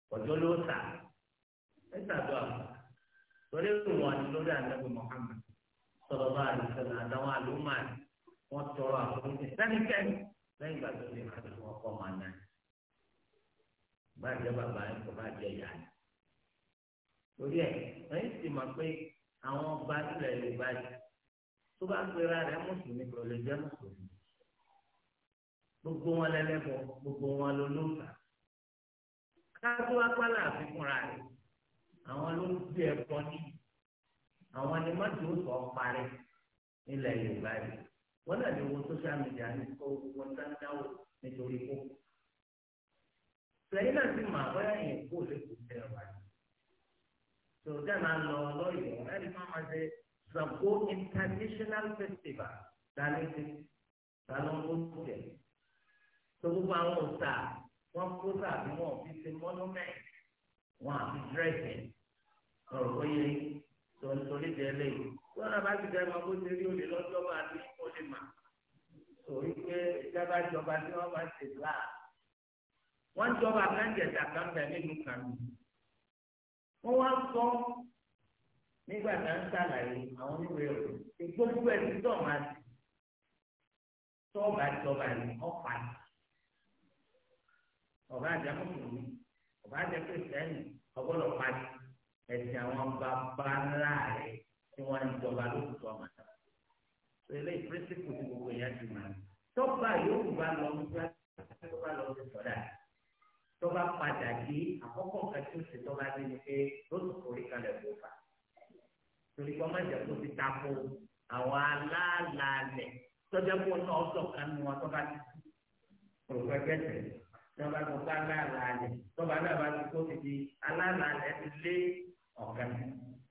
kọjá ló sà ẹ ṣàdúrà torí ìwọ̀n ni lórí àdàbò Muhammad sọ̀rọ̀ bá àdìsẹ́lẹ̀ àdáwọn àlùmáà wọ́n tọrọ àforíjì sẹ́nikẹ́ni lẹ́yìn ìgbà tó lè máa tó wọ́n kọ́ máa náà. Bá jẹ́ bàbá yẹn kò bá jẹ́ ìyá yẹn torí ẹ̀ ẹ̀yìn sì mọ̀ pé àwọn ọba nílẹ̀ yorùbá yìí tó bá pera rẹ̀ mùsùlùmí kò lè jẹ́ mùsùlùmí gbogbo wọn lẹ́lẹ́bọ gbogbo wọn ló ló fà káàtó apálá àfikúnra rẹ̀ àwọn ló ń gbé ẹ̀kọ́ ní àwọn ni má tó sọ parí nílẹ̀ yorùbá yìí wọ́n náà lè wo social media ní kó wọ́n dáńdáwò nítorí kó sẹ́yìn náà sì mọ̀ àbọ̀yá yẹn kó lè kó tẹ̀ wáyé sọ̀rọ̀dẹ́ máa lọ lọ́yọ̀ọ́ ẹni máa ma ṣe Ṣàngó international festival dalẹ́ ti dalẹ́ tó tó jẹ. tó gbogbo àwọn òòtà wọn kó tàbí wọn fi ṣe monument wọn àfi dírẹ́sì ọ̀rọ̀ oyè tó ń torí jẹ lẹ́yìn. wọn náà bá ti dẹ́ ma bó ṣe rí olè lọ́jọ́ bá ní olè mà. sòrí pé ìjọba ìjọba tí wọ́n bá ṣe láà. wọ́n jọba kan jẹ̀ta kan bẹ̀ nínú kan nìyí wọ́n wá sọ nígbà tá ń sàlàyé àwọn oníwèé rẹ̀ ìgbógbó ẹ̀ tó máa ti tọ́ọ̀bà tọ́ọ̀bà ní ọ̀pá ọ̀bá àjẹ́ mùsùlùmí ọ̀bá àjẹ́ kìrìsìtẹ́nì ọgbọ́dọ̀ pàdé ẹ̀sìn àwọn bàbá ńlá rẹ̀ tí wọ́n ń jọba lókùtọ̀ ọ̀mà náà pẹ̀lú ìpírísìpù tí gbogbo ìyá ti máa tọ́ọ̀bà yóò bá lọ nígbà tó tọ́ba padà dé àkọ́kọ́ kan tí ó ṣe tọ́ba dé ni pé lóṣù orí kalẹ̀ kó fà torí kọ́ má jẹ́ kó ti ta kó àwọn aláàlálẹ̀ tọ́jà kó náà ọ̀sọ̀ kan nu wọn tọ́ba ti pòròfẹ́ gẹ̀ẹ́sẹ̀ tọ́ba tó bá aláàlálẹ̀ tọ́ba náà bá ti kó ti di aláàlálẹ̀ ti lé ọ̀kan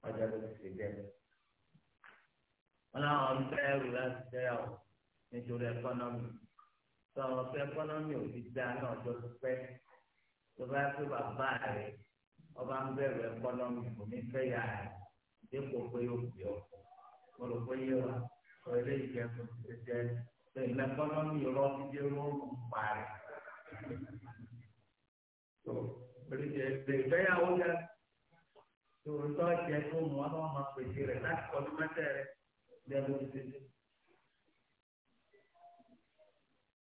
ọjọ́ tó ti ṣe jẹ́ wọn làwọn ń bẹ ẹrù láti tẹ ọ nítorí ẹkọnọmì sọ ọ fẹ ẹkọnọmì ò ti dá náà ọjọ́ tó pẹ́ tó bá tó bàbá rẹ̀ ọba ń bẹ̀rù ẹkọ́nọ́mì onífẹ́ yà rẹ̀ dípò pé yóò fi ọ mo rò pé yé wa sọ eléyìí jẹ kó ti jẹ pẹ̀lú ẹkọ́nọ́mì rọ dídé lóòrùn parí. tó ìgbéyàwó yẹ tòótọ́ jẹ tó mú ọ náà máa pèsè rẹ̀ láti kọ́ tó mẹ́tẹ́ rẹ̀ lẹ́nu ti tètè.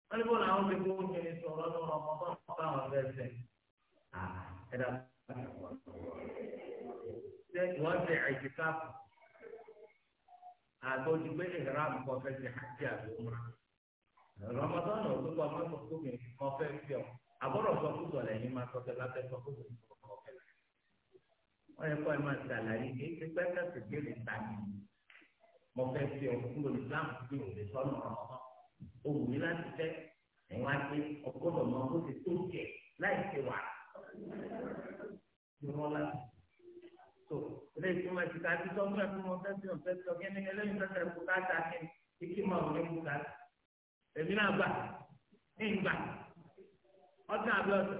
wọ́n ní bó làwọn ti kó oúnjẹ sọ̀rọ̀ lọ́wọ́ ọmọ bá wọn bá wọn bẹ́ẹ̀ sẹ́yìn. ẹ e ṣé wọ́n ṣe ìtìkáàfù àgbójú pé ìhram kọ fẹ́ ṣe àti umra Ramadan ò tó kọ́ máa sọ fún mi kọ́ fẹ́ fi ọ́ àbọ̀rọ̀ sọ fún sọ̀rọ̀ ẹ̀yìn máa sọ fẹ́ sọ fún mi kọ́ fẹ́ láti. wọ́n yẹ kó ẹ máa ṣàlàyé kí ẹ pẹ́ kẹ́sì mo fẹ́ fi fún fi ìrọ̀ So, tó ilé ìtumọ̀ ẹ̀sìn ká ti sọ́kùn ẹ̀kú mọ fẹ́sẹ̀ ọ̀fẹ́ sọ kí ni ẹlẹ́yìn fẹ́sẹ̀ ẹ̀kú ká ta kí ni kí mọ̀ ọ̀rẹ́ mú ká èmi náà gbà ní ìgbà ọ̀sẹ̀ àbẹ̀ ọ̀sẹ̀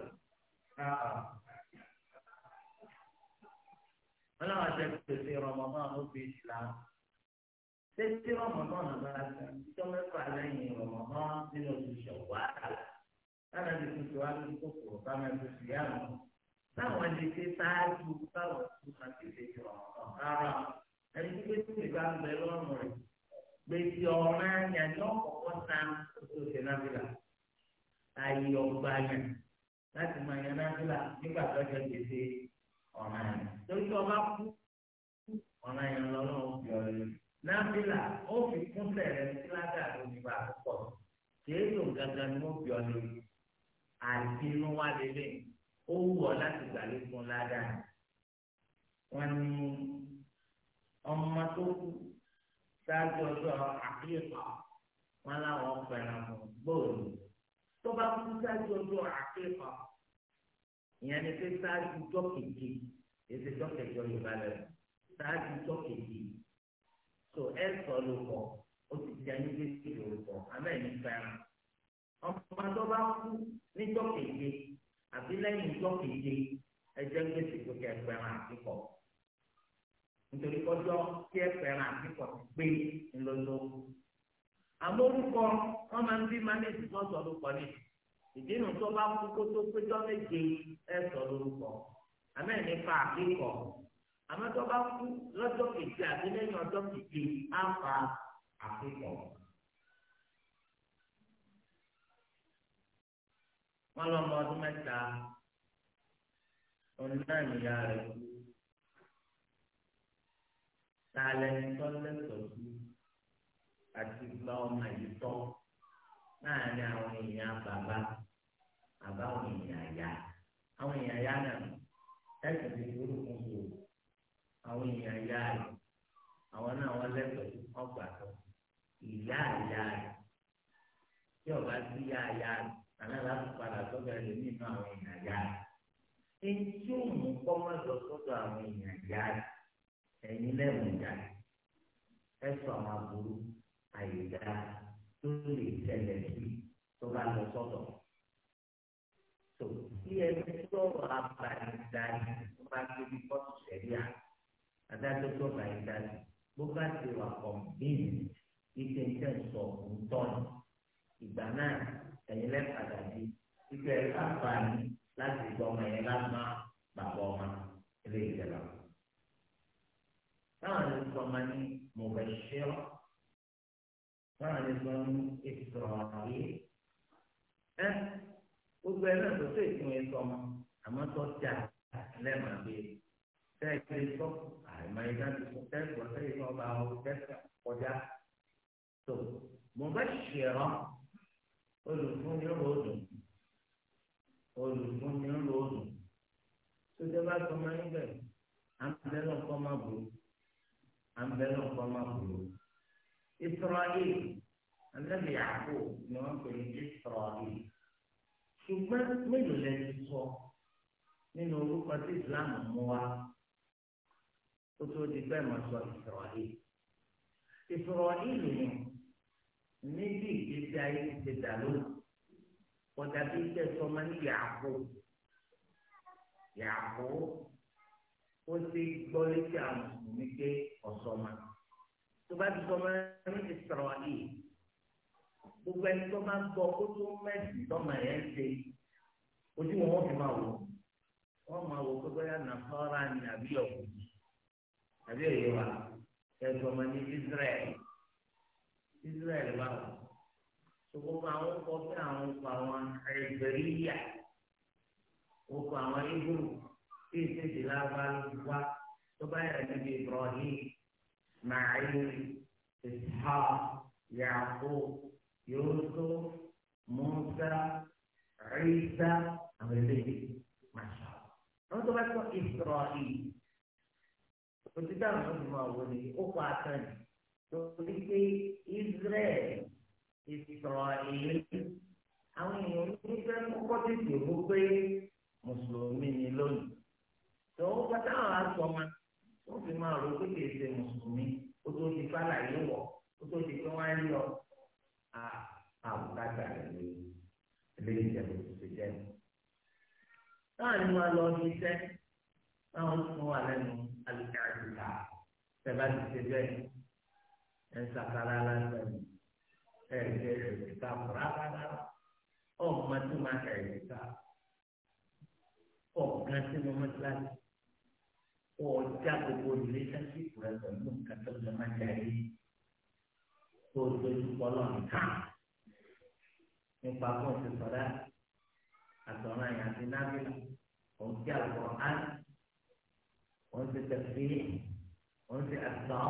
wọn náà ṣe pèsè rọmọmọ́n ó fi ìsìlámù tẹ́tí rọmọmọ́n náà bá ṣe ìjọ mẹ́fà lẹ́yìn rọmọmọ́n nínú oṣù ṣọ̀wá àlà táwọn ẹni tó ti wá ní kòkòrò káwọn ẹni tó ti yá wọn táwọn ẹni tó ṣáájú táwọn tó máa ti ṣe jọ rárá ẹni tó gbé tóbi bá ń bẹ lọ́rùn rẹ̀ gbèsè ọ̀rẹ́ yẹn ní ọ̀kọ̀ọ̀kọ̀ san tó ṣe nábìlà ayé ọgbà yẹn láti máa yẹn nábìlà nígbà tó ṣe gbèsè ọ̀rẹ́ yẹn torí ọba kú ọ̀rẹ́ yẹn lọ́nà òbí ọ̀rẹ́ nábìlà ó fi kúnlẹ̀ rẹ̀ sí àdínúwá lélẹ̀ ó wù ọ́ láti gbàlékún ládàá wọn ni ọmọ tó kú ṣáájú ọjọ́ àkíyèsọ wọn láwọn fẹ́ràn mọ́ gbòòrò tó bá kú ṣáájú ọjọ́ àkíyèsọ ìyẹn ni pé ṣáájú jọ́kèjì èsì jọ́kèjì ọ̀yọ́ba rẹ̀ ṣáájú jọ́kèjì tó ẹ̀ sọ ló kọ́ ó ti di ẹni pé kí ló kọ́ amẹ́ni fẹ́ràn ọmọ tó bá kú níjọ́ keje àbí lẹ́yìn ìjọ́ keje ẹjẹ́ ń gbèsè tó kẹ́ ẹgbẹ̀rún àtìkọ́ nítorí kọjọ́ tí ẹgbẹ̀rún àtìkọ́ ti gbé ńlọ́lọ́ àmọ́ orúkọ wọn máa ń bí manage tó sọ lórúkọ ní ìdínú tó bá kú kó tó péjọ méje ẹ sọ lórúkọ àmọ́ nípa àkíkọ àmọ́ tó bá kú lọ́jọ́ keje àbí lẹ́yìn ọjọ́ keje á fa àkíkọ. wọn lọ ọmọ ọdún mẹ́ta òun náà nìyá rẹ̀ kú tààlẹni tó lẹsọ sí àti gba ọmọ yìí tọ láàrin àwọn èèyàn bàbá àbáwọn èèyàn yá àwọn èèyàn yá náà ẹsẹ ti burúkú wò àwọn èèyàn yá rẹ̀ àwọn náà wọn lẹsọ sí ọgbà tó ìyá ìyá rẹ̀ tí ọba sí yá ìyá rẹ̀ àná láti padà sọ́dọ̀ ẹ̀rọ nínú àwọn èèyàn yá rẹ̀ ẹni tí ó mú kọ́ má lọ sọ́dọ̀ àwọn èèyàn yá rẹ̀ ẹ̀yin lẹ́wọ̀n ìjà rẹ̀ ẹ sọ àwọn aburú àyèjá tó lè tẹ̀lẹ̀ sí tó bá lọ sọ́dọ̀ tó bí ẹni sọ̀rọ̀ abàyídáyì tó bá débi kọ́tù sẹ́ríà adájọ́ tó bàyídáyì bó bá ti wà kọ̀ọ̀bí ìgbésẹ̀ ń sọ ìgbà náà ẹ̀yin lẹ́pàdà sí ibi ẹ̀rí àǹfààní láti gbọ́ ọmọ ẹ̀yìn lágbá bàbá ọmọ ilé ìjọba. Táwọn ẹni sọ ma ní mo bẹ ṣe ọ́. Táwọn ẹni sọ ní ìsọ̀rọ̀ àyè. Ẹ gbogbo ẹ̀rọ tó tó ìfún yẹn sọ ma àmọ́ tó jà lẹ́màá bí tẹ́ẹ̀kì sọ àìmọ̀ ìdá ti sọ tẹ́ẹ̀kì ọ̀sẹ̀ yìí náà bá ọ tẹ́ẹ̀kì kọjá. Tó mo bẹ ṣe ọ́ olùfúnni ròdùn olùfúnni ròdùn sọdẹ bá sọ ma níbẹ̀ àmbẹ́lọ̀ kọ́ máa bò àmbẹ́lọ̀ kọ́ máa bò Israeli anabi àpò ni wọ́n pè ní Israeli ṣùgbọ́n mélòó lẹ́nu sọ nínú orúkọ tí Islam mú wa tó tó di bẹ́ẹ̀ máa sọ Israeli Israeli nìyẹn níbi ìgbésí ayé ti dà lóhùn ọ̀dà bí ń tẹ̀sọ́ máa ní yàgò yàgò ó ti gbọ́ létí àwọn mùsùlùmí pé ọ̀sọ́mà tó bá ti sọmọ ní Ísírẹ́lì gbogbo ẹni tó máa ń gbọ́ kó tó mẹ́sì tọ́mọ yẹn ṣe ojú wọn fi máa wò wọ́n máa wò pé bóyá nàfọ́ra ni àbí ọ̀kùnrin àbí òye wa ní Ísírẹ́lì. Israẹli wà wọn gbogbo àwọn kọ bí àwọn kọ àwọn ẹgbẹ̀rìyà wọn kọ àwọn ibùrù tí ìṣèjì lágbàlúwà tó bá yàrá níbi Ibrahim Màáyìrì ìṣá Yàkó Yóòtó Mùsá Ìsá àwọn eléyìí màṣá wọn tó bá kọ Israẹli òtítọ́ àwọn ọmọ wọn ni ó kọ àtẹnudì torí Israel Israel àwọn èèyàn nífẹ̀ẹ́ kọ́kọ́ tètè mú pé mùsùlùmí ni lónìí tó ń pátá àwọn asọ́mà ó fi máa rò pé kìí ṣe mùsùlùmí ó tó ti fálà yìí wọ̀ ó tó ti pé wọ́n á yọ àbùkátà lẹ́yìn lẹ́yìn ìjẹ̀bù tó ti jẹ́ láàrin wa lọ ní iṣẹ́ táwọn tún wà lẹ́nu alùpàdùkà tẹ̀lá ti ṣe bẹ́ẹ̀ ẹnsakala lásán ẹyẹ ẹdìkà rárá ọmọ tó máa ẹdìkà ọgá tí mo máa kíláàsì ọjà gbogbo relationship rẹ pẹ̀lú nǹkan tó lè máa jẹ yìí tó dojú kọlọ nǹkan nípa fún ìsọdá àtọ̀ràn àyàfi nábìlà ọjà gbọ̀ngàn wọn ti tẹ̀síì wọn ti àtọ̀.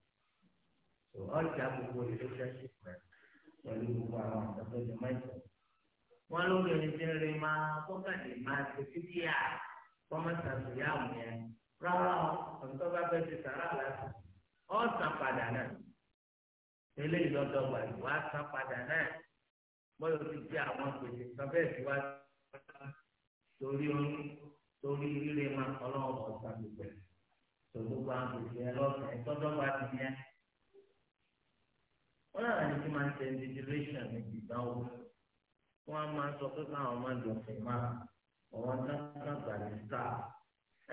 so ọjà gbogbo relationship rẹ pẹ̀lú gbogbo àwọn àtọ́jọ mẹ́tọ̀. wọ́n lóbìnrin ti ń rin máa kọ́kàdé máa ṣe títí à kọ́mọ́sà sùyàwó yẹn rárá ọ̀tọ́ bá fẹ́ ti sàrà láti ọ̀sán padà náà eléyìí lọ́dọ̀ wà ní wàá sàn padà náà bọ́lá ti jẹ́ àwọn gbèsè kan bẹ́ẹ̀ tí wàá torí oyún torí rírẹ máa kọ́ lọ́wọ́ ọ̀sán gbogbo ẹ̀ tó gbogbo àwọn gbèsè ẹ wọn náà ní kí máa ń tẹ individuation níbi ìdánwò wọn á máa sọ pé káwọn máa dùn fún ma ọwọ́ dáńgá gbàlẹ sáà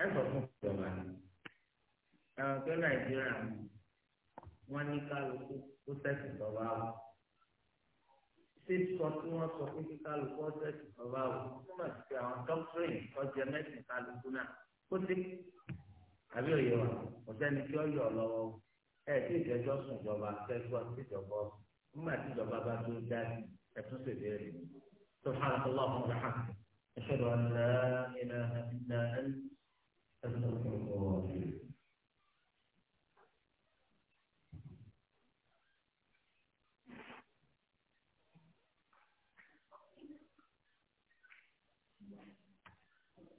ẹ sọ fún ìjọba ni ẹwọn pé nàìjíríà wọn ní kálukú ó sẹsì lọba wò state sọ tí wọn sọ pé kí kálukú ó sẹsì lọba wò ó túmọ̀ sí pé àwọn doctrine ọjà mẹ́sìn kálukú náà kó sí àbí òye wa ọ̀sẹ́ni tí ó yọ̀ lọ́wọ́ ẹ tí ìjẹjọ sùn ìjọba tẹsíwá sí ìjọba nígbà tí ìjọba bá tó dá sí ẹtún ṣèlè rẹ سبحانك اللهم وبحمدك أشهد أن لا إله إلا أنت أستغفرك وأتوب إليك